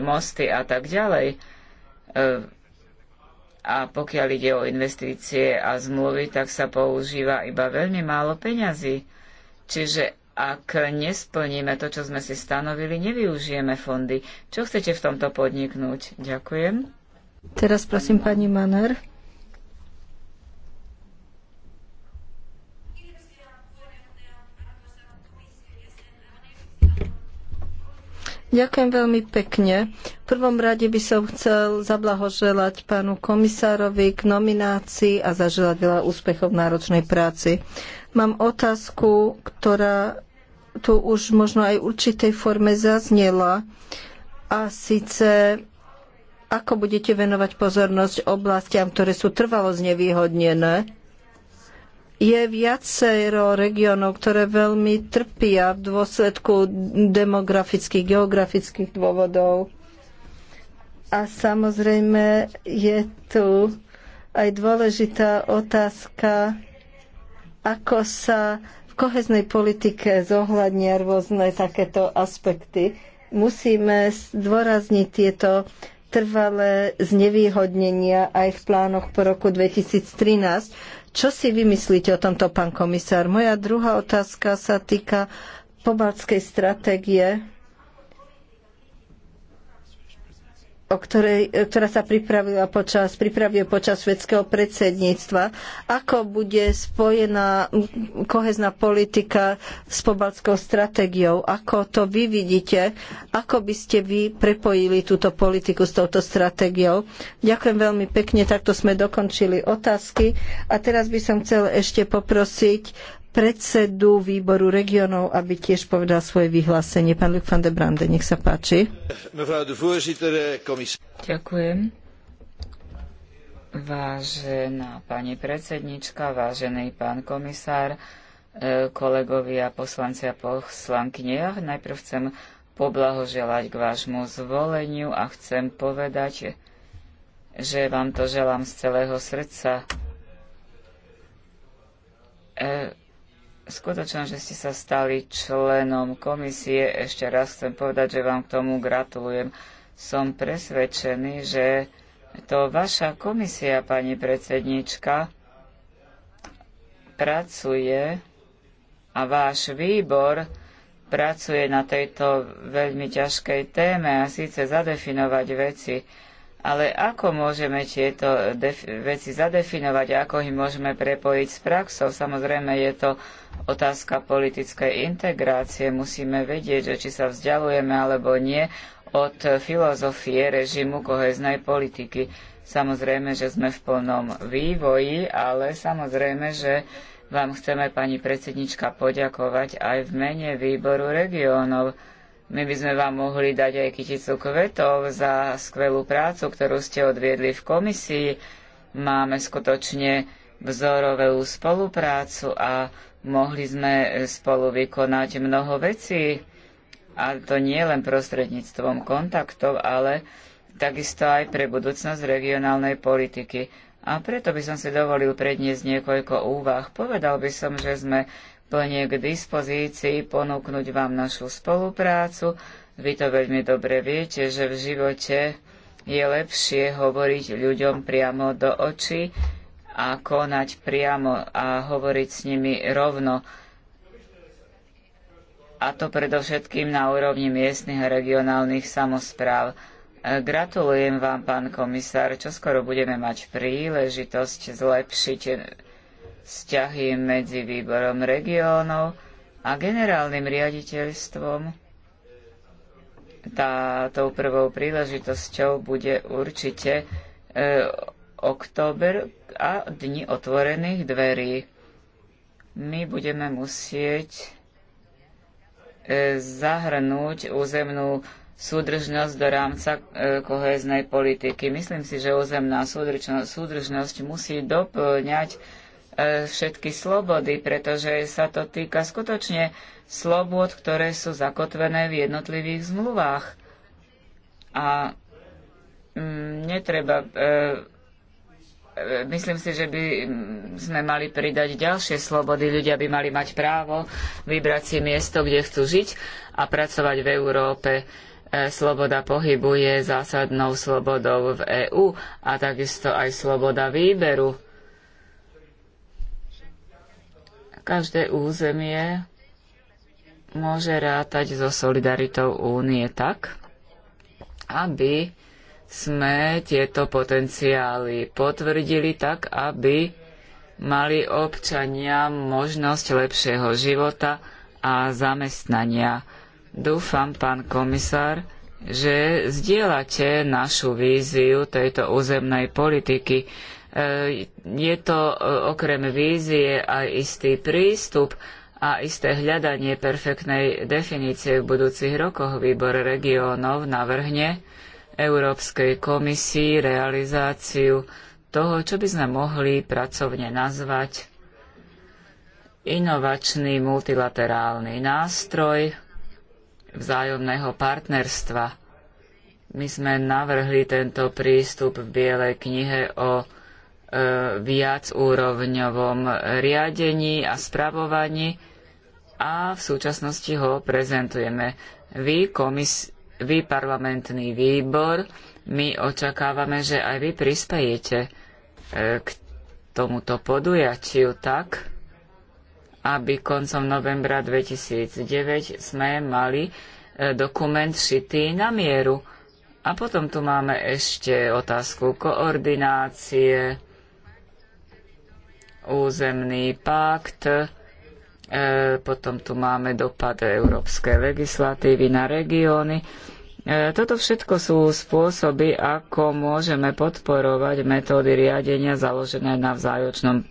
mosty a tak ďalej. E, a pokiaľ ide o investície a zmluvy, tak sa používa iba veľmi málo peňazí. Čiže ak nesplníme to, čo sme si stanovili, nevyužijeme fondy. Čo chcete v tomto podniknúť? Ďakujem. Teraz prosím pani Maner. Ďakujem veľmi pekne. V prvom rade by som chcel zablahoželať pánu komisárovi k nominácii a zaželať veľa úspechov v náročnej práci. Mám otázku, ktorá tu už možno aj v určitej forme zaznela a síce ako budete venovať pozornosť oblastiam, ktoré sú trvalo znevýhodnené je viacero regiónov, ktoré veľmi trpia v dôsledku demografických, geografických dôvodov. A samozrejme je tu aj dôležitá otázka, ako sa v koheznej politike zohľadnia rôzne takéto aspekty. Musíme zdôrazniť tieto trvalé znevýhodnenia aj v plánoch po roku 2013 čo si vymyslíte o tomto, pán komisár? Moja druhá otázka sa týka pobaltskej stratégie o ktorej, e, ktorá sa pripravila počas, pripravuje počas svetského predsedníctva. Ako bude spojená kohezná politika s Pobalskou stratégiou? Ako to vy vidíte? Ako by ste vy prepojili túto politiku s touto stratégiou? Ďakujem veľmi pekne, takto sme dokončili otázky. A teraz by som chcel ešte poprosiť predsedu výboru regionov, aby tiež povedal svoje vyhlásenie. Pán Luc van de Brande, nech sa páči. Eh, Ďakujem. Vážená pani predsednička, vážený pán komisár, eh, kolegovia poslanci a poslankyne, ja najprv chcem poblahoželať k vášmu zvoleniu a chcem povedať, že vám to želám z celého srdca. E, skutočnosť, že ste sa stali členom komisie, ešte raz chcem povedať, že vám k tomu gratulujem. Som presvedčený, že to vaša komisia, pani predsednička, pracuje a váš výbor pracuje na tejto veľmi ťažkej téme a síce zadefinovať veci, ale ako môžeme tieto veci zadefinovať a ako ich môžeme prepojiť s praxou? Samozrejme je to otázka politickej integrácie. Musíme vedieť, že či sa vzdialujeme alebo nie od filozofie režimu koheznej politiky. Samozrejme, že sme v plnom vývoji, ale samozrejme, že vám chceme, pani predsednička, poďakovať aj v mene výboru regiónov my by sme vám mohli dať aj kyticu kvetov za skvelú prácu, ktorú ste odviedli v komisii. Máme skutočne vzorovú spoluprácu a mohli sme spolu vykonať mnoho vecí. A to nie len prostredníctvom kontaktov, ale takisto aj pre budúcnosť regionálnej politiky. A preto by som si dovolil predniesť niekoľko úvah. Povedal by som, že sme plne k dispozícii, ponúknuť vám našu spoluprácu. Vy to veľmi dobre viete, že v živote je lepšie hovoriť ľuďom priamo do očí a konať priamo a hovoriť s nimi rovno. A to predovšetkým na úrovni miestnych a regionálnych samozpráv. Gratulujem vám, pán komisár, čo skoro budeme mať príležitosť zlepšiť vzťahy medzi výborom regiónov a generálnym riaditeľstvom. Táto prvou príležitosťou bude určite e, október a dni otvorených dverí. My budeme musieť e, zahrnúť územnú súdržnosť do rámca e, kohéznej politiky. Myslím si, že územná súdržnosť, súdržnosť musí doplňať E, všetky slobody, pretože sa to týka skutočne slobod, ktoré sú zakotvené v jednotlivých zmluvách. A mm, netreba. E, e, myslím si, že by mm, sme mali pridať ďalšie slobody. Ľudia by mali mať právo vybrať si miesto, kde chcú žiť a pracovať v Európe. Sloboda pohybu je zásadnou slobodou v EÚ a takisto aj sloboda výberu Každé územie môže rátať so solidaritou únie tak, aby sme tieto potenciály potvrdili tak, aby mali občania možnosť lepšieho života a zamestnania. Dúfam, pán komisár, že zdieľate našu víziu tejto územnej politiky, E, je to e, okrem vízie aj istý prístup a isté hľadanie perfektnej definície v budúcich rokoch. Výbor regiónov navrhne Európskej komisii realizáciu toho, čo by sme mohli pracovne nazvať inovačný multilaterálny nástroj vzájomného partnerstva. My sme navrhli tento prístup v Bielej knihe o E, viacúrovňovom riadení a spravovaní a v súčasnosti ho prezentujeme. Vy, komis, vy parlamentný výbor, my očakávame, že aj vy prispejete e, k tomuto podujatiu tak, aby koncom novembra 2009 sme mali e, dokument šitý na mieru. A potom tu máme ešte otázku koordinácie, územný pakt, e, potom tu máme dopad európskej legislatívy na regióny. E, toto všetko sú spôsoby, ako môžeme podporovať metódy riadenia založené na,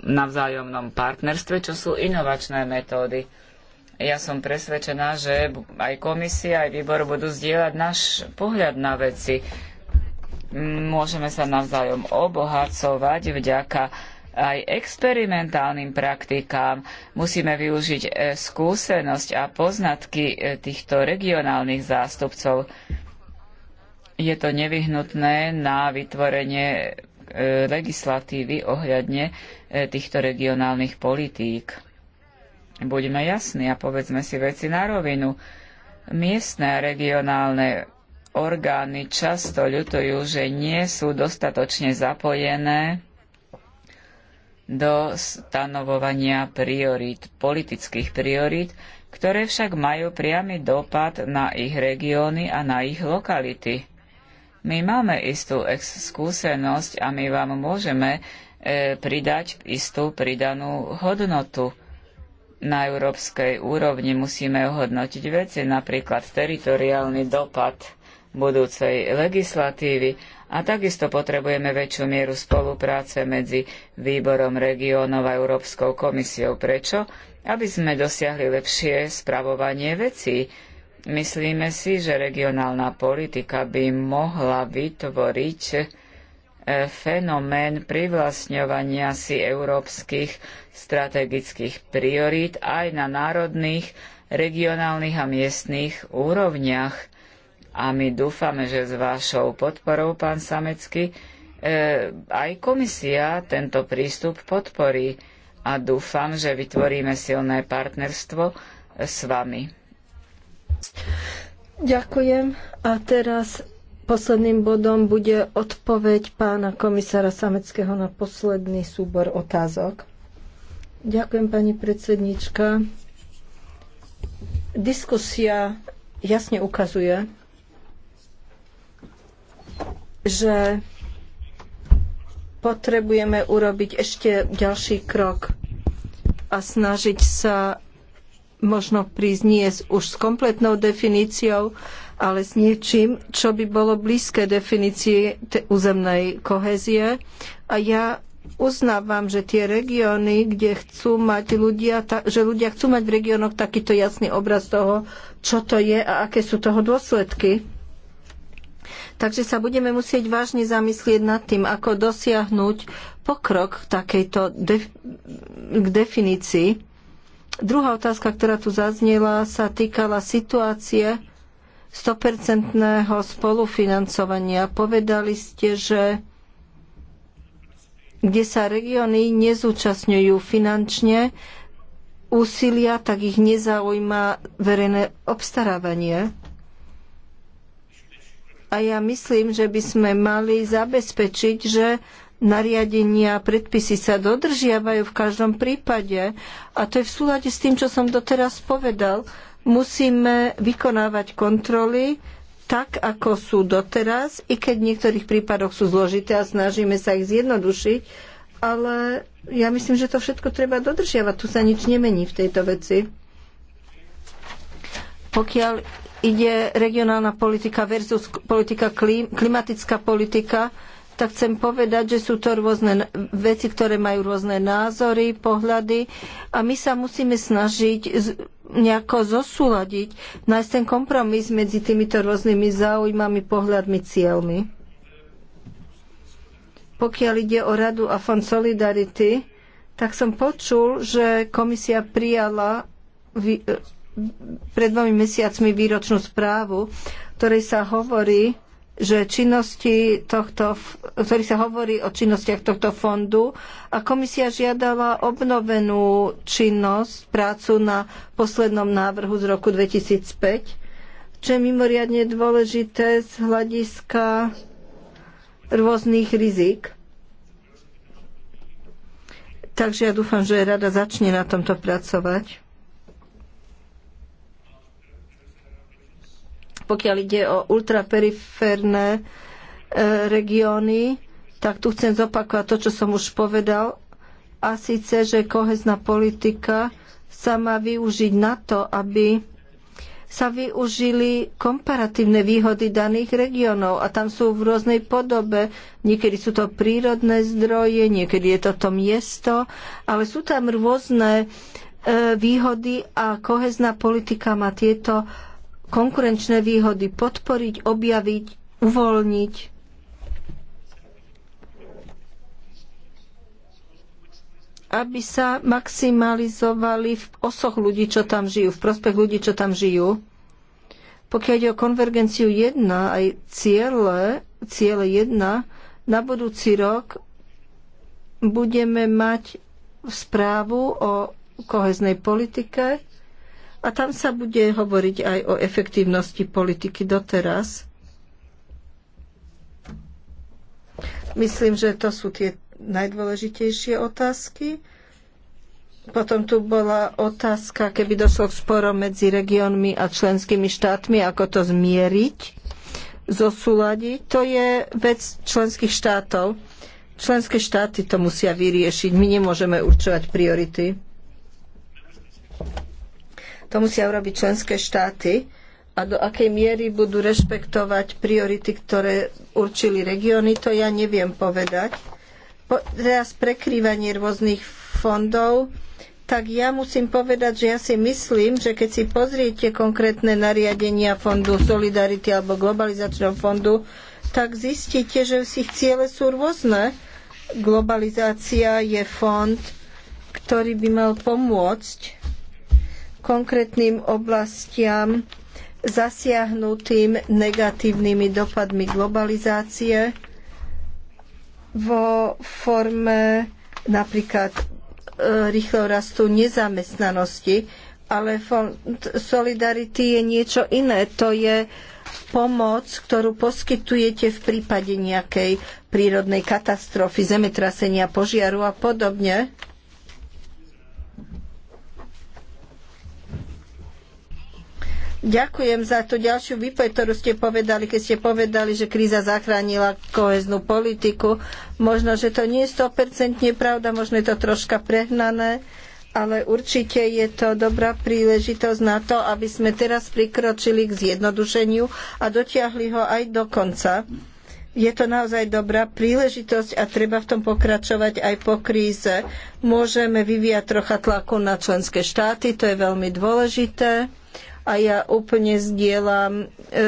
na vzájomnom partnerstve, čo sú inovačné metódy. Ja som presvedčená, že aj komisia, aj výbor budú zdieľať náš pohľad na veci. Môžeme sa navzájom obohacovať vďaka aj experimentálnym praktikám. Musíme využiť e, skúsenosť a poznatky e, týchto regionálnych zástupcov. Je to nevyhnutné na vytvorenie e, legislatívy ohľadne týchto regionálnych politík. Buďme jasní a povedzme si veci na rovinu. Miestne a regionálne orgány často ľutujú, že nie sú dostatočne zapojené do stanovovania priorít, politických priorít, ktoré však majú priamy dopad na ich regióny a na ich lokality. My máme istú skúsenosť a my vám môžeme e, pridať istú pridanú hodnotu. Na európskej úrovni musíme hodnotiť veci, napríklad teritoriálny dopad budúcej legislatívy, a takisto potrebujeme väčšiu mieru spolupráce medzi Výborom regiónov a Európskou komisiou. Prečo? Aby sme dosiahli lepšie spravovanie vecí. Myslíme si, že regionálna politika by mohla vytvoriť e, fenomén privlastňovania si európskych strategických priorít aj na národných, regionálnych a miestnych úrovniach a my dúfame, že s vašou podporou, pán Samecky, e, aj komisia tento prístup podporí a dúfam, že vytvoríme silné partnerstvo s vami. Ďakujem. A teraz posledným bodom bude odpoveď pána komisára Sameckého na posledný súbor otázok. Ďakujem, pani predsednička. Diskusia jasne ukazuje, že potrebujeme urobiť ešte ďalší krok a snažiť sa možno prísť nie už s kompletnou definíciou, ale s niečím, čo by bolo blízke definícii územnej kohézie. A ja uznávam, že tie regióny, kde chcú mať ľudia, že ľudia chcú mať v regiónoch takýto jasný obraz toho, čo to je a aké sú toho dôsledky. Takže sa budeme musieť vážne zamyslieť nad tým, ako dosiahnuť pokrok k takejto def- k definícii. Druhá otázka, ktorá tu zaznela, sa týkala situácie 100% spolufinancovania. Povedali ste, že kde sa regióny nezúčastňujú finančne úsilia, tak ich nezaujíma verejné obstarávanie. A ja myslím, že by sme mali zabezpečiť, že nariadenia a predpisy sa dodržiavajú v každom prípade. A to je v súlade s tým, čo som doteraz povedal. Musíme vykonávať kontroly tak, ako sú doteraz, i keď v niektorých prípadoch sú zložité a snažíme sa ich zjednodušiť, ale ja myslím, že to všetko treba dodržiavať. Tu sa nič nemení v tejto veci. Pokiaľ ide regionálna politika versus politika klim, klimatická politika, tak chcem povedať, že sú to rôzne veci, ktoré majú rôzne názory, pohľady a my sa musíme snažiť nejako zosúľadiť, nájsť ten kompromis medzi týmito rôznymi záujmami, pohľadmi, cieľmi. Pokiaľ ide o Radu a Fond Solidarity, tak som počul, že komisia prijala pred dvomi mesiacmi výročnú správu, ktorej sa hovorí, že činnosti tohto, ktorý sa hovorí o činnostiach tohto fondu a komisia žiadala obnovenú činnosť, prácu na poslednom návrhu z roku 2005, čo je mimoriadne dôležité z hľadiska rôznych rizik. Takže ja dúfam, že rada začne na tomto pracovať. pokiaľ ide o ultraperiférne e, regióny, tak tu chcem zopakovať to, čo som už povedal, a síce, že kohezná politika sa má využiť na to, aby sa využili komparatívne výhody daných regiónov a tam sú v rôznej podobe. Niekedy sú to prírodné zdroje, niekedy je toto miesto, ale sú tam rôzne e, výhody a kohezná politika má tieto konkurenčné výhody podporiť, objaviť, uvoľniť. aby sa maximalizovali v osoch ľudí, čo tam žijú, v prospech ľudí, čo tam žijú. Pokiaľ ide o konvergenciu 1, aj ciele, ciele 1, na budúci rok budeme mať správu o koheznej politike a tam sa bude hovoriť aj o efektívnosti politiky doteraz. Myslím, že to sú tie najdôležitejšie otázky. Potom tu bola otázka, keby došlo k sporom medzi regiónmi a členskými štátmi, ako to zmieriť, zosúľadiť. To je vec členských štátov. Členské štáty to musia vyriešiť. My nemôžeme určovať priority. To musia urobiť členské štáty a do akej miery budú rešpektovať priority, ktoré určili regióny, to ja neviem povedať. Po, teraz prekrývanie rôznych fondov, tak ja musím povedať, že ja si myslím, že keď si pozriete konkrétne nariadenia Fondu Solidarity alebo Globalizačného fondu, tak zistíte, že ich ciele sú rôzne. Globalizácia je fond, ktorý by mal pomôcť konkrétnym oblastiam zasiahnutým negatívnymi dopadmi globalizácie vo forme napríklad e, rýchlo rastu nezamestnanosti, ale fond Solidarity je niečo iné. To je pomoc, ktorú poskytujete v prípade nejakej prírodnej katastrofy, zemetrasenia, požiaru a podobne. Ďakujem za tú ďalšiu výpoveď, ktorú ste povedali, keď ste povedali, že kríza zachránila koheznú politiku. Možno, že to nie je 100% pravda, možno je to troška prehnané, ale určite je to dobrá príležitosť na to, aby sme teraz prikročili k zjednodušeniu a dotiahli ho aj do konca. Je to naozaj dobrá príležitosť a treba v tom pokračovať aj po kríze. Môžeme vyvíjať trocha tlaku na členské štáty, to je veľmi dôležité a ja úplne zdieľam e,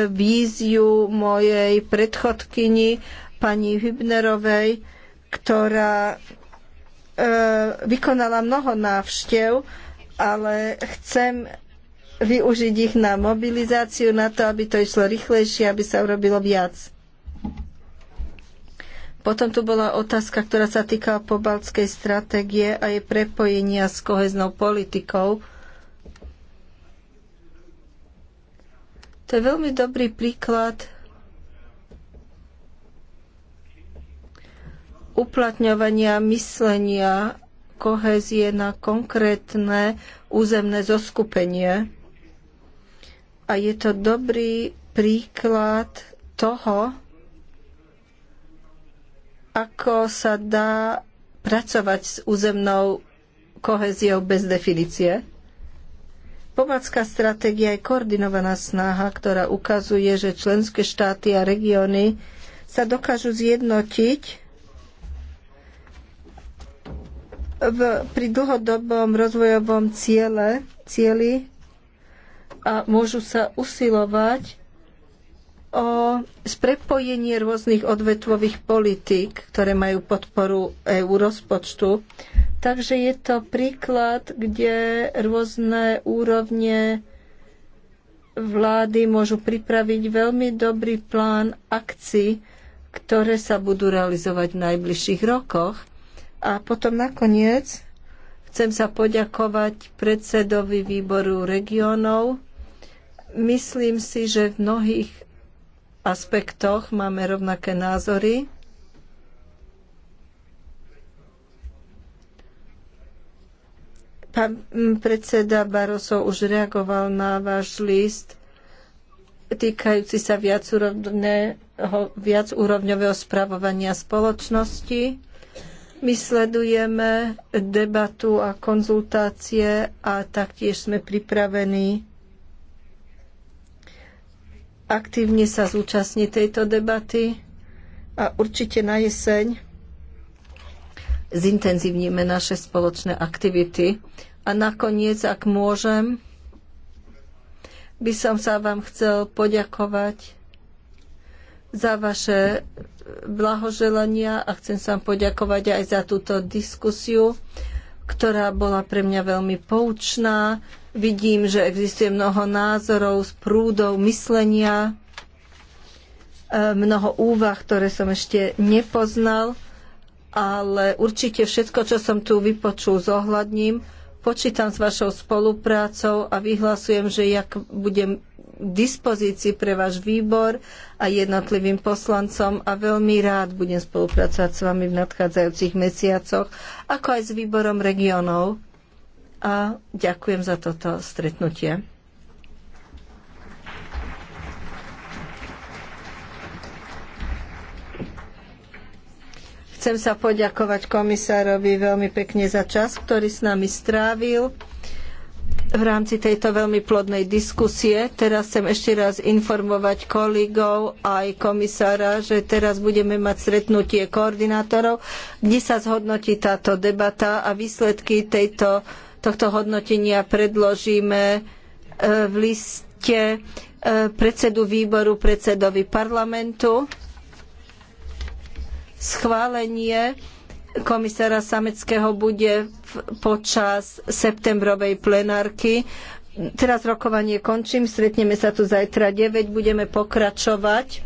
víziu mojej predchodkyni pani Hübnerovej, ktorá e, vykonala mnoho návštev, ale chcem využiť ich na mobilizáciu, na to, aby to išlo rýchlejšie, aby sa urobilo viac. Potom tu bola otázka, ktorá sa týkala pobaltskej stratégie a jej prepojenia s koheznou politikou. To je veľmi dobrý príklad uplatňovania myslenia kohézie na konkrétne územné zoskupenie. A je to dobrý príklad toho, ako sa dá pracovať s územnou kohéziou bez definície. Pobaltská stratégia je koordinovaná snaha, ktorá ukazuje, že členské štáty a regióny sa dokážu zjednotiť v, pri dlhodobom rozvojovom ciele, cieli a môžu sa usilovať o sprepojenie rôznych odvetvových politík, ktoré majú podporu EU rozpočtu. Takže je to príklad, kde rôzne úrovne vlády môžu pripraviť veľmi dobrý plán akcií, ktoré sa budú realizovať v najbližších rokoch. A potom nakoniec chcem sa poďakovať predsedovi výboru regionov. Myslím si, že v mnohých aspektoch máme rovnaké názory Pán mm, predseda Barroso už reagoval na váš list týkajúci sa viacúrovňového spravovania spoločnosti. My sledujeme debatu a konzultácie a taktiež sme pripravení aktívne sa zúčastniť tejto debaty a určite na jeseň zintenzívnime naše spoločné aktivity. A nakoniec, ak môžem, by som sa vám chcel poďakovať za vaše blahoželania a chcem sa vám poďakovať aj za túto diskusiu, ktorá bola pre mňa veľmi poučná. Vidím, že existuje mnoho názorov, sprúdov, myslenia, e, mnoho úvah, ktoré som ešte nepoznal, ale určite všetko, čo som tu vypočul, zohľadním Počítam s vašou spoluprácou a vyhlasujem, že ja budem k dispozícii pre váš výbor a jednotlivým poslancom a veľmi rád budem spolupracovať s vami v nadchádzajúcich mesiacoch, ako aj s výborom regionov. A ďakujem za toto stretnutie. Chcem sa poďakovať komisárovi veľmi pekne za čas, ktorý s nami strávil v rámci tejto veľmi plodnej diskusie. Teraz chcem ešte raz informovať kolegov aj komisára, že teraz budeme mať stretnutie koordinátorov, kde sa zhodnotí táto debata a výsledky tejto, tohto hodnotenia predložíme e, v liste e, predsedu výboru predsedovi parlamentu. Schválenie komisára Sameckého bude počas septembrovej plenárky. Teraz rokovanie končím, stretneme sa tu zajtra 9, budeme pokračovať.